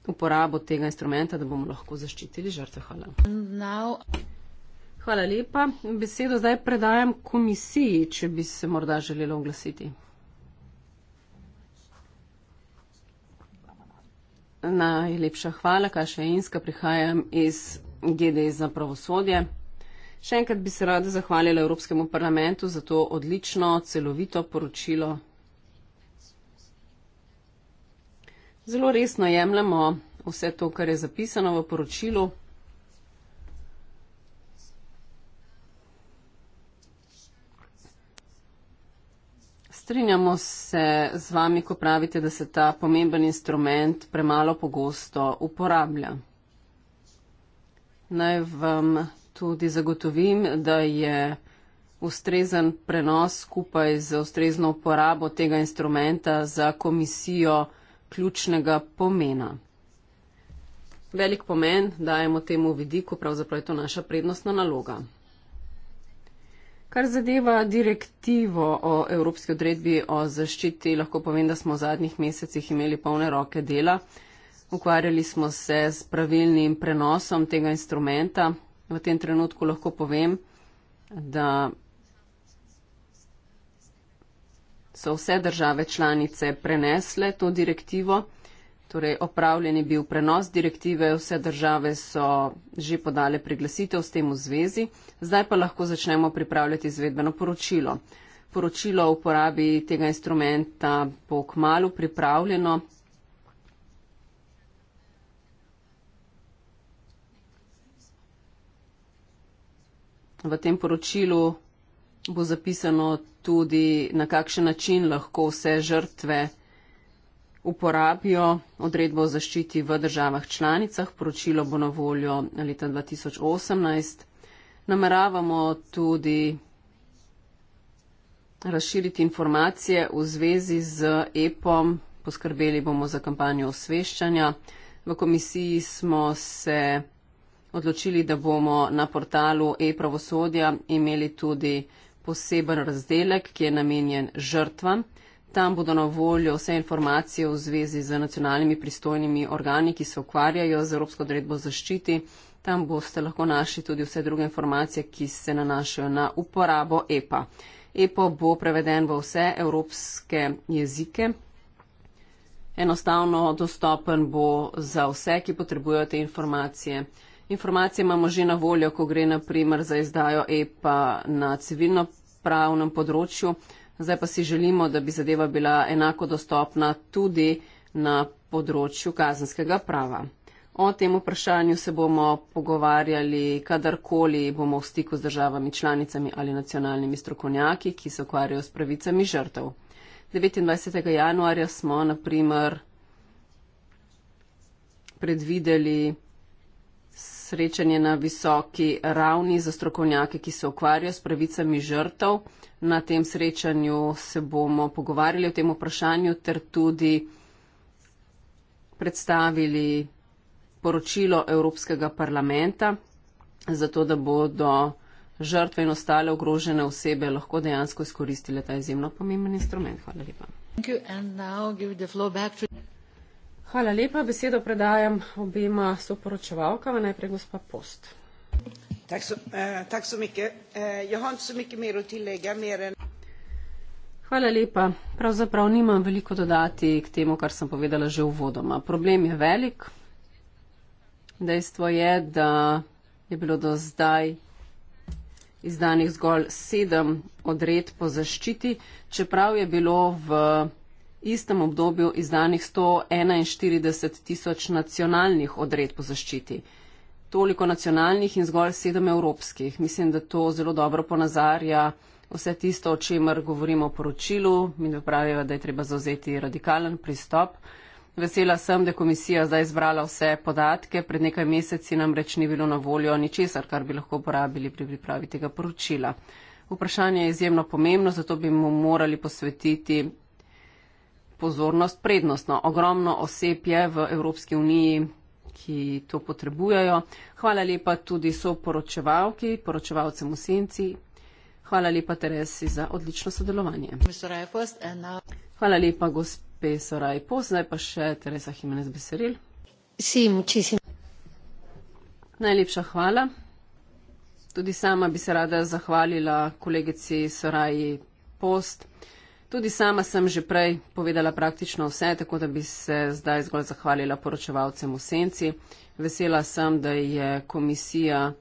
uporabo tega instrumenta, da bomo lahko zaščitili žrtve. Hvala. Now. Hvala lepa. Besedo zdaj predajam komisiji, če bi se morda želelo oglasiti. Najlepša hvala, Kaša Inska, prihajam iz GD za pravosodje. Še enkrat bi se rada zahvalila Evropskemu parlamentu za to odlično, celovito poročilo. Zelo resno jemljamo vse to, kar je zapisano v poročilu. strinjamo se z vami, ko pravite, da se ta pomemben instrument premalo pogosto uporablja. Naj vam tudi zagotovim, da je ustrezen prenos skupaj z ustrezno uporabo tega instrumenta za komisijo ključnega pomena. Velik pomen dajemo temu vidiku, pravzaprav je to naša prednostna naloga. Kar zadeva direktivo o Evropski odredbi o zaščiti, lahko povem, da smo v zadnjih mesecih imeli polne roke dela. Ukvarjali smo se s pravilnim prenosom tega instrumenta. V tem trenutku lahko povem, da so vse države članice prenesle to direktivo torej opravljeni bil prenos direktive, vse države so že podale priglasitev s tem v zvezi, zdaj pa lahko začnemo pripravljati izvedbeno poročilo. Poročilo o uporabi tega instrumenta bo k malu pripravljeno. V tem poročilu bo zapisano tudi, na kakšen način lahko vse žrtve uporabijo odredbo o zaščiti v državah članicah. Poročilo bo na voljo leta 2018. Nameravamo tudi razširiti informacije v zvezi z EPOM. Poskrbeli bomo za kampanjo osveščanja. V komisiji smo se odločili, da bomo na portalu e-pravosodja imeli tudi poseben razdelek, ki je namenjen žrtvam. Tam bodo na voljo vse informacije v zvezi z nacionalnimi pristojnimi organi, ki se ukvarjajo z Evropsko odredbo zaščiti. Tam boste lahko našli tudi vse druge informacije, ki se nanašajo na uporabo EPA. EPO bo preveden v vse evropske jezike. Enostavno dostopen bo za vse, ki potrebujo te informacije. Informacije imamo že na voljo, ko gre naprimer za izdajo EPA na civilno pravnem področju zdaj pa si želimo, da bi zadeva bila enako dostopna tudi na področju kazenskega prava. O tem vprašanju se bomo pogovarjali, kadarkoli bomo v stiku z državami članicami ali nacionalnimi strokovnjaki, ki se ukvarjajo s pravicami žrtev. 29. januarja smo, naprimer, predvideli srečanje na visoki ravni za strokovnjake, ki se ukvarjajo s pravicami žrtev. Na tem srečanju se bomo pogovarjali o tem vprašanju ter tudi predstavili poročilo Evropskega parlamenta, zato da bodo žrtve in ostale ogrožene osebe lahko dejansko izkoristile ta izjemno pomemben instrument. Hvala lepa. Hvala lepa. Besedo predajam obema soporočevalkama. Najprej gospa Post. Eh, eh, Hvala lepa. Pravzaprav nimam veliko dodati k temu, kar sem povedala že uvodoma. Problem je velik. Dejstvo je, da je bilo do zdaj izdanih zgolj sedem odred po zaščiti, čeprav je bilo v istem obdobju izdanih 141 tisoč nacionalnih odredb po zaščiti. Toliko nacionalnih in zgolj sedem evropskih. Mislim, da to zelo dobro ponazarja vse tisto, o čemer govorimo v poročilu. Mi pravijo, da je treba zauzeti radikalen pristop. Vesela sem, da je komisija zdaj izbrala vse podatke. Pred nekaj meseci namreč ni bilo na voljo ničesar, kar bi lahko uporabili pri pripravi tega poročila. Vprašanje je izjemno pomembno, zato bi mu morali posvetiti pozornost prednostno. Ogromno oseb je v Evropski uniji, ki to potrebujejo. Hvala lepa tudi soporočevalki, poročevalcem v senci. Hvala lepa Teresi za odlično sodelovanje. Hvala lepa gospe Soraj Post, zdaj pa še Teresa Jimenez Beseril. Si, muči si. Najlepša hvala. Tudi sama bi se rada zahvalila kolegici Soraji Post. Tudi sama sem že prej povedala praktično vse, tako da bi se zdaj zgolj zahvalila poročevalcem v senci. Vesela sem, da je komisija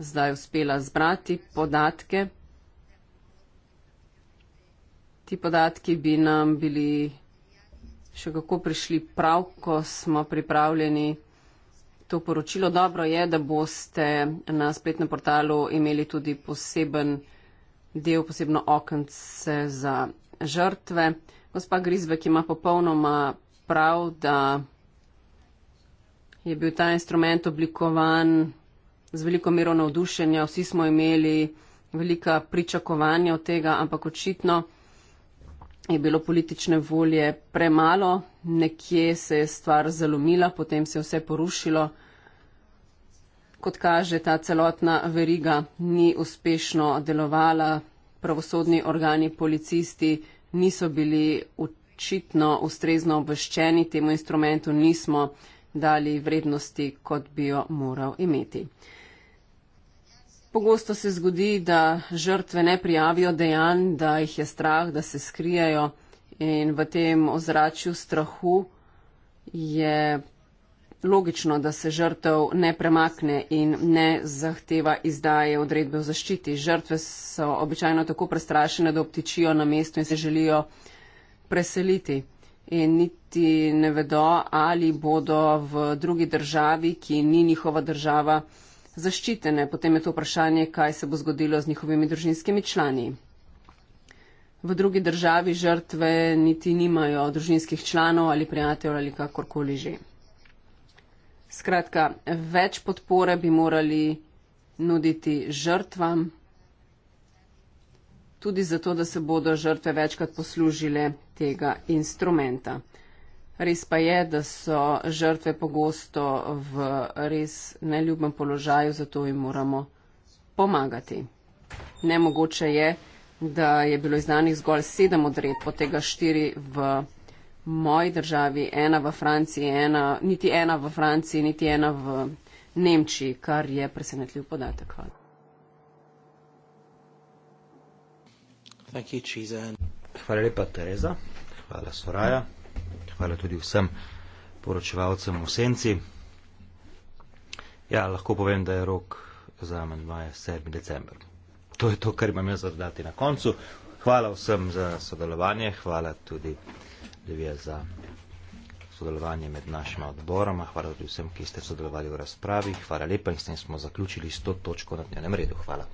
zdaj uspela zbrati podatke. Ti podatki bi nam bili še kako prišli prav, ko smo pripravljeni to poročilo. Dobro je, da boste na spletnem portalu imeli tudi poseben del, posebno okence za žrtve. Gospa Grizbek ima popolnoma prav, da je bil ta instrument oblikovan z veliko mero navdušenja. Vsi smo imeli velika pričakovanja od tega, ampak očitno je bilo politične volje premalo. Nekje se je stvar zalomila, potem se je vse porušilo. Kot kaže, ta celotna veriga ni uspešno delovala. Pravosodni organi, policisti, niso bili očitno ustrezno obveščeni, temu instrumentu nismo dali vrednosti, kot bi jo moral imeti. Pogosto se zgodi, da žrtve ne prijavijo dejanj, da jih je strah, da se skrijajo in v tem ozračju strahu je logično, da se žrtev ne premakne in ne zahteva izdaje odredbe o zaščiti. Žrtve so običajno tako prestrašene, da obtičijo na mestu in se želijo preseliti. In niti ne vedo, ali bodo v drugi državi, ki ni njihova država, zaščitene. Potem je to vprašanje, kaj se bo zgodilo z njihovimi družinskimi člani. V drugi državi žrtve niti nimajo družinskih članov ali prijateljev ali kakorkoli že. Skratka, več podpore bi morali nuditi žrtvam, tudi zato, da se bodo žrtve večkrat poslužile tega instrumenta. Res pa je, da so žrtve pogosto v res neljubem položaju, zato jim moramo pomagati. Nemogoče je, da je bilo izdanih zgolj sedem odredb, od tega štiri v moji državi, ena v Franciji, ena, niti ena v Franciji, niti ena v Nemčiji, kar je presenetljiv podatek. Hvala. Hvala lepa, Tereza. Hvala, Soraja. Hvala tudi vsem poročevalcem v senci. Ja, lahko povem, da je rok za men 27. december. To je to, kar imam jaz za dati na koncu. Hvala vsem za sodelovanje, hvala tudi Levija za sodelovanje med našima odboroma, hvala tudi vsem, ki ste sodelovali v razpravi, hvala lepa in s tem smo zaključili s to točko na dnevnem redu. Hvala.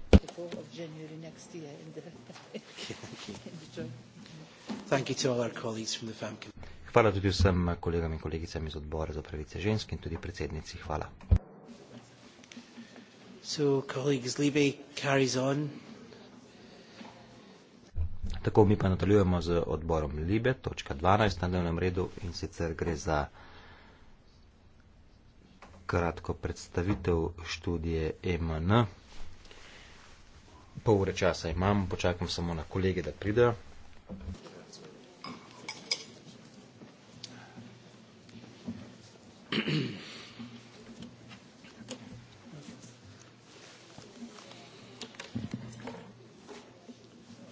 Hvala tudi vsem kolegam in kolegicam iz odbora za pravice žensk in tudi predsednici. Hvala. So colleagues, Libby carries on. Tako mi pa nadaljujemo z odborom Libe, točka 12 na dnevnem redu in sicer gre za kratko predstavitev študije EMN. Pol ure časa imam, počakam samo na kolege, da pridejo. Thank you.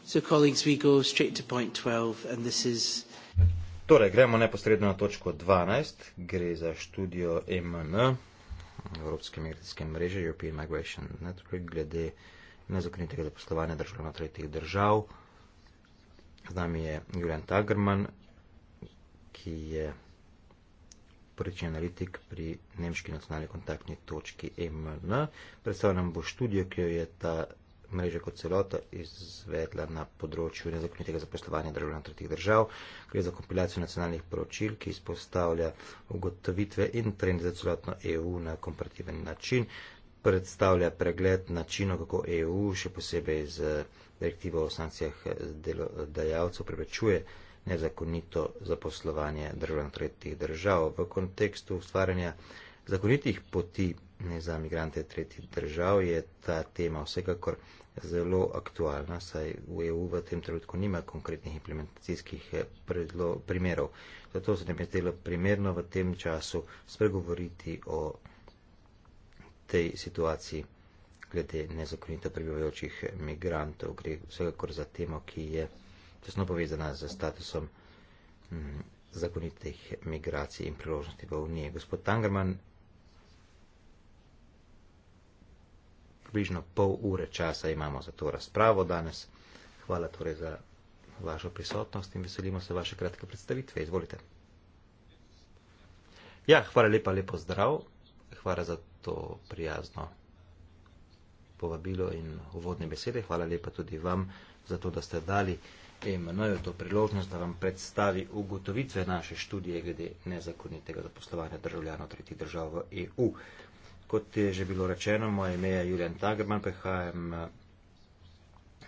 So, colleagues, we go straight to point 12, and this is. Torej, gremo neposredno na točko 12, gre za študijo e MN, Evropske medijske mreže, European Migration Network, glede nezakonitega zaposlovanja državljanov tretjih držav. Z nami je Julian Tagerman, ki je poročni analitik pri nemški nacionalni kontaktni točki e MN. Predstavljam bo študijo, ki jo je ta mreže kot celota izvedla na področju nezakonitega zaposlovanja državljanov tretjih držav. Gre za kompilacijo nacionalnih poročil, ki izpostavlja ugotovitve in trend za celotno EU na komparativen način. Predstavlja pregled načinov, kako EU, še posebej z direktivo o sankcijah delodajalcev, preprečuje nezakonito zaposlovanje državljanov tretjih držav. V kontekstu ustvarjanja zakonitih poti za migrante tretjih držav, je ta tema vsekakor zelo aktualna, saj v EU v tem trenutku nima konkretnih implementacijskih eh, primerov. Zato se nam je zdelo primerno v tem času spregovoriti o tej situaciji glede nezakonito prebivajočih migrantov. Gre vsekakor za temo, ki je tesno povezana z statusom mm, zakonitih migracij in priložnosti v Uniji. Gospod Tangerman, približno pol ure časa imamo za to razpravo danes. Hvala torej za vašo prisotnost in veselimo se vaše kratke predstavitve. Izvolite. Ja, hvala lepa, lepo zdrav. Hvala za to prijazno povabilo in uvodne besede. Hvala lepa tudi vam za to, da ste dali EMN-ju to priložnost, da vam predstavi ugotovitve naše študije glede nezakonitega zaposlovanja državljanov tretjih držav v EU. Kot je že bilo rečeno, moje ime je Julian Tagerman, prihajam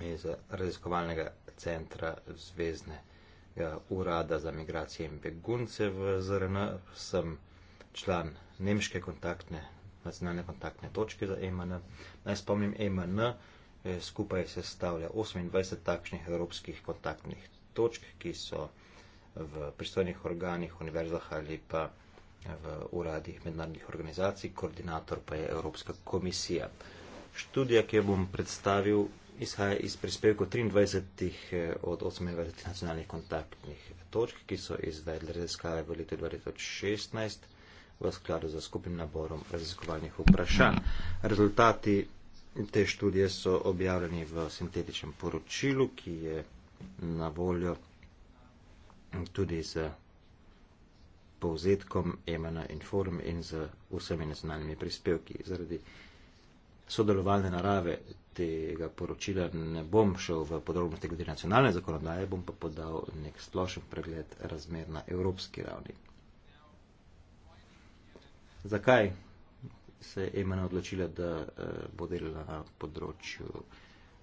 eh, iz raziskovalnega centra Zvezdne urada za migracije in begunce v ZRN. Sem član nemške kontaktne, nacionalne kontaktne točke za EMN. Naj spomnim, EMN eh, skupaj se stavlja 28 takšnih evropskih kontaktnih točk, ki so v pristojnih organih, univerzah ali pa v uradih mednarodnih organizacij, koordinator pa je Evropska komisija. Študija, ki jo bom predstavil, izhaja iz prispevkov 23 eh, od 28 nacionalnih kontaktnih točk, ki so izvedli raziskave v letu 2016 v skladu za skupnim naborom raziskovalnih vprašanj. Rezultati te študije so objavljeni v sintetičnem poročilu, ki je na voljo tudi z povzetkom Emana in Forum in z vsemi nacionalnimi prispevki. Zaradi sodelovalne narave tega poročila ne bom šel v podrobnosti glede nacionalne zakonodaje, bom pa podal nek splošen pregled razmer na evropski ravni. Zakaj se je Emana odločila, da eh, bo delala na področju?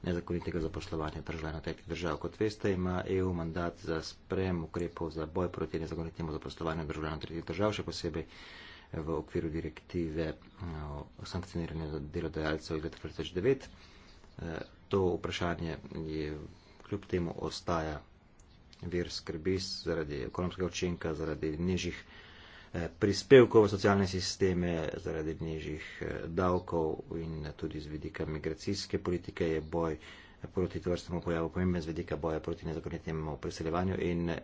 nezakonitega zaposlovanja državljanov tretjih držav. Kot veste, ima EU mandat za sprem ukrepov za boj proti nezakonitemu zaposlovanju državljanov tretjih držav, še posebej v okviru direktive eh, o sankcioniranju delodajalcev iz leta 2009. Eh, to vprašanje je kljub temu ostaja vir skrbi zaradi ekonomskega učinka, zaradi nižjih Eh, prispevkov v socialne sisteme zaradi nižjih eh, davkov in tudi z vidika migracijske politike je boj eh, proti tvrstvemu pojavu pomemben z vidika boja proti nezakonitemu preseljevanju in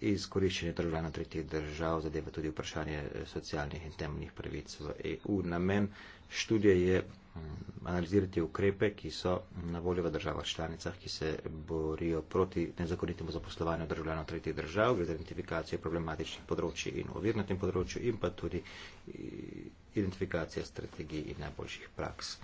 izkoriščenju državljanov tretjih držav zadeva tudi vprašanje socialnih in temeljnih pravic v EU. Namen študije je analizirati ukrepe, ki so na voljo v državah članicah, ki se borijo proti nezakonitemu zaposlovanju državljanov tretjih držav, glede identifikacije problematičnih področji in ovir na tem področju in pa tudi identifikacija strategij in najboljših praks.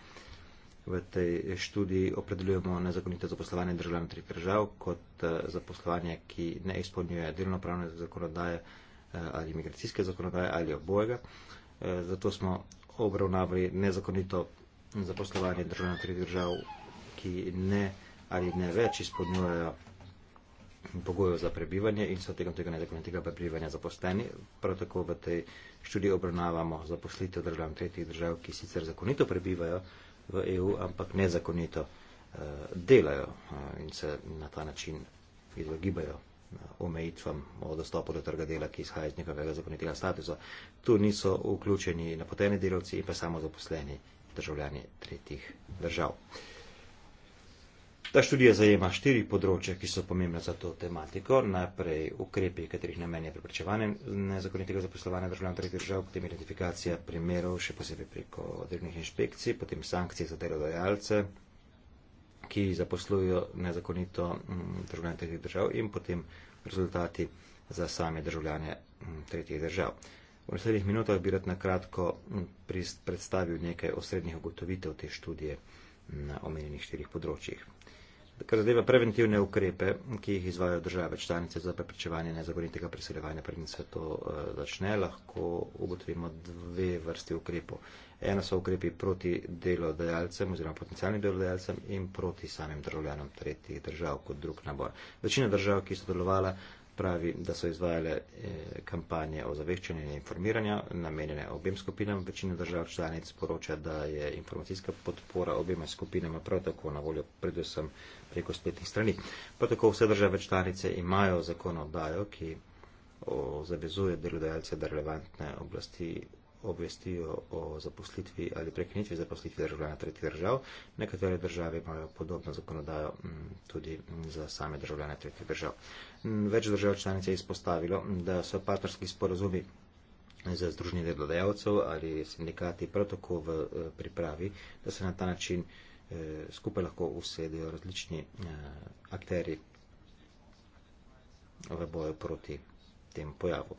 V tej študiji opredeljujemo nezakonite zaposlovanje državljanov tretjih držav kot eh, zaposlovanje, ki ne izpolnjuje delovnopravne zakonodaje eh, ali migracijske zakonodaje ali obojega. Eh, zato smo obravnavali nezakonito za poslovanje državljanov tretjih držav, ki ne ali ne več izpolnjujejo pogojev za prebivanje in so tekom tega nezakonitega prebivanja zaposleni. Prav tako v tej študiji obravnavamo zaposlitev državljanov tretjih držav, ki sicer zakonito prebivajo v EU, ampak nezakonito uh, delajo uh, in se na ta način izogibajo eh, omejitvam o dostopu do trga dela, ki izhaja iz njihovega zakonitega statusa. Tu niso vključeni napoteni delavci in pa samo zaposleni državljani tretjih držav. Ta študija zajema štiri področja, ki so pomembna za to tematiko. Najprej ukrepi, katerih namen je preprečevanje nezakonitega zaposlovanja državljanov tretjih držav, potem identifikacija primerov, še posebej preko drevnih inšpekcij, potem sankcije za delodajalce, ki zaposlujejo nezakonito mm, državljanov tretjih držav in potem rezultati za same državljane mm, tretjih držav v naslednjih minutah bi rad na kratko predstavil nekaj osrednjih ugotovitev te študije na omenjenih štirih področjih. Kar zadeva preventivne ukrepe, ki jih izvajo države članice za preprečevanje nezakonitega preseljevanja, preden se to uh, začne, lahko ugotovimo dve vrsti ukrepov. Eno so ukrepi proti delodajalcem oziroma potencijalnim delodajalcem in proti samim državljanom tretjih držav kot drug nabor. Večina držav, ki so delovala pravi, da so izvajale eh, kampanje o zaveščanju in informiranju, namenjene obem skupinam. Večina držav članic poroča, da je informacijska podpora obema skupinama prav tako na voljo, predvsem preko spletnih strani. Prav tako vse države članice imajo zakonodajo, ki zavezuje delodajalce, da relevantne oblasti obvestijo o zaposlitvi ali prekinitvi zaposlitvi državljana tretjih držav. Nekatere države imajo podobno zakonodajo tudi za same državljane tretjih držav. Več držav članic je izpostavilo, da so partnerski sporozumi za združenje delodajalcev ali sindikati prav tako v e, pripravi, da se na ta način e, skupaj lahko usedejo različni e, akteri v boju proti tem pojavu.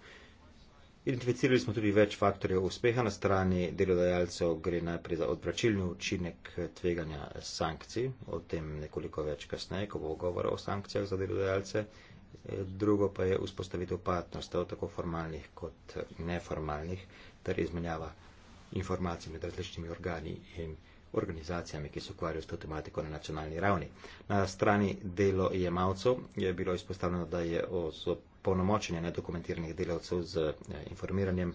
Identificirali smo tudi več faktorjev uspeha na strani delodajalcev, gre najprej za odvračilni učinek tveganja sankcij, o tem nekoliko več kasneje, ko bo govor o sankcijah za delodajalce drugo pa je vzpostavitev partnerstev, tako formalnih kot neformalnih, ter izmenjava informacij med različnimi organi in organizacijami, ki se ukvarjajo s to tematiko na nacionalni ravni. Na strani delo jemalcev je bilo izpostavljeno, da je o polnomočenju nedokumentiranih delavcev z eh, informiranjem,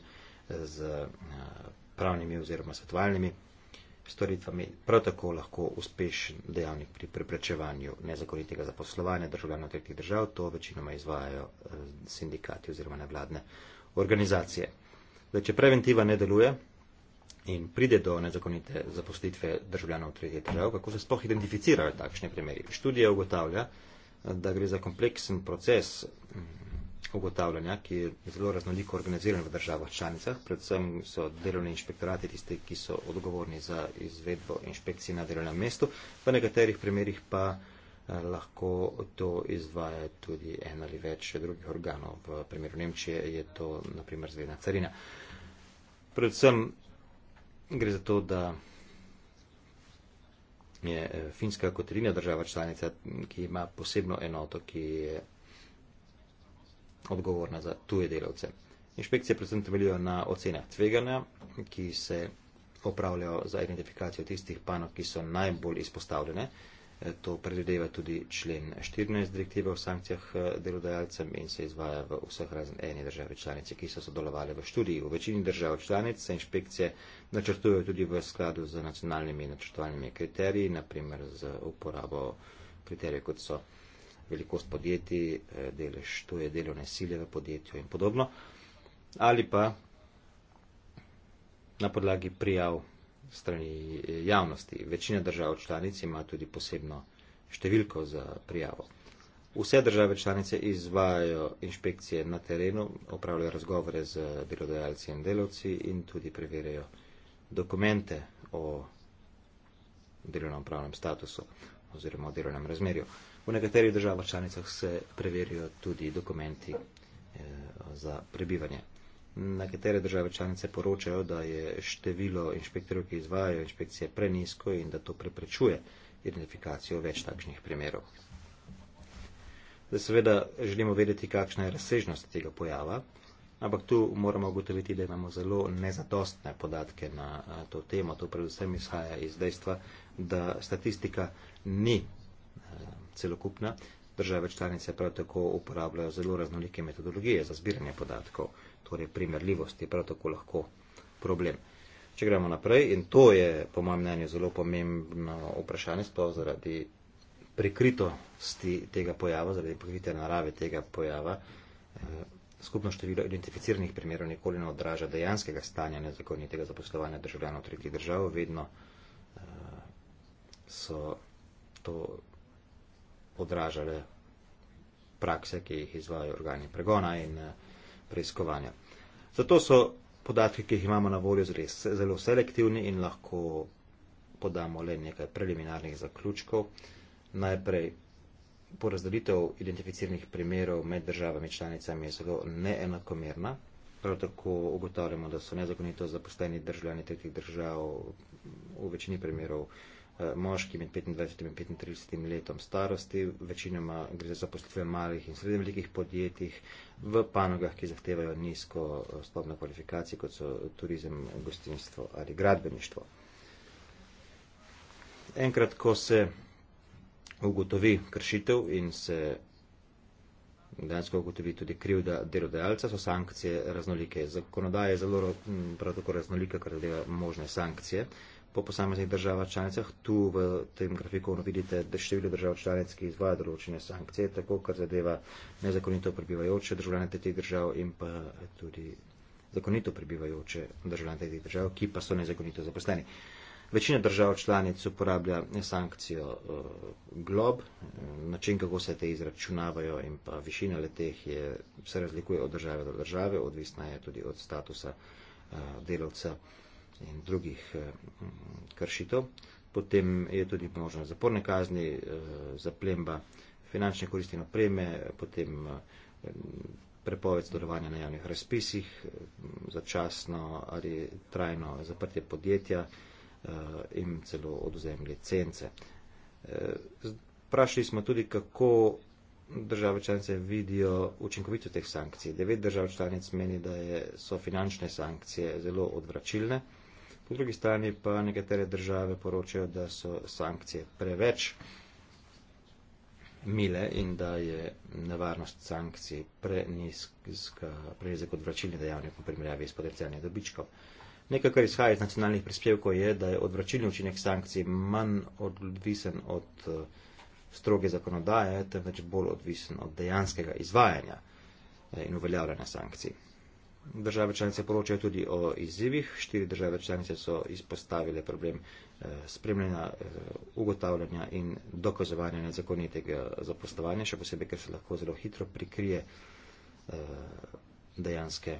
z eh, pravnimi oziroma svetovalnimi storitvami, prav tako lahko uspešen dejavnik pri preprečevanju nezakonitega zaposlovanja državljanov tretjih držav, to večinoma izvajajo eh, sindikati oziroma nevladne organizacije. Zdaj, če preventiva ne deluje in pride do nezakonite zaposlitve državljanov tretjih držav, kako se sploh identificirajo takšne primeri? Študija ugotavlja, eh, da gre za kompleksen proces mm, statističnega ugotavljanja, ki je zelo raznoliko organiziran v državah članicah. Predvsem so delovni inšpektorati tisti, ki so odgovorni za izvedbo inšpekcij na delovnem mestu, v nekaterih primerjih pa eh, lahko to izvaja tudi en ali več drugih organov. V primeru Nemčije je to naprimer zvedna carina. Predvsem gre za to, da je eh, finska kot edina država članica, ki ima posebno enoto, ki je odgovorna za tuje delavce. Inšpekcije predvsem temeljijo na ocenah tveganja, ki se opravljajo za identifikacijo tistih panog, ki so najbolj izpostavljene. E, to predvideva tudi člen 14 direktive o sankcijah e, delodajalcem in se izvaja v vseh razen eni države članice, ki so sodelovali v študiji. V večini držav članic se inšpekcije načrtujejo tudi v skladu z nacionalnimi načrtovalnimi kriteriji, naprimer z uporabo kriterijev, kot so velikost podjetij, eh, delež tuje delovne sile v podjetju in podobno. Ali pa na podlagi prijav strani eh, javnosti. Večina držav članic ima tudi posebno številko za prijavo. Vse države članice izvajajo inšpekcije na terenu, opravljajo razgovore z delodajalci in delovci in tudi preverjajo dokumente o delovnem pravnem statusu oziroma o delovnem razmerju. V nekaterih državah članicah se preverijo tudi dokumenti eh, za prebivanje. Nekatere države članice poročajo, da je število inšpektorjev, ki izvajajo inšpekcije, prenisko in da to preprečuje identifikacijo več takšnih primerov. Zdaj seveda želimo vedeti, kakšna je razsežnost tega pojava, ampak tu moramo ugotoviti, da imamo zelo nezadostne podatke na eh, to temo. To predvsem izhaja iz dejstva, da statistika ni celokupna. Države članice prav tako uporabljajo zelo raznolike metodologije za zbiranje podatkov, torej primerljivost je prav tako lahko problem. Če gremo naprej, in to je po mojem mnenju zelo pomembno vprašanje, sploh zaradi prikritosti tega pojava, zaradi prikrite narave tega pojava, eh, skupno število identificiranih primerov nikoli ne odraža dejanskega stanja nezakonitega zaposlovanja državljanov tretjih držav, vedno eh, so to odražale prakse, ki jih izvajo organi pregona in eh, preiskovanja. Zato so podatki, ki jih imamo na voljo, res zelo selektivni in lahko podamo le nekaj preliminarnih zaključkov. Najprej porazdelitev identificiranih primerov med državami članicami je zelo neenakomerna. Prav tako ugotavljamo, da so nezakonito zaposleni državljani tretjih držav v večini primerov Eh, moški med 25 in 35 letom starosti, večinoma gre za zaposlitve malih in srednje velikih podjetjih v panogah, ki zahtevajo nizko eh, stopno kvalifikacije, kot so turizem, gostinstvo ali gradbeništvo. Enkrat, ko se ugotovi kršitev in se dejansko ugotovi tudi krivda delodajalca, so sankcije raznolike. Zakonodaja je zelo mm, prav tako raznolika, kar zadeva možne sankcije po posameznih državah članicah. Tu v tem grafikonu vidite, da število držav članic, ki izvaja določene sankcije, tako kar zadeva nezakonito prebivajoče državljane teh držav in pa tudi zakonito prebivajoče državljane teh držav, ki pa so nezakonito zaposleni. Večina držav članic uporablja sankcijo uh, glob. Način, kako se te izračunavajo in pa višina leteh je, se razlikuje od države do države, odvisna je tudi od statusa uh, delavca. Uh, in drugih eh, kršitev. Potem je tudi možno zaporne kazni, eh, zaplemba finančne koristi in opreme, potem eh, prepoved sodelovanja na javnih razpisih, začasno ali trajno zaprtje podjetja in celo oduzem licence. Prašli smo tudi, kako države članice vidijo učinkovito teh sankcij. Devet držav članic meni, da je, so finančne sankcije zelo odvračilne. Po drugi strani pa nekatere države poročajo, da so sankcije preveč mile in da je nevarnost sankcij prenizka odvračilni dejavnik v primerjavi s potencijalnim dobičkom. Nekaj, kar izhaja iz nacionalnih prispevkov, je, da je odvračilni učinek sankcij manj odvisen od eh, stroge zakonodaje, temveč bolj odvisen od dejanskega izvajanja eh, in uveljavljanja sankcij. Države članice poročajo tudi o izzivih. Štiri države članice so izpostavile problem eh, spremljanja, eh, ugotavljanja in dokazovanja nezakonitega zaposlovanja, še posebej, ker se lahko zelo hitro prikrije eh, dejanske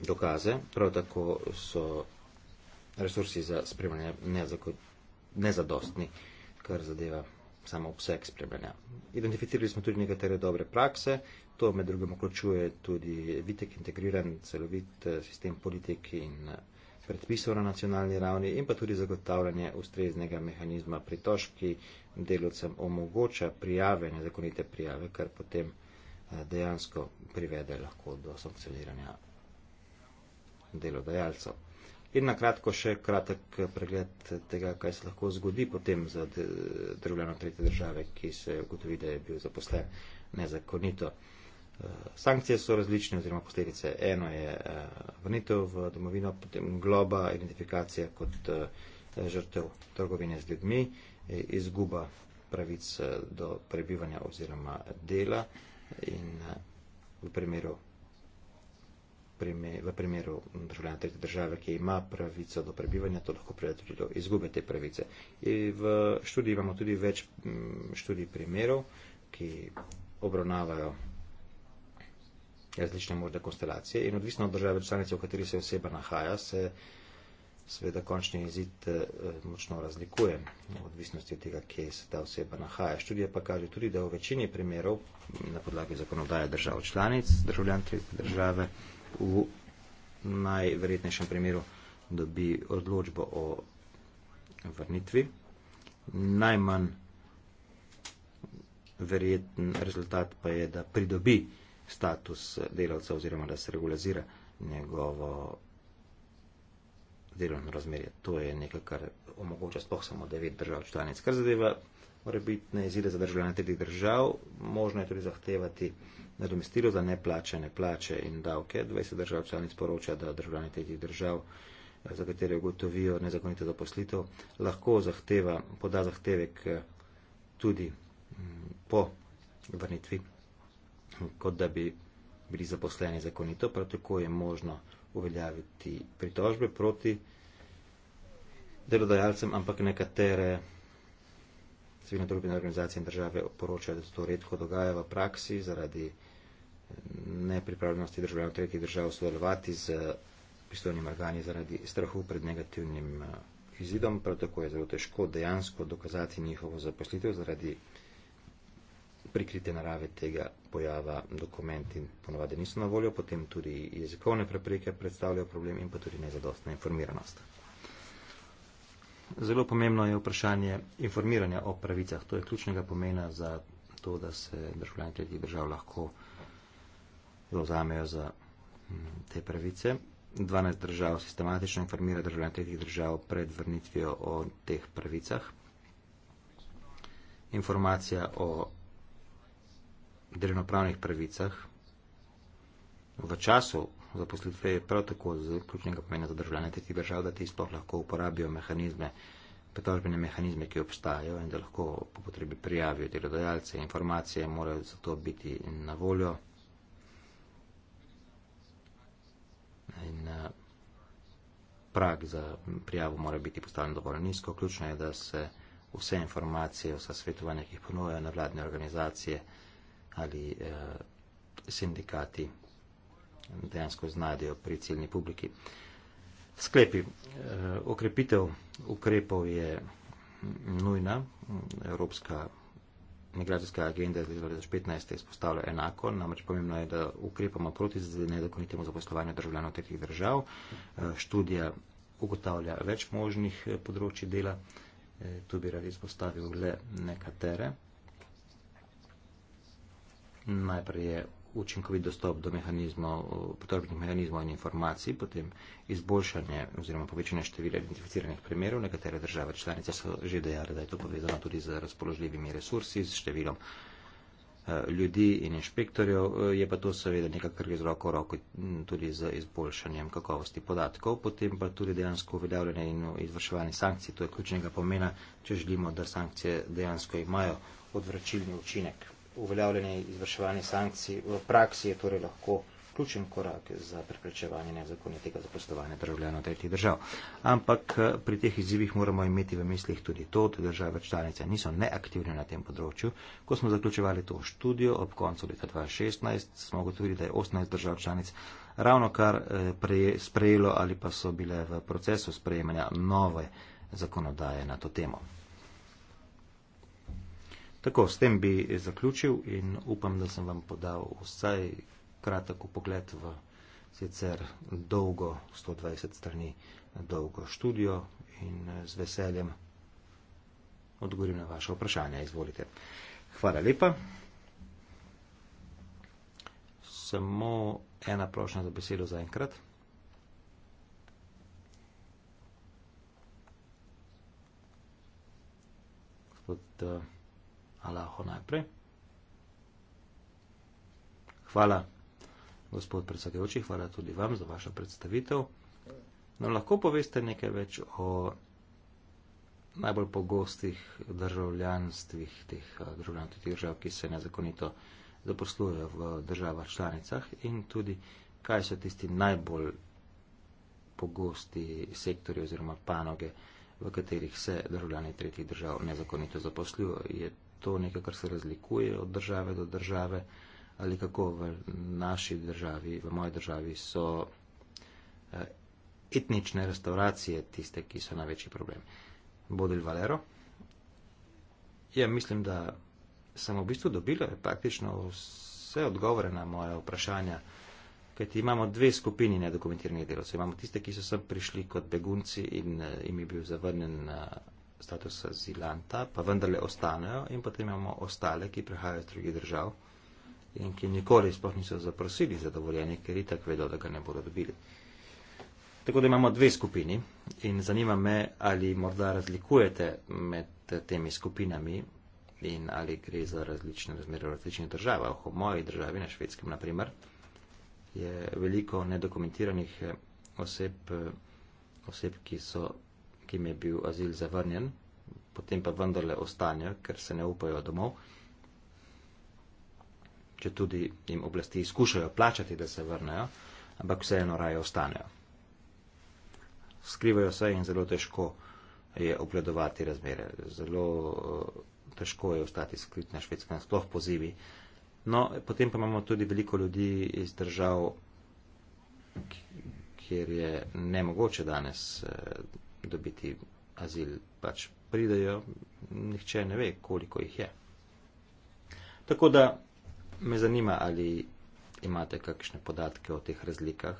dokaze. Prav tako so resursi za spremljanje nezadostni, kar zadeva samo obseg spremljanja. Identificirali smo tudi nekatere dobre prakse, To med drugim vključuje tudi vitek integriran celovit eh, sistem politik in eh, predpisov na nacionalni ravni in pa tudi zagotavljanje ustreznega mehanizma pritožb, ki delovcem omogoča prijave, nezakonite prijave, kar potem eh, dejansko privede lahko do sankcioniranja delodajalcev. In na kratko še kratek pregled tega, kaj se lahko zgodi potem za državljano tretje države, ki se ugotovi, da je bil zaposlen nezakonito. Eh, sankcije so različne oziroma posledice. Eno je eh, vrnitev v domovino, potem globa, identifikacija kot eh, žrtev trgovine z ljudmi, izguba pravic do prebivanja oziroma dela in v primeru, v primeru državljana tretje države, ki ima pravico do prebivanja, to lahko pride tudi do izgube te pravice. In v študiji imamo tudi več mm, študij primerov, ki obravnavajo različne možne konstelacije in odvisno od države članice, v kateri se oseba nahaja, se seveda končni izid eh, močno razlikuje v odvisnosti od tega, kje se ta oseba nahaja. Študija pa kaže tudi, da v večini primerov na podlagi zakonodaje držav članic, državljan tretje države v najverjetnejšem primeru dobi odločbo o vrnitvi. Najmanj verjeten rezultat pa je, da pridobi status delavca oziroma da se regulazira njegovo delovno razmerje. To je nekaj, kar omogoča sploh samo devet držav članic. Kar zadeva mora biti na izide za državljane tretjih držav, možno je tudi zahtevati nadomestilo za neplačene plače in davke. 20 držav članic poroča, da državljane tretjih držav, za katere ugotovijo nezakonito zaposlitev, lahko zahteva, poda zahtevek eh, tudi mm, po vrnitvi kot da bi bili zaposleni zakonito, prav tako je možno uveljaviti pritožbe proti delodajalcem, ampak nekatere civilne drugine organizacije in države poročajo, da se to redko dogaja v praksi zaradi nepripravljenosti državljanov tretjih držav sodelovati z pristojnimi organi zaradi strahu pred negativnim eh, izidom. Prav tako je zelo težko dejansko dokazati njihovo zaposlitev zaradi prikrite narave tega pojava dokumenti ponovade niso na voljo, potem tudi jezikovne prepreke predstavljajo problem in pa tudi nezadostna informiranost. Zelo pomembno je vprašanje informiranja o pravicah. To je ključnega pomena za to, da se državljani tretjih držav lahko zauzamejo za mm, te pravice. 12 držav sistematično informira državljane tretjih držav pred vrnitvijo o teh pravicah. Informacija o delovnopravnih pravicah. V času zaposlitve je prav tako z ključnega pomena za državljane tretjih držav, da ti sploh lahko uporabijo mehanizme, pritožbene mehanizme, ki obstajajo in da lahko po potrebi prijavijo delodajalce. Informacije morajo zato biti na voljo. In, eh, Prag za prijavo mora biti postavljen dovolj nizko. Ključno je, da se vse informacije, vsa svetovanja, ki jih ponujajo na vladne organizacije, ali eh, sindikati dejansko znajdejo pri ciljni publiki. Sklepi. Eh, okrepitev ukrepov je nujna. Evropska migracijska agenda iz 2015 je izpostavila enako. Namreč pomembno je, da ukrepamo proti nezakonitemu zaposlovanju državljanov tretjih držav. Eh, študija ugotavlja več možnih eh, področji dela. Eh, tu bi rad izpostavil le nekatere. Najprej je učinkovit dostop do mehanizmov, potrebnih mehanizmov in informacij, potem izboljšanje oziroma povečanje števila identificiranih primerov. Nekatere države članice so že dejale, da je to povezano tudi z razpoložljivimi resursi, z številom eh, ljudi in inšpektorjev, eh, je pa to seveda nekaj, kar gre z roko v roko mm, tudi z izboljšanjem kakovosti podatkov, potem pa tudi dejansko uveljavljanje in izvrševanje sankcij. To je ključnega pomena, če želimo, da sankcije dejansko imajo odvračilni učinek uveljavljanje izvrševanje sankcij v praksi je torej lahko ključen korak za preprečevanje nezakonitega zapostovanja državljanov tretjih držav. Ampak eh, pri teh izzivih moramo imeti v mislih tudi to, da države članice niso neaktivne na tem področju. Ko smo zaključevali to študijo ob koncu leta 2016, smo ugotovili, da je 18 držav članic ravno kar eh, sprejelo ali pa so bile v procesu sprejemanja nove zakonodaje na to temo. Tako, s tem bi zaključil in upam, da sem vam podal vsaj kratek pogled v sicer dolgo, 120 strani dolgo študijo in z veseljem odgovorim na vaše vprašanje. Izvolite. Hvala lepa. Samo ena prošnja za besedo za enkrat. Gospod, uh, Allahu najprej. Hvala, gospod predsedujoči, hvala tudi vam za vašo predstavitev. No, lahko poveste nekaj več o najbolj pogostih državljanstvih teh eh, državljanov, teh držav, ki se nezakonito zaposlujejo v državah članicah in tudi kaj so tisti najbolj pogosti sektori oziroma panoge, v katerih se državljani tretjih držav nezakonito zaposlujejo to nekaj, kar se razlikuje od države do države, ali kako v naši državi, v moji državi, so eh, etnične restauracije tiste, ki so največji problem. Bodil Valero. Ja, mislim, da sem v bistvu dobila praktično vse odgovore na moje vprašanja, kajti imamo dve skupini nedokumentiranih delovcev. Imamo tiste, ki so sem prišli kot begunci in eh, jim je bil zavrnen. Uh, eh, statusa zilanta, pa vendarle ostanejo in potem imamo ostale, ki prihajajo iz drugih držav in ki nikoli sploh niso zaprosili za dovoljenje, ker itak vedo, da ga ne bodo dobili. Tako da imamo dve skupini in zanima me, ali morda razlikujete med temi skupinami in ali gre za različne razmere v različnih državah. V moji državi, na švedskem naprimer, je veliko nedokumentiranih eh, oseb, eh, oseb ki so ki jim je bil azil zavrnjen, potem pa vendarle ostanejo, ker se ne upajo domov, če tudi jim oblasti skušajo plačati, da se vrnejo, ampak vseeno raje ostanejo. Skrivajo se in zelo težko je obledovati razmere. Zelo eh, težko je ostati skrit na švedskem, sploh pozivi. No, potem pa imamo tudi veliko ljudi iz držav, kjer je nemogoče danes eh, dobiti azil, pač pridejo, nihče ne ve, koliko jih je. Tako da me zanima, ali imate kakšne podatke o teh razlikah,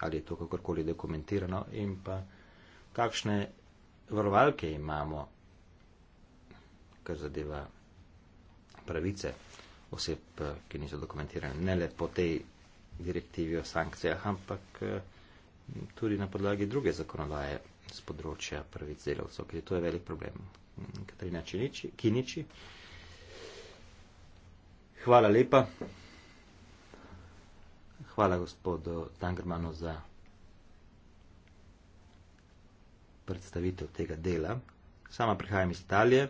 ali je to kakorkoli dokumentirano in pa kakšne varovalke imamo, kar zadeva pravice oseb, ki niso dokumentirane, ne le po tej direktivi o sankcijah, ampak. Eh, tudi na podlagi druge zakonodaje z področja prvic delavcev, ker to je velik problem. Katarina Činiči, Kiniči. Hvala lepa. Hvala gospodu Tangermanu za predstavitev tega dela. Sama prihajam iz Italije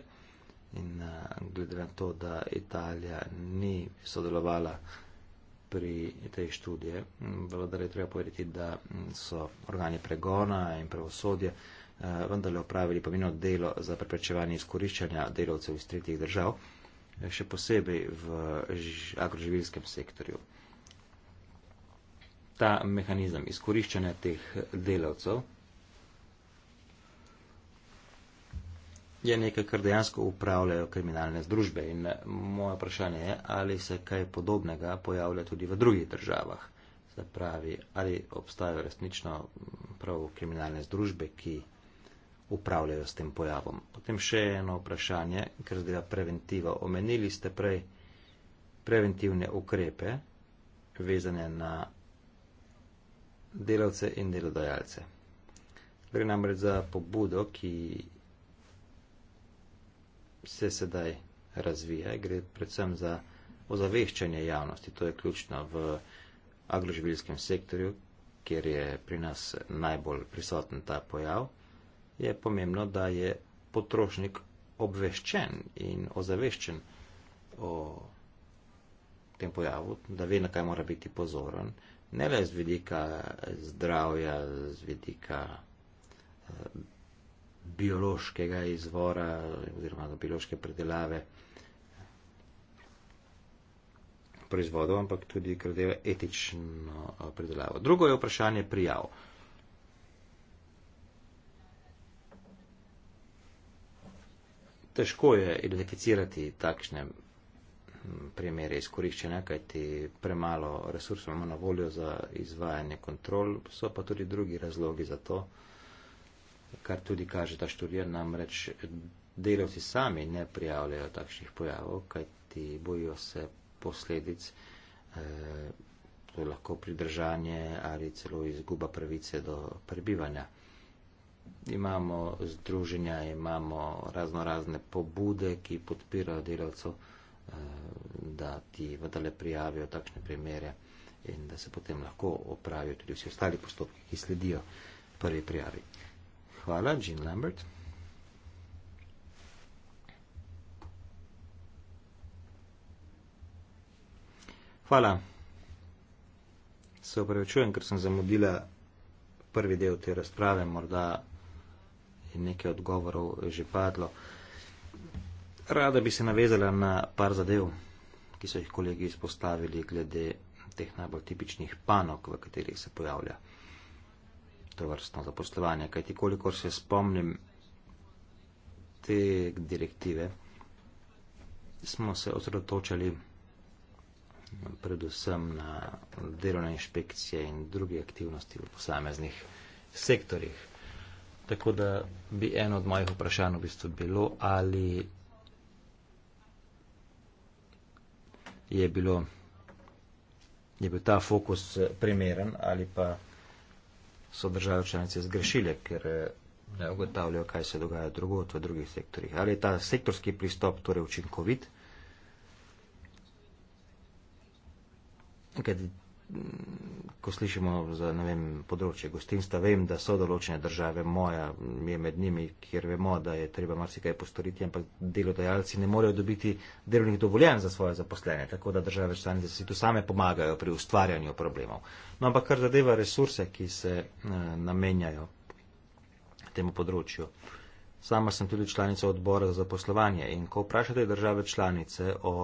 in eh, glede na to, da Italija ni sodelovala pri tej študiji. Vendar je treba povedati, da so organi pregona in pravosodje eh, vendarle opravili pomeno delo za preprečevanje izkoriščanja delovcev iz tretjih držav, eh, še posebej v agroživilskem sektorju. Ta mehanizem izkoriščanja teh eh, delavcev je nekaj, kar dejansko upravljajo kriminalne združbe in moje vprašanje je, ali se kaj podobnega pojavlja tudi v drugih državah. Se pravi, ali obstajajo resnično prav kriminalne združbe, ki upravljajo s tem pojavom. Potem še eno vprašanje, ker zgleda preventiva. Omenili ste prej preventivne ukrepe vezane na delavce in delodajalce. Gre namreč za pobudo, ki se sedaj razvija, gre predvsem za ozaveščanje javnosti. To je ključno v agroživilskem sektorju, kjer je pri nas najbolj prisoten ta pojav. Je pomembno, da je potrošnik obveščen in ozaveščen o tem pojavu, da ve, na kaj mora biti pozoren, ne le z vidika zdravja, z vidika eh, biološkega izvora oziroma do biološke predelave proizvodov, ampak tudi kradeva etično predelavo. Drugo je vprašanje prijav. Težko je identificirati takšne primere izkoriščanja, kajti premalo resursov imamo na voljo za izvajanje kontrol, so pa tudi drugi razlogi za to kar tudi kaže ta študija, namreč delavci sami ne prijavljajo takšnih pojavov, kajti bojijo se posledic, eh, to je lahko pridržanje ali celo izguba pravice do prebivanja. Imamo združenja, imamo razno razne pobude, ki podpirajo delavcev, eh, da ti vendarle prijavijo takšne primere in da se potem lahko opravijo tudi vsi ostali postopki, ki sledijo prvi prijavi. Hvala, Jean Lambert. Hvala. Se upravičujem, ker sem zamudila prvi del te razprave, morda je nekaj odgovorov že padlo. Rada bi se navezala na par zadev, ki so jih kolegi izpostavili glede teh najbolj tipičnih panok, v katerih se pojavlja to vrstno zaposlovanje. Kaj ti, kolikor se spomnim te direktive, smo se osredotočali predvsem na delovne inšpekcije in druge aktivnosti v posameznih sektorjih. Tako da bi eno od mojih vprašanj v bistvu bilo, ali je, bilo, je bil ta fokus primeren ali pa so države članice zgrešile, ker eh, ne ugotavljajo, kaj se dogaja drugot v drugih sektorjih. Ali je ta sektorski pristop torej učinkovit? Ker ko slišimo za vem, področje gostinstva, vem, da so določene države, moja je med njimi, kjer vemo, da je treba marsikaj postoriti, ampak delodajalci ne morejo dobiti delovnih dovoljenj za svoje zaposlene, tako da države članice si tu same pomagajo pri ustvarjanju problemov. No, ampak kar zadeva resurse, ki se eh, namenjajo temu področju. Sama sem tudi članica odbora za zaposlovanje in ko vprašate države članice o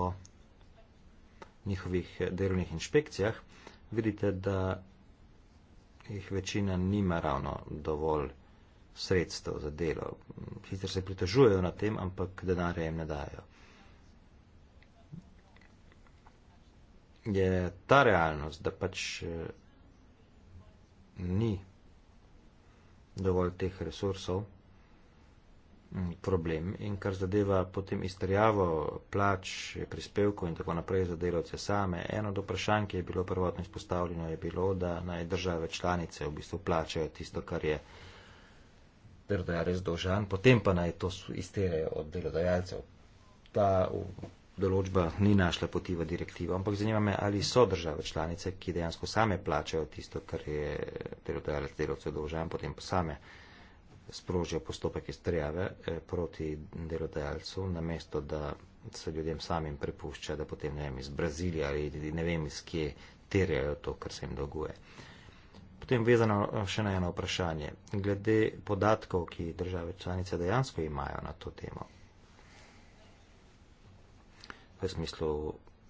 njihovih delovnih inšpekcijah, vidite, da jih večina nima ravno dovolj sredstev za delo. Sicer se pritožujejo na tem, ampak denarja jim ne dajo. Je ta realnost, da pač eh, ni dovolj teh resursov, problem in kar zadeva potem izterjavo plač, prispevkov in tako naprej za delovce same. Eno od vprašanj, ki je bilo prvotno izpostavljeno, je bilo, da naj države članice v bistvu plačajo tisto, kar je delodajalec dožan, potem pa naj to izterjajo od delodajalcev. Ta določba ni našla poti v direktivo, ampak zanima me, ali so države članice, ki dejansko same plačajo tisto, kar je delodajalec delovce dožan, potem pa same sprožijo postopek izterjave eh, proti delodajalcu, namesto da se ljudem samim prepušča, da potem ne vem iz Brazilije ali ne vem iz kje terjajo to, kar se jim dolguje. Potem vezano eh, še na eno vprašanje. Glede podatkov, ki države članice dejansko imajo na to temo, v smislu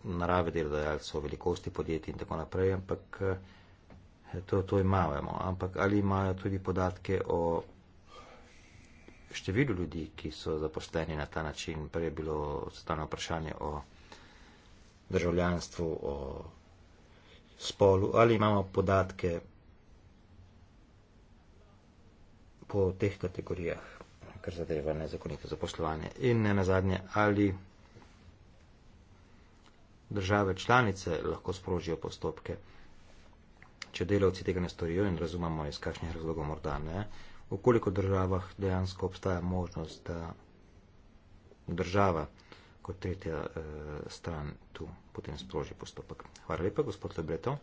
narave delodajalcev, velikosti podjetij in tako naprej, ampak eh, to, to imamo. Ampak ali imajo tudi podatke o številu ljudi, ki so zaposleni na ta način. Prej je bilo stano vprašanje o državljanstvu, o spolu, ali imamo podatke po teh kategorijah, kar zadeva nezakonito zaposlovanje. In ne nazadnje, ali države članice lahko sprožijo postopke, če delavci tega ne storijo in razumemo, iz kakšnih razlogov morda ne v koliko državah dejansko obstaja možnost, da država kot tretja eh, stran tu potem sproži postopek. Hvala lepa, gospod Lebreto.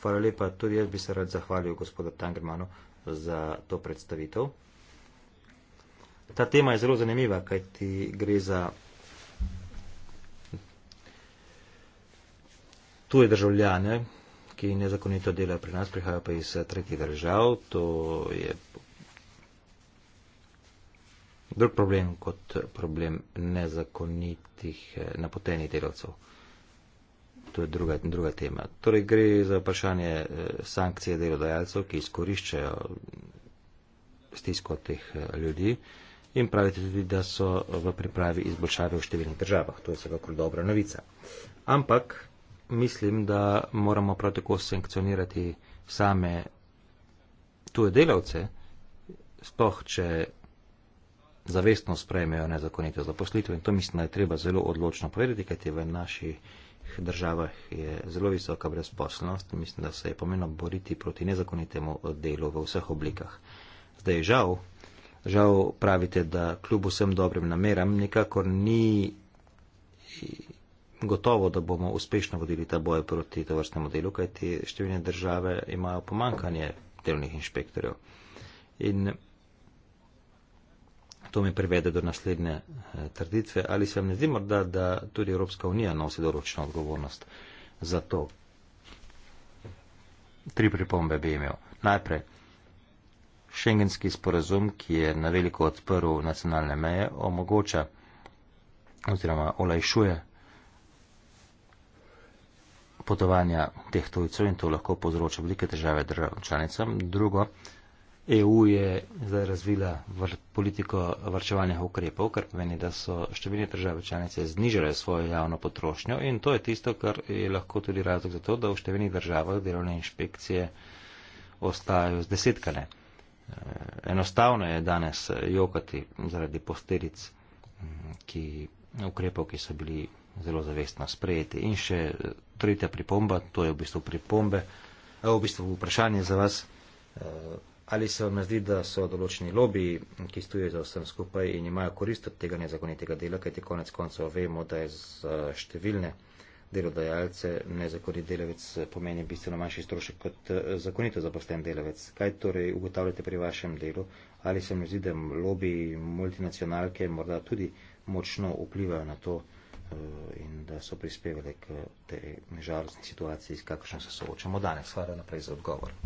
Hvala lepa, tudi jaz bi se rad zahvalil gospodu Tangermanu za to predstavitev. Ta tema je zelo zanimiva, kajti gre za tuje državljane, ki nezakonito delajo pri nas, prihajajo pa iz tretjih držav. To je Drug problem kot problem nezakonitih eh, napotenih delavcev. To je druga, druga tema. Torej gre za vprašanje eh, sankcije delodajalcev, ki izkoriščajo stisko teh eh, ljudi in pravite tudi, da so v pripravi izboljšave v številnih državah. To je vsekakor dobra novica. Ampak mislim, da moramo prav tako sankcionirati same tuje delavce, spoh, če zavestno sprejmejo nezakonite zaposlitve in to mislim, da je treba zelo odločno povedati, kaj je v naših državah je zelo visoka brezposlenost in mislim, da se je pomembno boriti proti nezakonitemu delu v vseh oblikah. Zdaj je žal, žal pravite, da kljub vsem dobrim nameram nekako ni gotovo, da bomo uspešno vodili ta boj proti tovrstnemu delu, kajti številne države imajo pomankanje delovnih inšpektorjev. In To mi privede do naslednje eh, trditve. Ali se vam ne zdi morda, da tudi Evropska unija nosi doročno odgovornost za to? Tri pripombe bi imel. Najprej, šengenski sporazum, ki je na veliko odprl nacionalne meje, omogoča oziroma olajšuje potovanja teh tujcev in to lahko povzroča velike težave državam članicam. Drugo, EU je zdaj razvila vr politiko varčevalnih ukrepov, kar pomeni, da so številne države članice znižale svojo javno potrošnjo in to je tisto, kar je lahko tudi razlog za to, da v številnih državah delovne inšpekcije ostajajo zdesetkane. E, enostavno je danes jokati zaradi posteric ki, ukrepov, ki so bili zelo zavestno sprejeti. In še tretja pripomba, to je v bistvu pripombe, e, v bistvu vprašanje za vas. E, Ali se vam zdi, da so določeni lobiji, ki stujejo za vsem skupaj in imajo korist od tega nezakonitega dela, kajti konec koncev vemo, da je za številne delodajalce nezakonit delavec eh, pomeni bistveno manjši strošek kot eh, zakonito zaposlen delavec. Kaj torej ugotavljate pri vašem delu? Ali se vam zdi, da lobiji multinacionalke morda tudi močno vplivajo na to eh, in da so prispevali k tej žalostni situaciji, s kakšno se soočamo danes? Hvala naprej za odgovor.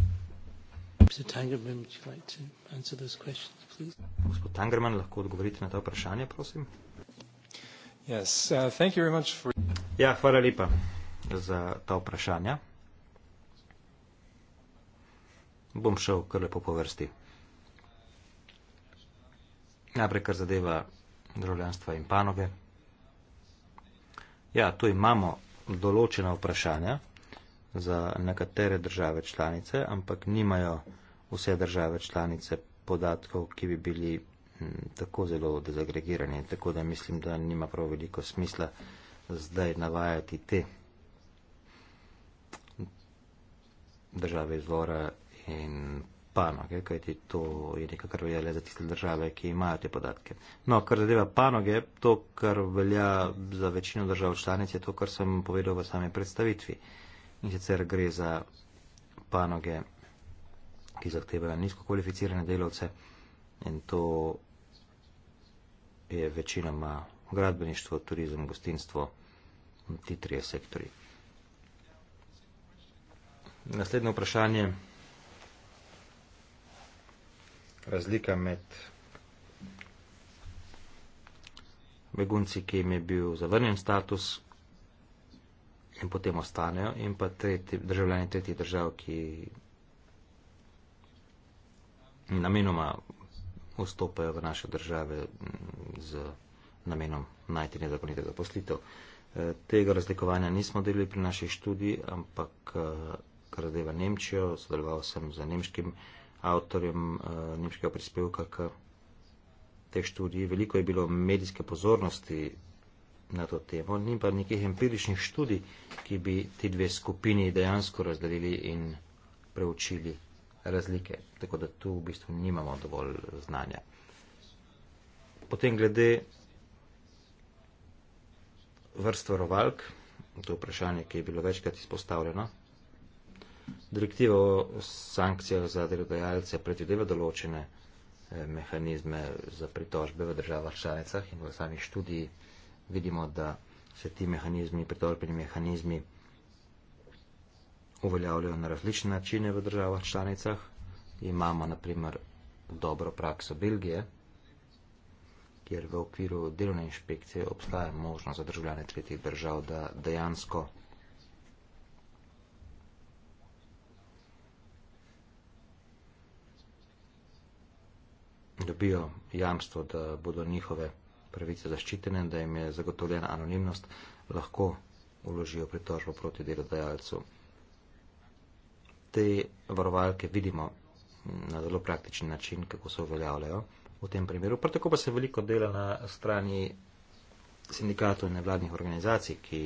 Mr. Tangerman, would you like to answer those questions, please? Gospod Tangerman, lahko odgovorite na ta vprašanja, prosim? Yes, uh, thank you very much for... Ja, hvala lepa za ta vprašanja. Bom šel kar lepo po vrsti. Najprej, kar zadeva državljanstva in panoge. Ja, tu imamo določena vprašanja za nekatere države članice, ampak nimajo vse države članice podatkov, ki bi bili hm, tako zelo dezagregirani, tako da mislim, da nima prav veliko smisla zdaj navajati te države izvora in panoge, kajti to je nekakor velja le za tiste države, ki imajo te podatke. No, kar zadeva panoge, to, kar velja za večino držav članic, je to, kar sem povedal v sami predstavitvi. Uh, in sicer gre za panoge, ki zahtevajo nizko kvalificirane delavce in to je večinoma gradbeništvo, turizem, gostinstvo, ti trije sektori. Naslednje vprašanje. Razlika med begunci, ki jim je bil zavrnjen status in potem ostanejo, in pa tretji, državljani tretjih držav, ki namenoma vstopajo v naše države z namenom najti nezakonite zaposlitev. E, tega razlikovanja nismo delili pri naših študiji, ampak e, kar zadeva Nemčijo, sodeloval sem z nemškim avtorjem e, nemškega prispevka k tej študiji. Veliko je bilo medijske pozornosti na to temo, ni pa nekih empiričnih študij, ki bi ti dve skupini dejansko razdelili in preučili razlike. Tako da tu v bistvu nimamo dovolj znanja. Potem glede vrst varovalk, to je vprašanje, ki je bilo večkrat izpostavljeno. Direktiva o sankcijah za delodajalce predvideva določene eh, mehanizme za pritožbe v državah članicah in v sami študiji vidimo, da se ti mehanizmi, pritolpeni mehanizmi uveljavljajo na različne načine v državah članicah. Imamo, naprimer, dobro prakso Belgije, kjer v okviru delovne inšpekcije obstaja možnost za državljane tretjih držav, da dejansko dobijo jamstvo, da bodo njihove pravice zaščitene, da jim je zagotovljena anonimnost, lahko uložijo pritožbo proti delodajalcu. Te varovalke vidimo na zelo praktičen način, kako se uveljavljajo v tem primeru. Prav tako pa se veliko dela na strani sindikatov in nevladnih organizacij, ki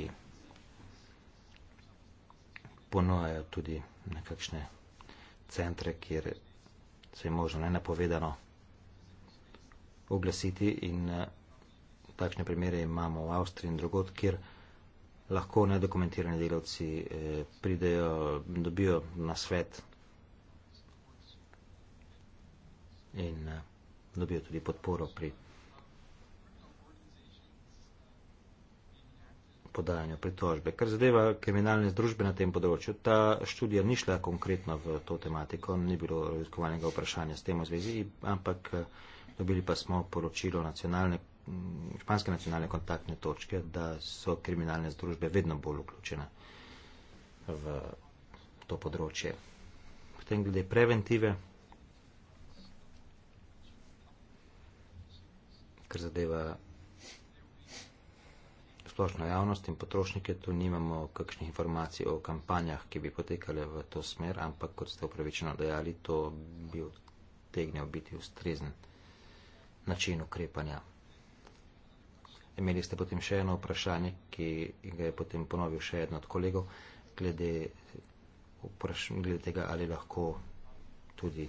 ponujajo tudi nekakšne centre, kjer se je možno nenapovedano oglasiti in eh, takšne primere imamo v Avstriji in drugod, kjer lahko nedokumentirani delavci eh, pridejo, dobijo na svet in eh, dobijo tudi podporo pri podajanju pritožbe. Kar zadeva kriminalne združbe na tem področju, ta študija ni šla konkretno v to tematiko, ni bilo raziskovalnega vprašanja s tem v zvezi, ampak eh, dobili pa smo poročilo nacionalne španske nacionalne kontaktne točke, da so kriminalne združbe vedno bolj vključene v to področje. Potem glede preventive, kar zadeva splošno javnost in potrošnike, tu nimamo kakšnih informacij o kampanjah, ki bi potekale v to smer, ampak kot ste upravičeno dejali, to bi odtegnil biti ustrezen način ukrepanja. Imeli ste potem še eno vprašanje, ki ga je potem ponovil še en od kolegov, glede, vpraš, glede tega, ali lahko tudi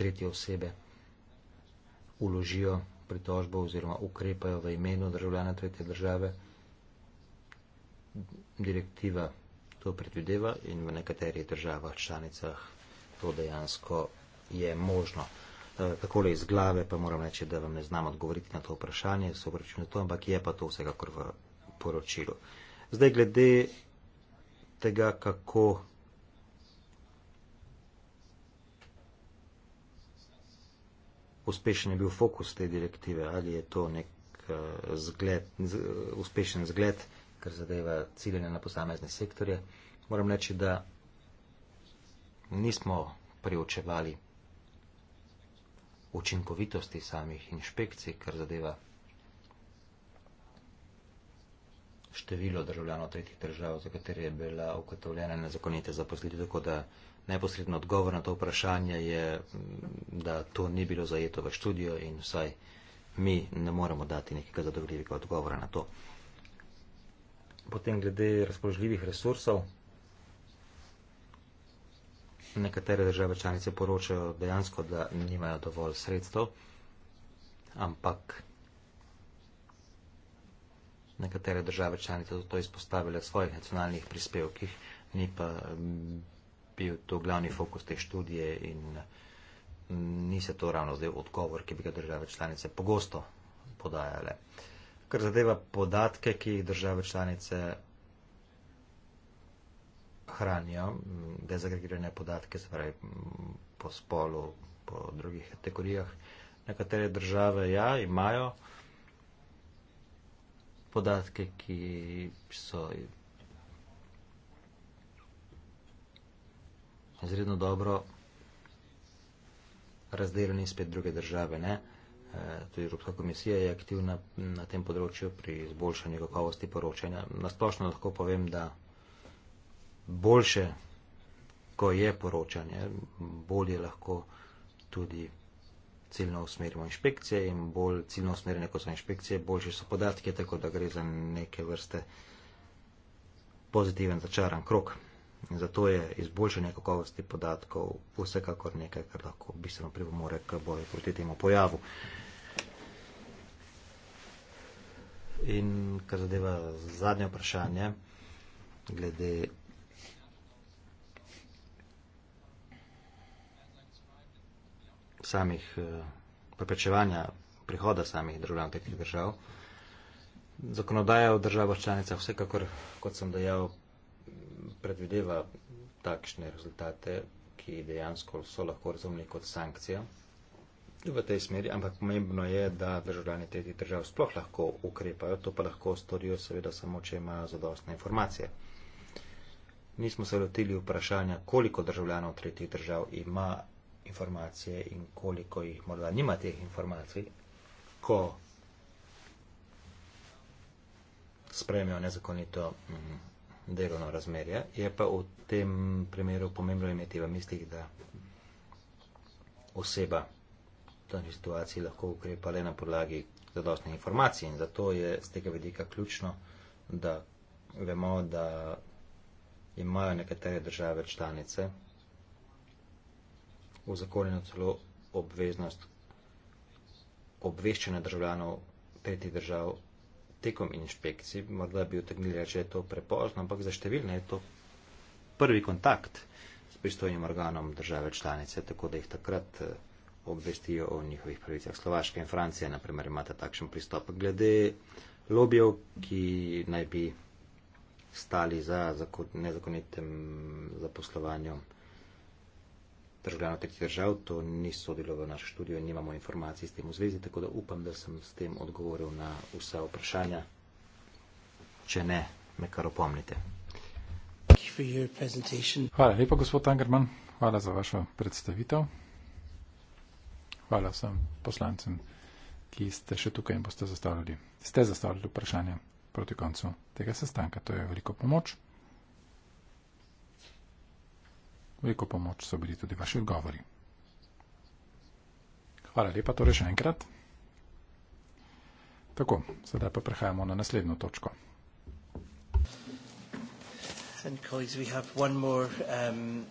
tretje osebe uložijo pritožbo oziroma ukrepajo v imenu državljana tretje države. Direktiva to predvideva in v nekaterih državah članicah to dejansko je možno. Eh, takole iz glave, pa moram reči, da vam ne znam odgovoriti na to vprašanje, se obračunam to, ampak je pa to vsekakor v poročilu. Zdaj, glede tega, kako. Uspešen je bil fokus te direktive, ali je to nek uh, zgled, z, uh, uspešen zgled, kar zadeva ciljanje na posamezne sektorje. Moram reči, da nismo preučevali učinkovitosti samih inšpekcij, kar zadeva število državljanov tretjih držav, za katere je bila ugotovljena nezakonita zaposlitev. Tako da neposredno odgovor na to vprašanje je, mm, da to ni bilo zajeto v študijo in vsaj mi ne moremo dati nekega zadovoljivega odgovora na to. Potem glede razpoložljivih resursov. Nekatere države članice poročajo dejansko, da nimajo dovolj sredstev, ampak nekatere države članice so to izpostavile v svojih nacionalnih prispevkih, ni pa mm, bil to glavni fokus te študije in mm, ni se to ravno zdaj odgovor, ki bi ga države članice pogosto podajale. Kar zadeva podatke, ki jih države članice hranijo mm, dezagregirane podatke, se pravi mm, po spolu, po drugih kategorijah. Nekatere države ja, imajo podatke, ki so izredno dobro razdeljeni, spet druge države ne. E, tudi Evropska komisija je aktivna na tem področju pri izboljšanju kakovosti poročanja. Na splošno lahko povem, da boljše, ko je poročanje, bolje lahko tudi ciljno usmerimo inšpekcije in bolj ciljno usmerjene, ko so inšpekcije, boljše so podatke, tako da gre za neke vrste pozitiven začaran krok. In zato je izboljšanje kakovosti podatkov vsekakor nekaj, kar lahko bistveno pripomore k boju proti temu pojavu. In kar zadeva zadnje vprašanje, glede samih eh, preprečevanja prihoda samih državljanov teh držav. Zakonodaja v državah članicah vsekakor, kot sem dejal, predvideva takšne rezultate, ki dejansko so lahko razumljeni kot sankcija v tej smeri, ampak pomembno je, da državljani teh držav sploh lahko ukrepajo, to pa lahko storijo seveda samo, če imajo zadostne informacije. Nismo se lotili vprašanja, koliko državljanov tretjih držav ima informacije in koliko jih morda nima teh informacij, ko spremijo nezakonito mm, delovno razmerje, je pa v tem primeru pomembno imeti v mislih, da oseba v tej situaciji lahko ukrepa le na podlagi zadostne informacije in zato je z tega vidika ključno, da vemo, da imajo nekatere države članice uzakonjeno celo obveznost obveščanja državljanov tretjih držav tekom inšpekcij. Morda bi utegnili reči, da je to prepozno, ampak za številne je to prvi kontakt s pristojnim organom države članice, tako da jih takrat eh, obvestijo o njihovih pravicah. Slovaška in Francija, na primer, imata takšen pristop. Glede lobijev, ki naj bi stali za nezakonitem zaposlovanju državljanov tretjih držav, to ni sodilo v našo študijo in nimamo informacij s tem v zvezi, tako da upam, da sem s tem odgovoril na vsa vprašanja. Če ne, me kar opomnite. Hvala lepa, gospod Angerman. Hvala za vašo predstavitev. Hvala vsem poslancem, ki ste še tukaj in boste zastavljali, ste zastavljali vprašanje proti koncu tega sestanka. To je veliko pomoč. veliko pomoč so bili tudi vaši odgovori. Hvala lepa torej še enkrat. Tako, sedaj pa prehajamo na naslednjo točko. Um,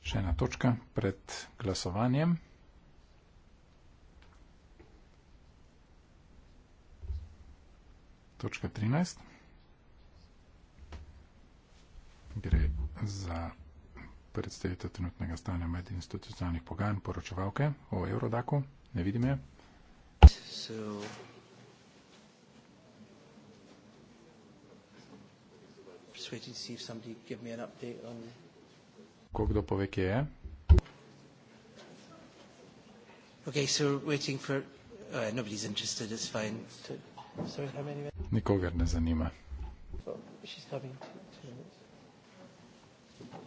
še ena točka pred glasovanjem. Točka 13. Gre za predstavitev trenutnega stanja med institucionalnih pogajanj poročevalke o Eurodaku. Ne vidim je. So... Ko kdo pove, kje je? Okay, so waiting for... Uh, nobody's interested, it's fine. So, sorry, how many... Nikogar ne zanima. Oh, she's coming too.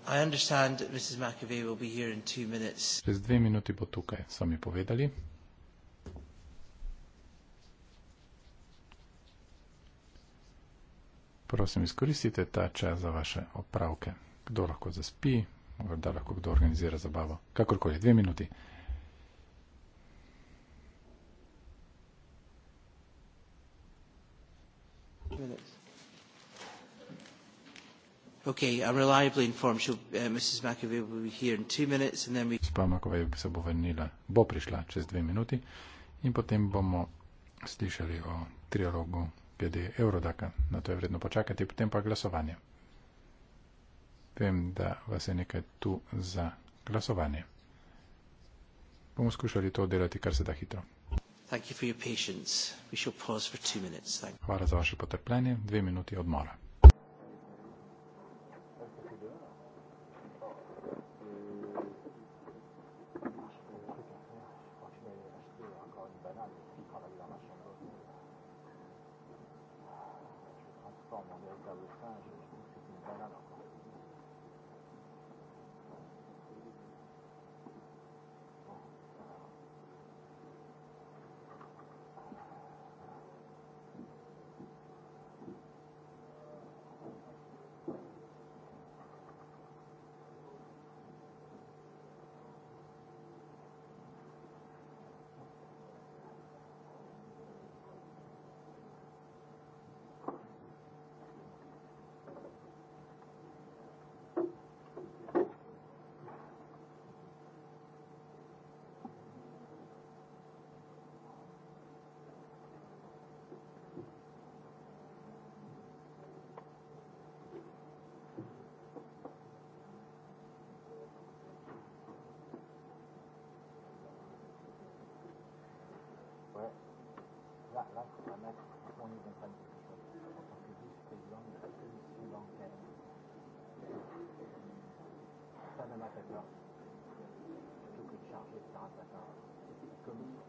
I understand that Mrs. McAvey will be here in two minutes. Čez dve minuti bo tukaj, so mi povedali. Prosim, izkoristite ta čas za vaše opravke. Kdo lahko zaspi, morda lahko kdo organizira zabavo. Kakorkoli, dve minuti. minutes. Okay, I'm reliably informed she'll, uh, Mrs. McAvey will be here in two minutes and then we... Gospa McAvey se bo vrnila, bo prišla čez dve minuti in potem bomo slišali o trialogu glede Eurodaka. Na to je vredno počakati, potem pa glasovanje. Vem, da vas je nekaj tu za glasovanje. Bomo skušali to delati kar se da hitro. Thank you for your patience. We shall pause for two minutes. Thank you. Hvala za vaše potrpljenje. Dve minuti odmora. only the country, but of the history, long history, long term. Seven matters. Je suis chargé de faire un certain commission.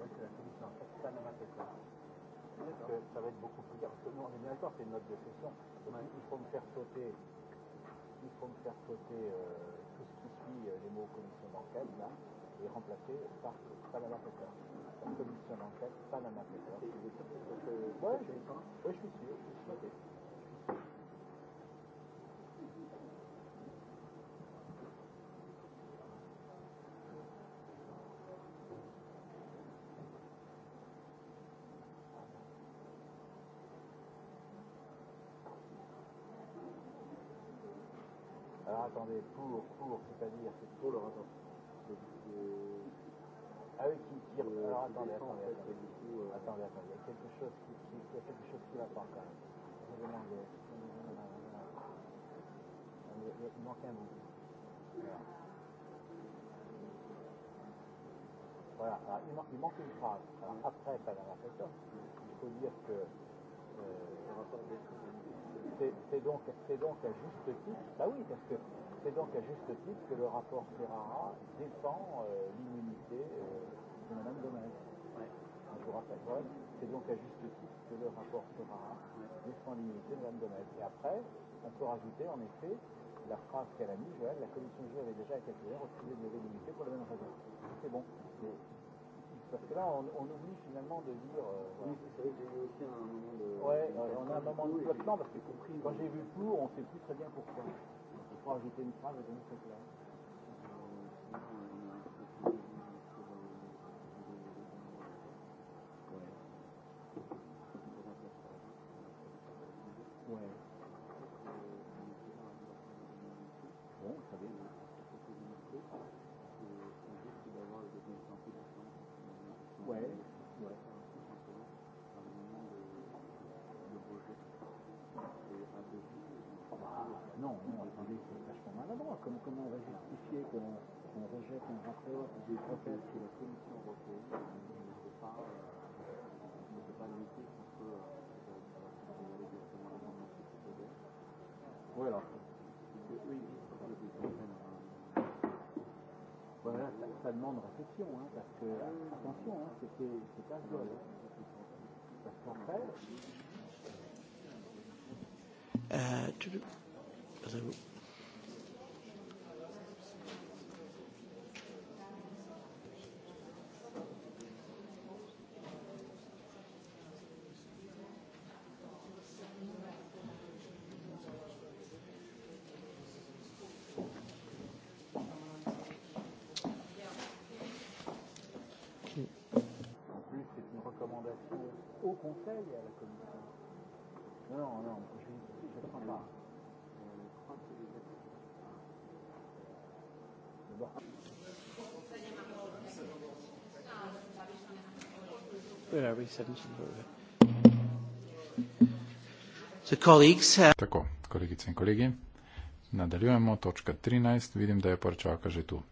Oui, c'est la commission en fait, ça ne m'a fait que Ça va être beaucoup plus dur. Parce que nous, on est bien d'accord, c'est une note de session. Ouais. Il faut me faire sauter, il faut me faire sauter euh, tout ce qui suit euh, les mots commission bancaire, là. Mm -hmm est remplacé par Panama Paper. La commission d'enquête Panama Paper. Et, et, et, et, euh, ouais, je, ouais, je suis sûr. Je suis sûr. Okay. Alors attendez, pour, pour, c'est-à-dire, c'est pour leur attention. Ah oui, qui tire. Euh, Alors attendez, attendez, attendez. Fait, attendez, coup, euh... attendez, attendez. Il y a quelque chose qui, qui, il y a quelque chose qui va pas quand même. Je demande. Euh, il manque un bout. Voilà. voilà. Alors, il, man il manque une phrase. Alors, mmh. Après, pas la réflexion. Il faut dire que. Euh, c'est donc, donc un juste titre. Bah oui, parce que C'est donc à juste titre que le rapport Ferrara défend euh, l'immunité euh, de Madame Domenech. Ouais. Je vous rappelle, ouais. c'est donc à juste titre que le rapport Ferrara ouais. défend l'immunité de Madame Domenech. Et après, on peut rajouter en effet la phrase qu'elle a mise, Joël, la commission G avait déjà été accusée, refusée de lever l'immunité pour la même raison. C'est bon. Mais, parce que là, on, on oublie finalement de dire. Euh, voilà. Oui, c'est vrai que j'ai aussi un moment de. Ouais, de, de, euh, on a un moment de flottement parce que compris, quand oui. j'ai vu le cours, on ne sait plus très bien pourquoi. Oui. Frau, die den Fall, den comme, comment on va justifier qu'on qu rejette un rapport des okay. hypothèses que la Commission européenne ne peut pas, euh, ne peut pas lutter contre euh, euh, directement l'amendement qui est proposé Oui, alors. Oui, oui, oui. Voilà, ça, ça demande réflexion, hein, parce que, attention, hein, c'est pas le Parce qu'en fait. Euh, tu veux. Attends. veille à la commission. Non, non, non, je ne crois pas. Je crois que c'est des Where are we? 17. So colleagues have... Uh, tako, kolegice in kolegi, nadaljujemo, točka 13, vidim, da je poročavka že tu.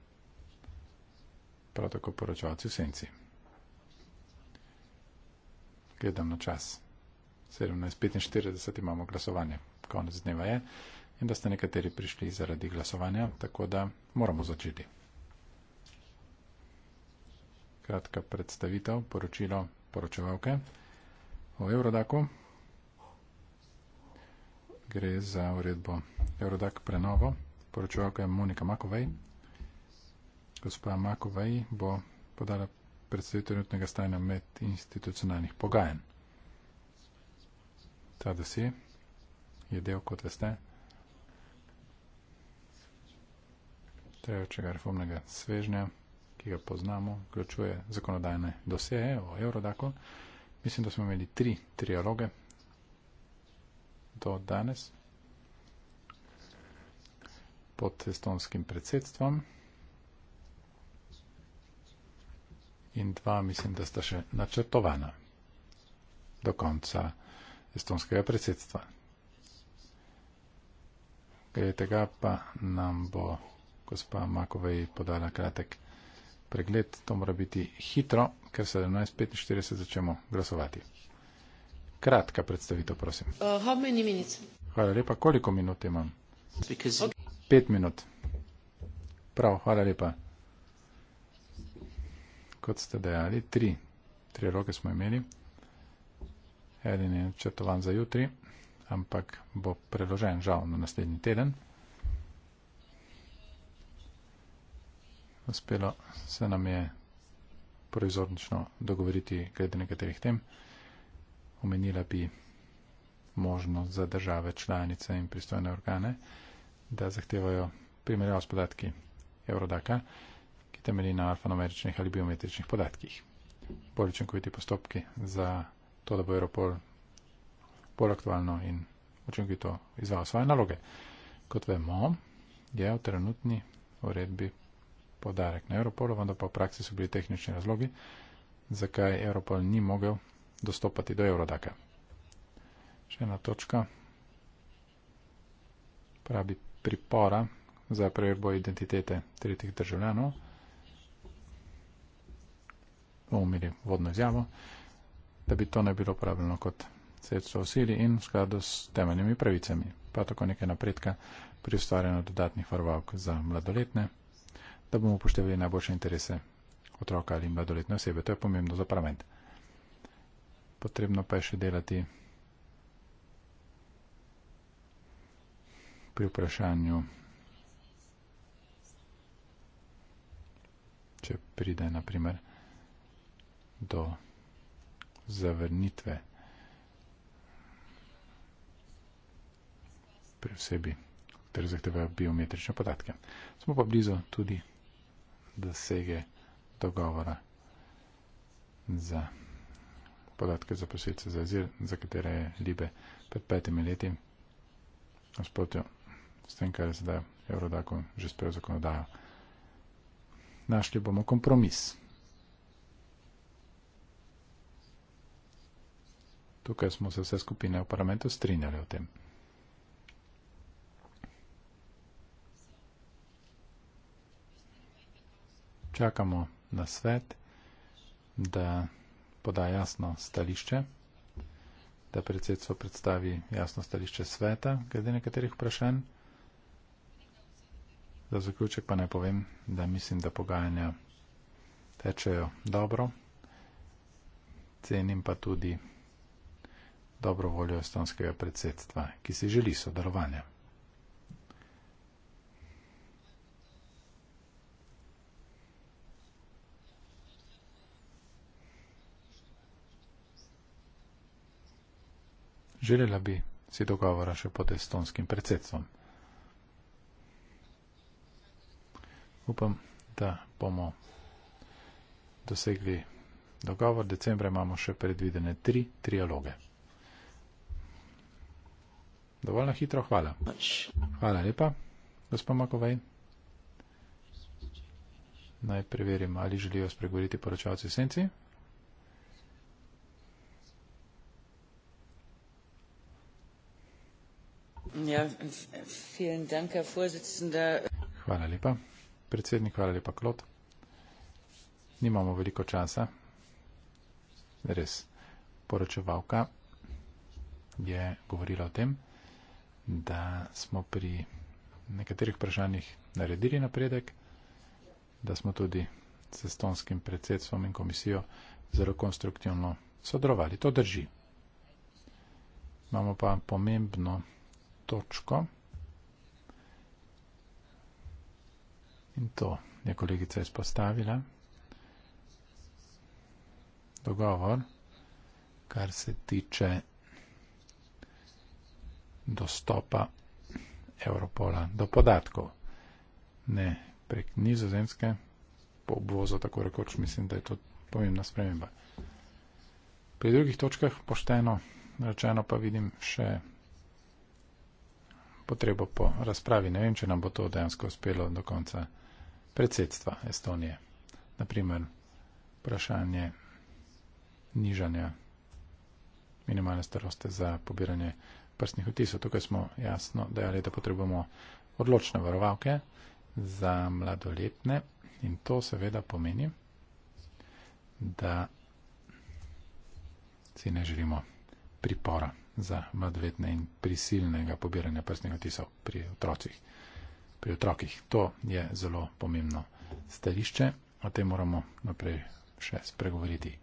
Prav tako poročavci v senci gledam na čas. 17.45 imamo glasovanje, konec dneva je in da ste nekateri prišli zaradi glasovanja, tako da moramo začeti. Kratka predstavitev, poročilo poročevalke o Eurodaku. Gre za uredbo Eurodak prenovo. Poročevalka je Monika Makovej. Gospa Makovej bo podala predvsej trenutnega stanja med institucionalnih pogajanj. Ta dosje je del, kot veste, trajočega reformnega svežnja, ki ga poznamo, vključuje zakonodajne doseje o Eurodaku. Mislim, da smo imeli tri trialoge do danes pod estonskim predsedstvom. in dva mislim, da sta še načrtovana do konca estonskega predsedstva. Glede tega pa nam bo gospa Makovej podala kratek pregled. To mora biti hitro, ker 17.45 začnemo glasovati. Kratka predstavitev, prosim. Uh, how many minutes? Hvala lepa. Koliko minut imam? Because... Pet minut. Prav, hvala lepa kot ste dejali, tri. Tri roke smo imeli. Eden je načrtovan za jutri, ampak bo preložen žal na naslednji teden. Uspelo se nam je proizornično dogovoriti glede nekaterih tem. Omenila bi možnost za države, članice in pristojne organe, da zahtevajo primerjavo s podatki Eurodaka ki temelji na alfanomeričnih ali biometričnih podatkih. Bolj učinkoviti postopki za to, da bo Europol bolj aktualno in učinkovito izvajal svoje naloge. Kot vemo, je v trenutni uredbi podarek na Europolu, vendar pa v praksi so bili tehnični razlogi, zakaj Europol ni mogel dostopati do Eurodaka. Še ena točka pravi pripora za preverbo identitete tretjih državljanov umiri vodno izjavo, da bi to ne bilo pravilno kot sredstvo v sili in v skladu s temeljnimi pravicami. Pa tako nekaj napredka pri ustvarjanju dodatnih varovalk za mladoletne, da bomo upoštevali najboljše interese otroka ali mladoletne osebe. To je pomembno za parlament. Potrebno pa je še delati pri vprašanju, če pride, na primer, do zavrnitve pri osebi, ki zahteva biometrične podatke. Smo pa blizu tudi dosege dogovora za podatke za posilce za azil, za katere je Libe pred petimi leti nasprotil s tem, kar je zdaj Eurodakon že sprejel zakonodajo. Našli bomo kompromis. Tukaj smo se vse skupine v parlamentu strinjali o tem. Čakamo na svet, da poda jasno stališče, da predsedstvo predstavi jasno stališče sveta glede nekaterih vprašanj. Za zaključek pa naj povem, da mislim, da pogajanja tečejo dobro. Cenim pa tudi dobro voljo estonskega predsedstva, ki si želi sodelovanja. Želela bi si dogovora še pod estonskim predsedstvom. Upam, da bomo dosegli dogovor. Decembra imamo še predvidene tri trialoge. Dovolj na hitro, hvala. Hvala lepa, gospod Makovej. Naj preverim, ali želijo spregovoriti poročavci v senci. Ja, hvala lepa. Predsednik, hvala lepa, Klot. Nimamo veliko časa. Res. Poročevalka je govorila o tem da smo pri nekaterih vprašanjih naredili napredek, da smo tudi z estonskim predsedstvom in komisijo zelo konstruktivno sodelovali. To drži. Imamo pa pomembno točko in to je kolegica izpostavila. Dogovor, kar se tiče dostopa Europola do podatkov. Ne prek nizozemske, po obvozu tako rekoč, mislim, da je to pomembna sprememba. Pri drugih točkah pošteno rečeno pa vidim še potrebo po razpravi. Ne vem, če nam bo to dejansko uspelo do konca predsedstva Estonije. Naprimer, vprašanje nižanja minimalne starosti za pobiranje prstnih vtisov. Tukaj smo jasno dejali, da potrebujemo odločne varovalke za mladoletne in to seveda pomeni, da si ne želimo pripora za mladoletne in prisilnega pobiranja prstnih vtisov pri otrocih. Pri otrokih. To je zelo pomembno stališče, o tem moramo naprej še spregovoriti.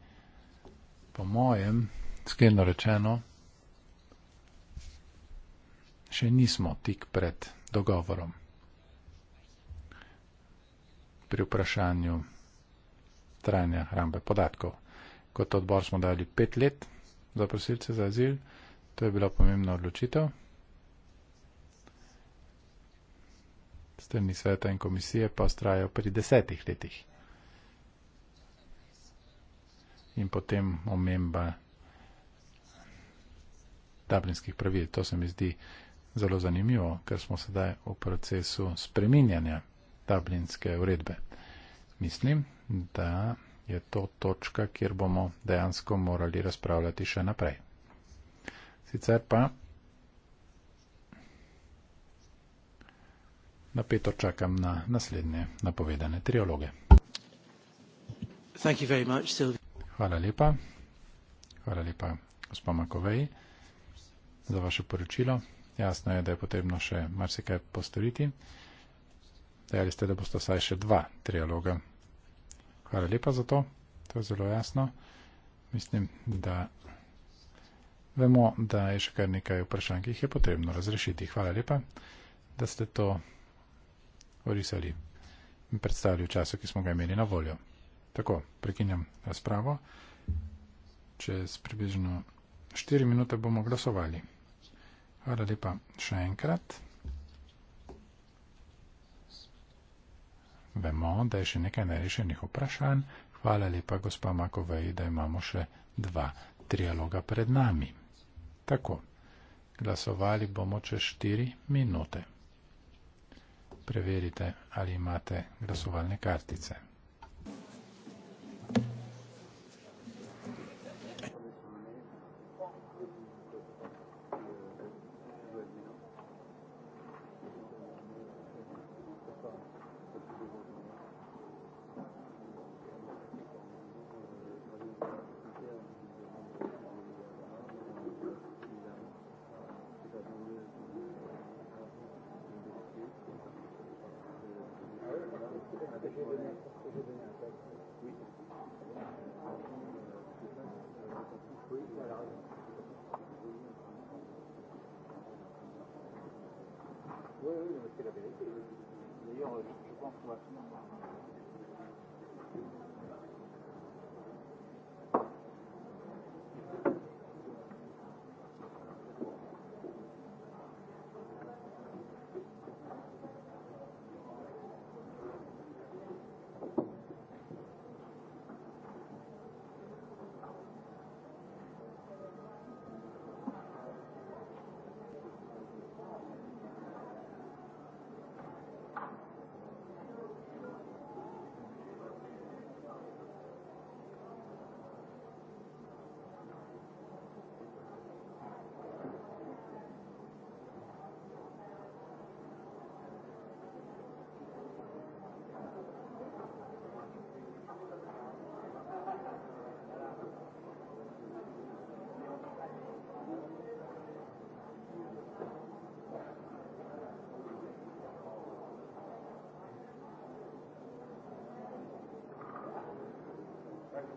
Po mojem, skeno rečeno, še nismo tik pred dogovorom. Pri vprašanju trajanja hrambe podatkov. Kot odbor smo dali pet let za prosilce za azil, to je bila pomembna odločitev. Strani sveta in komisije pa ostrajajo pri desetih letih. In potem omemba dublinskih pravil. To se mi zdi zelo zanimivo, ker smo sedaj v procesu spreminjanja tablinske uredbe. Mislim, da je to točka, kjer bomo dejansko morali razpravljati še naprej. Sicer pa napeto čakam na naslednje napovedane triologe. Much, Hvala lepa. Hvala lepa, gospod Makovej, za vaše poročilo jasno je, da je potrebno še marsikaj postoriti. Dejali ste, da boste vsaj še dva trialoga. Hvala lepa za to, to je zelo jasno. Mislim, da vemo, da je še kar nekaj vprašanj, ki jih je potrebno razrešiti. Hvala lepa, da ste to orisali in predstavili v času, ki smo ga imeli na voljo. Tako, prekinjam razpravo. Čez približno 4 minute bomo glasovali. Hvala lepa še enkrat. Vemo, da je še nekaj nerešenih vprašanj. Hvala lepa, gospa Makovej, da imamo še dva trialoga pred nami. Tako, glasovali bomo čez štiri minute. Preverite, ali imate glasovalne kartice.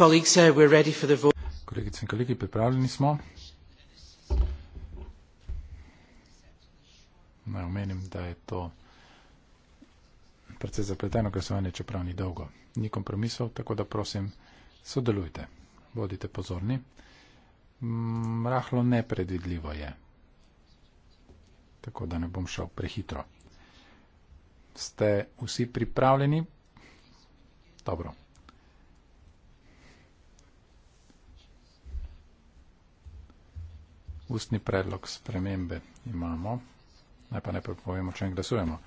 Uh, Kolegice in kolegi, pripravljeni smo. Naj omenim, da je to precej zapleteno glasovanje, čeprav ni dolgo. Ni kompromisov, tako da prosim, sodelujte, bodite pozorni. Mm, rahlo nepredvidljivo je, tako da ne bom šel prehitro. Ste vsi pripravljeni? Dobro. Ustni predlog spremembe imamo. Naj pa ne povemo, če glasujemo.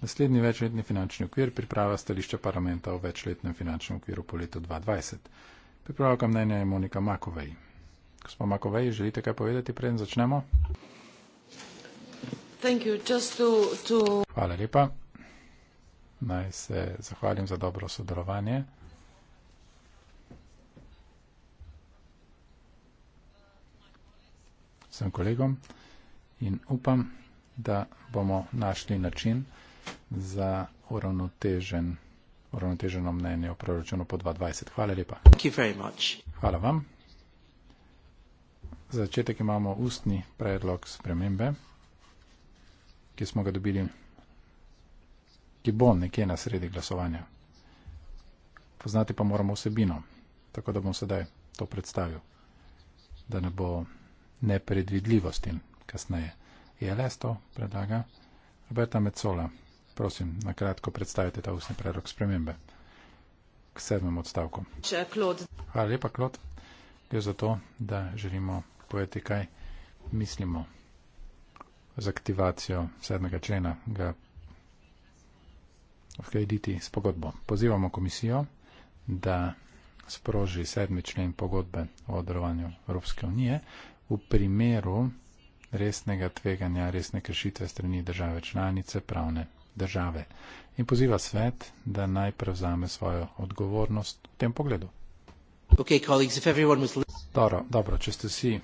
Naslednji večletni finančni okvir priprava stališča parlamenta o večletnem finančnem okviru po letu 2020. Pripravka mnenja je Monika Makovej. Gospod Makovej, želite kaj povedati, preden začnemo? To, to... Hvala lepa. Naj se zahvalim za dobro sodelovanje. vsem kolegom in upam, da bomo našli način za uravnotežen, uravnoteženo mnenje o proračunu po 2020. Hvala lepa. Hvala vam. Za začetek imamo ustni predlog spremembe, ki smo ga dobili, ki bo nekje na sredi glasovanja. Poznati pa moramo vsebino, tako da bom sedaj to predstavil, da ne bo nepredvidljivostim. Kasneje je lesto, predlaga Roberta Mecola. Prosim, na kratko predstavite ta ustni prerok spremembe k sedmem odstavku. Če, Hvala lepa, Klod. Gre za to, da želimo povedati, kaj mislimo z aktivacijo sedmega člena, ga vkrediti s pogodbo. Pozivamo komisijo, da sproži sedmi člen pogodbe o odrovanju Evropske unije, v primeru resnega tveganja, resne kršitve strani države članice, pravne države. In poziva svet, da naj prevzame svojo odgovornost v tem pogledu. Okay, colleagues, if everyone was... Dobro, dobro, če ste si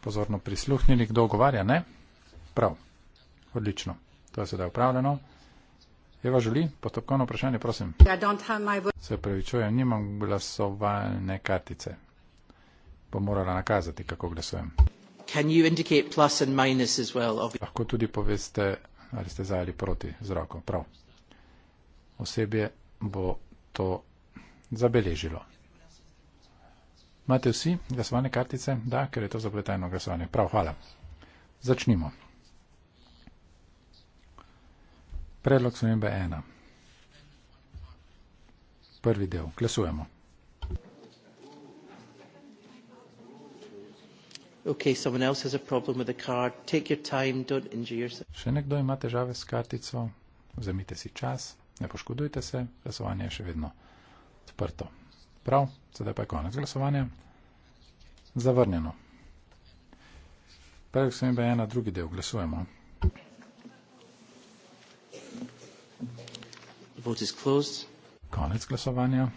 pozorno prisluhnili, kdo govarja, ne? Prav, odlično, to je sedaj upravljeno. Eva želi postopkovno vprašanje, prosim. Se pravičujem, nimam glasovalne kartice bo morala nakazati, kako glasujem. Well, Lahko tudi poveste, ali ste za ali proti z roko. Prav. Osebje bo to zabeležilo. Imate vsi glasovane kartice? Da, ker je to zapleteno glasovanje. Prav, hvala. Začnimo. Predlog sojembe 1. Prvi del. Glasujemo. Okay, someone else has a problem with the card. Take your time, don't injure yourself. Še nekdo ima težave s kartico, vzemite si čas, ne poškodujte se, glasovanje je še vedno odprto. Prav, sedaj pa je konec glasovanja. Zavrnjeno. Prvi sem imel ena, drugi del, glasujemo. Vote is closed. Konec glasovanja.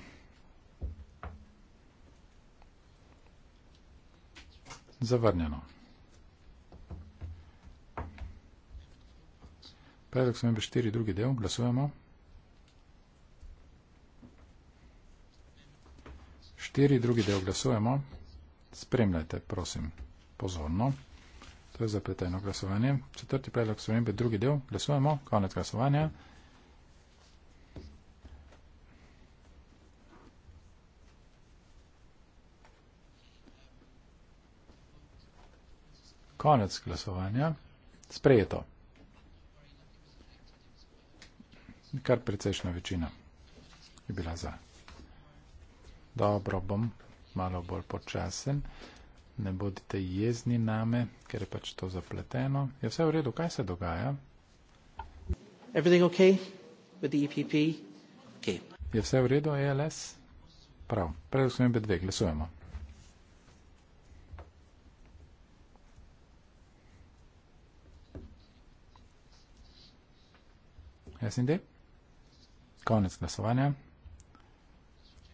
Zavrnjeno. Predlog sem imel štiri drugi del, glasujemo. Štiri drugi del glasujemo. Spremljajte, prosim, pozorno. To je zapleteno glasovanje. Četrti predlog sem imel drugi del, glasujemo. Konec glasovanja. Mhm. Konec glasovanja. Sprejeto. Kar precejšna večina je bila za. Dobro, bom malo bolj počasen. Ne bodite jezni name, ker je pač to zapleteno. Je vse v redu, kaj se dogaja? Okay with the EPP? Okay. Je vse v redu, ALS? Prav, predvsem B2, glasujemo. Jaz in D. Konec glasovanja.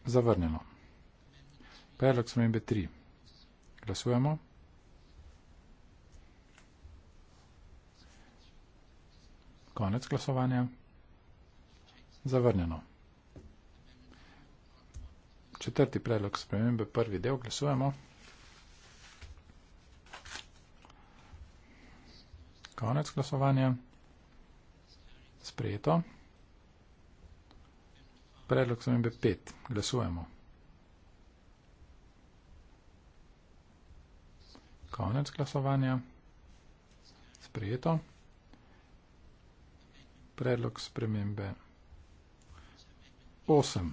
Zavrnjeno. Predlog spremembe 3. Glasujemo. Konec glasovanja. Zavrnjeno. Četrti predlog spremembe, prvi del, glasujemo. Konec glasovanja. Sprejeto. Predlog sem imel pet. Glasujemo. Konec glasovanja. Sprejeto. Predlog spremembe 8.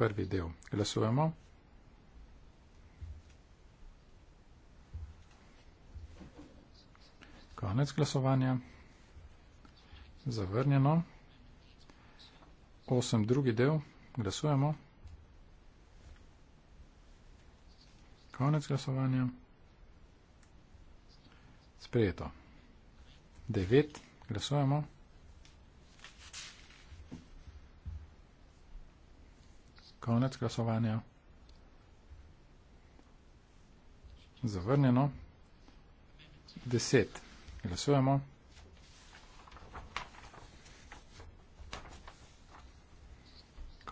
Prvi del. Glasujemo. Konec glasovanja. Zavrnjeno. Osem drugi del. Glasujemo. Konec glasovanja. Sprejeto. Devet. Glasujemo. Konec glasovanja. Zavrnjeno. Deset. Glasujemo. Glasujemo.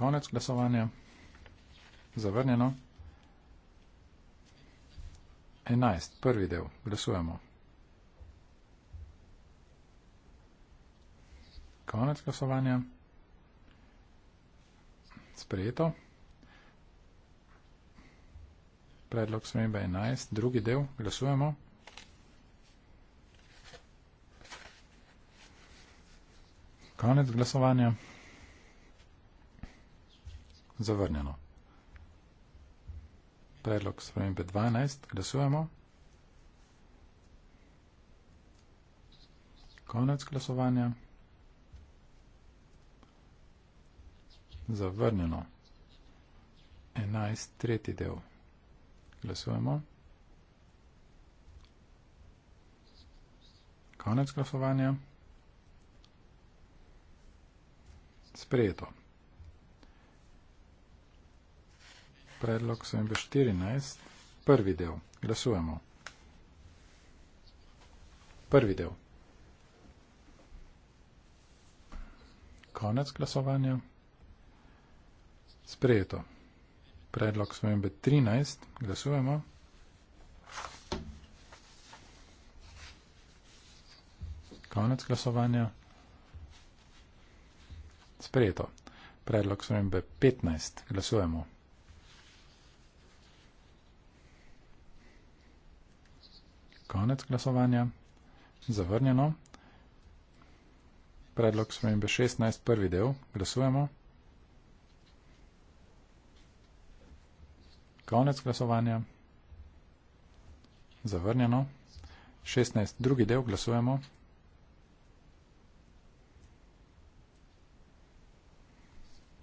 konec glasovanja. Zavrnjeno. 11. Prvi del. Glasujemo. Konec glasovanja. Sprejeto. Predlog smemba 11. Drugi del. Glasujemo. Konec glasovanja zavrnjeno. Predlog spremembe 12, glasujemo. Konec glasovanja. Zavrnjeno. 11, tretji del. Glasujemo. Konec glasovanja. Sprejeto. predlog sem bil 14. Prvi del. Glasujemo. Prvi del. Konec glasovanja. Sprejeto. Predlog sem bil 13. Glasujemo. Konec glasovanja. Sprejeto. Predlog sem bil 15. Glasujemo. konec glasovanja. Zavrnjeno. Predlog spremembe 16, prvi del. Glasujemo. Konec glasovanja. Zavrnjeno. 16, drugi del. Glasujemo.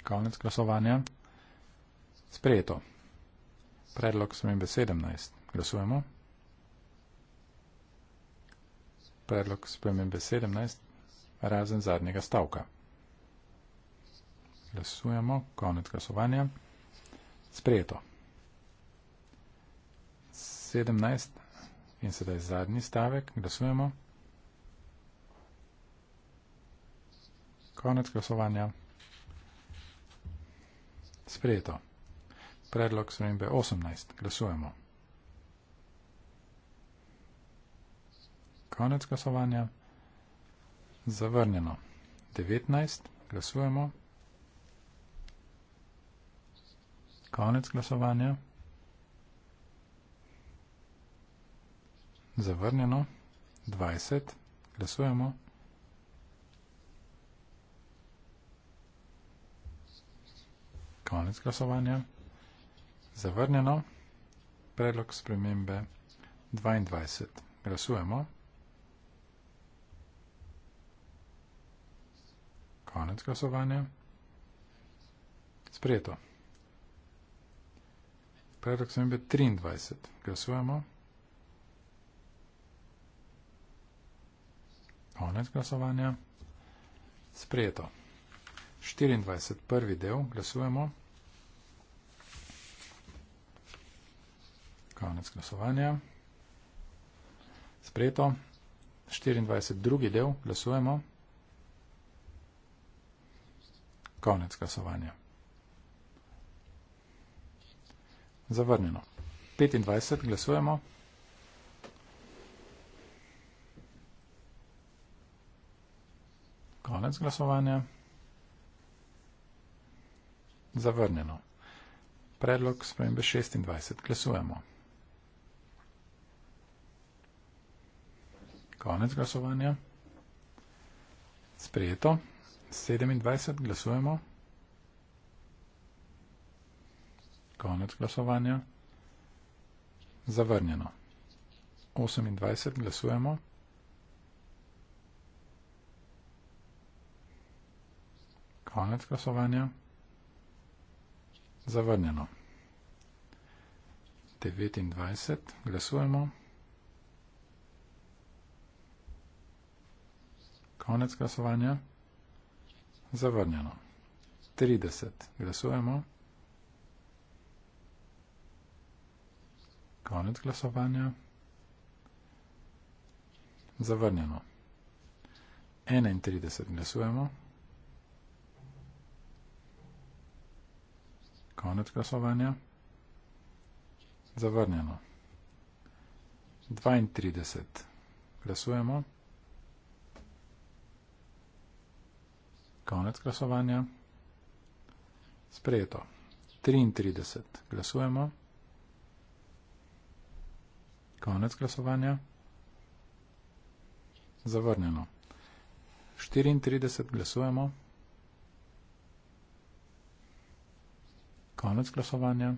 Konec glasovanja. Sprejeto. Predlog spremembe 17. Glasujemo. predlog spremembe 17, razen zadnjega stavka. Glasujemo, konec glasovanja. Sprejeto. 17 in sedaj zadnji stavek, glasujemo. Konec glasovanja. Sprejeto. Predlog spremembe 18, glasujemo. konec glasovanja. Zavrnjeno. 19. Glasujemo. Konec glasovanja. Zavrnjeno. 20. Glasujemo. Konec glasovanja. Zavrnjeno. Predlog spremembe 22. Glasujemo. Konec glasovanja. Sprejeto. Predlog sem 23. Glasujemo. Konec glasovanja. Sprejeto. 24. Prvi del. Glasujemo. Konec glasovanja. Sprejeto. 24. Drugi del. Glasujemo. Glasujemo. Konec glasovanja. Zavrnjeno. 25 glasujemo. Konec glasovanja. Zavrnjeno. Predlog spremembe 26. Glasujemo. Konec glasovanja. Sprejeto. 27 glasujemo. Konec glasovanja. Zavrnjeno. 28 glasujemo. Konec glasovanja. Zavrnjeno. 29 glasujemo. Konec glasovanja. Zavrnjeno. 30. Glasujemo. Konec glasovanja. Zavrnjeno. 31. Glasujemo. Konec glasovanja. Zavrnjeno. 32. Glasujemo. Glasujemo. Konec glasovanja. Sprejeto. 33. Glasujemo. Konec glasovanja. Zavrnjeno. 34. Glasujemo. Konec glasovanja.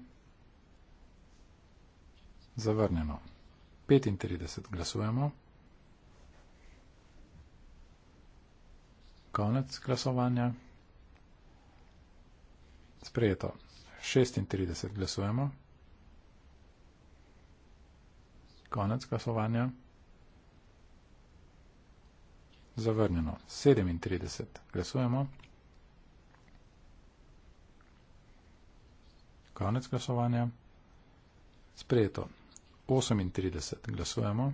Zavrnjeno. 35. Glasujemo. Konec glasovanja. Sprejeto. 36 glasujemo. Konec glasovanja. Zavrnjeno. 37 glasujemo. Konec glasovanja. Sprejeto. 38 glasujemo.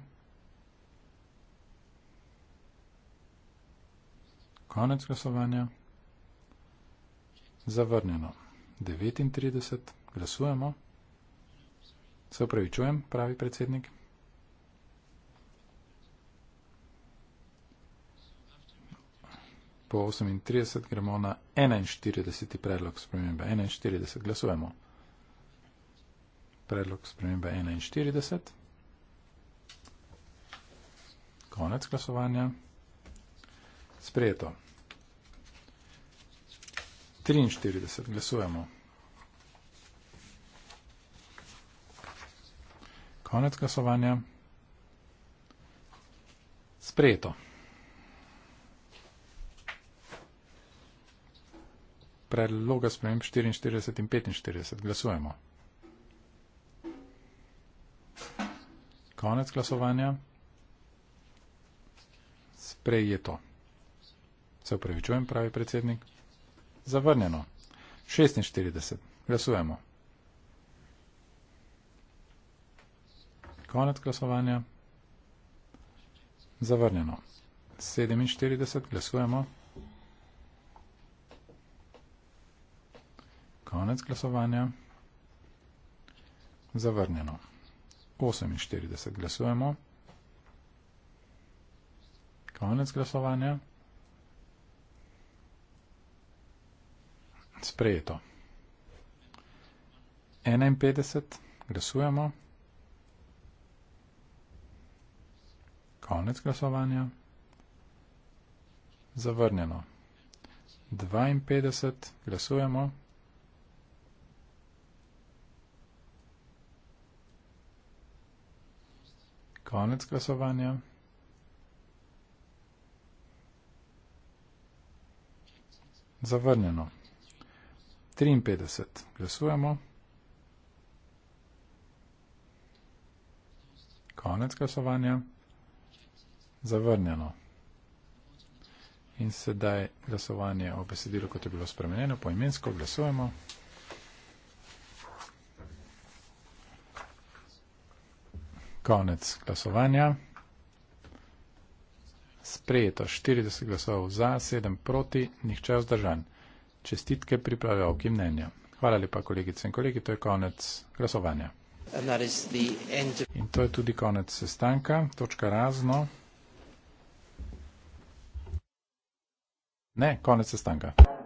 Konec glasovanja. Zavrnjeno. 39. Glasujemo. Se upravičujem, pravi predsednik. Po 38 gremo na 41. predlog spremembe 41. Glasujemo. Predlog spremembe 41. Konec glasovanja. Sprejeto. 43, glasujemo. Konec glasovanja. Sprejeto. Predloga sprememb 44 in 45. Glasujemo. Konec glasovanja. Sprejeto. Se upravičujem, pravi predsednik. Zavrnjeno. 46. Glasujemo. Konec glasovanja. Zavrnjeno. 47. Glasujemo. Konec glasovanja. Zavrnjeno. 48. Glasujemo. Konec glasovanja. sprejeto. 51, glasujemo. Konec glasovanja. Zavrnjeno. 52, glasujemo. Konec glasovanja. Zavrnjeno. 53. Glasujemo. Konec glasovanja. Zavrnjeno. In sedaj glasovanje o besedilu, kot je bilo spremenjeno, poimensko glasujemo. Konec glasovanja. Sprejeto 40 glasov za, 7 proti, nihče vzdržan čestitke pripravljavki mnenja. Hvala lepa, kolegice in kolegi, to je konec glasovanja. In to je tudi konec sestanka, točka razno. Ne, konec sestanka.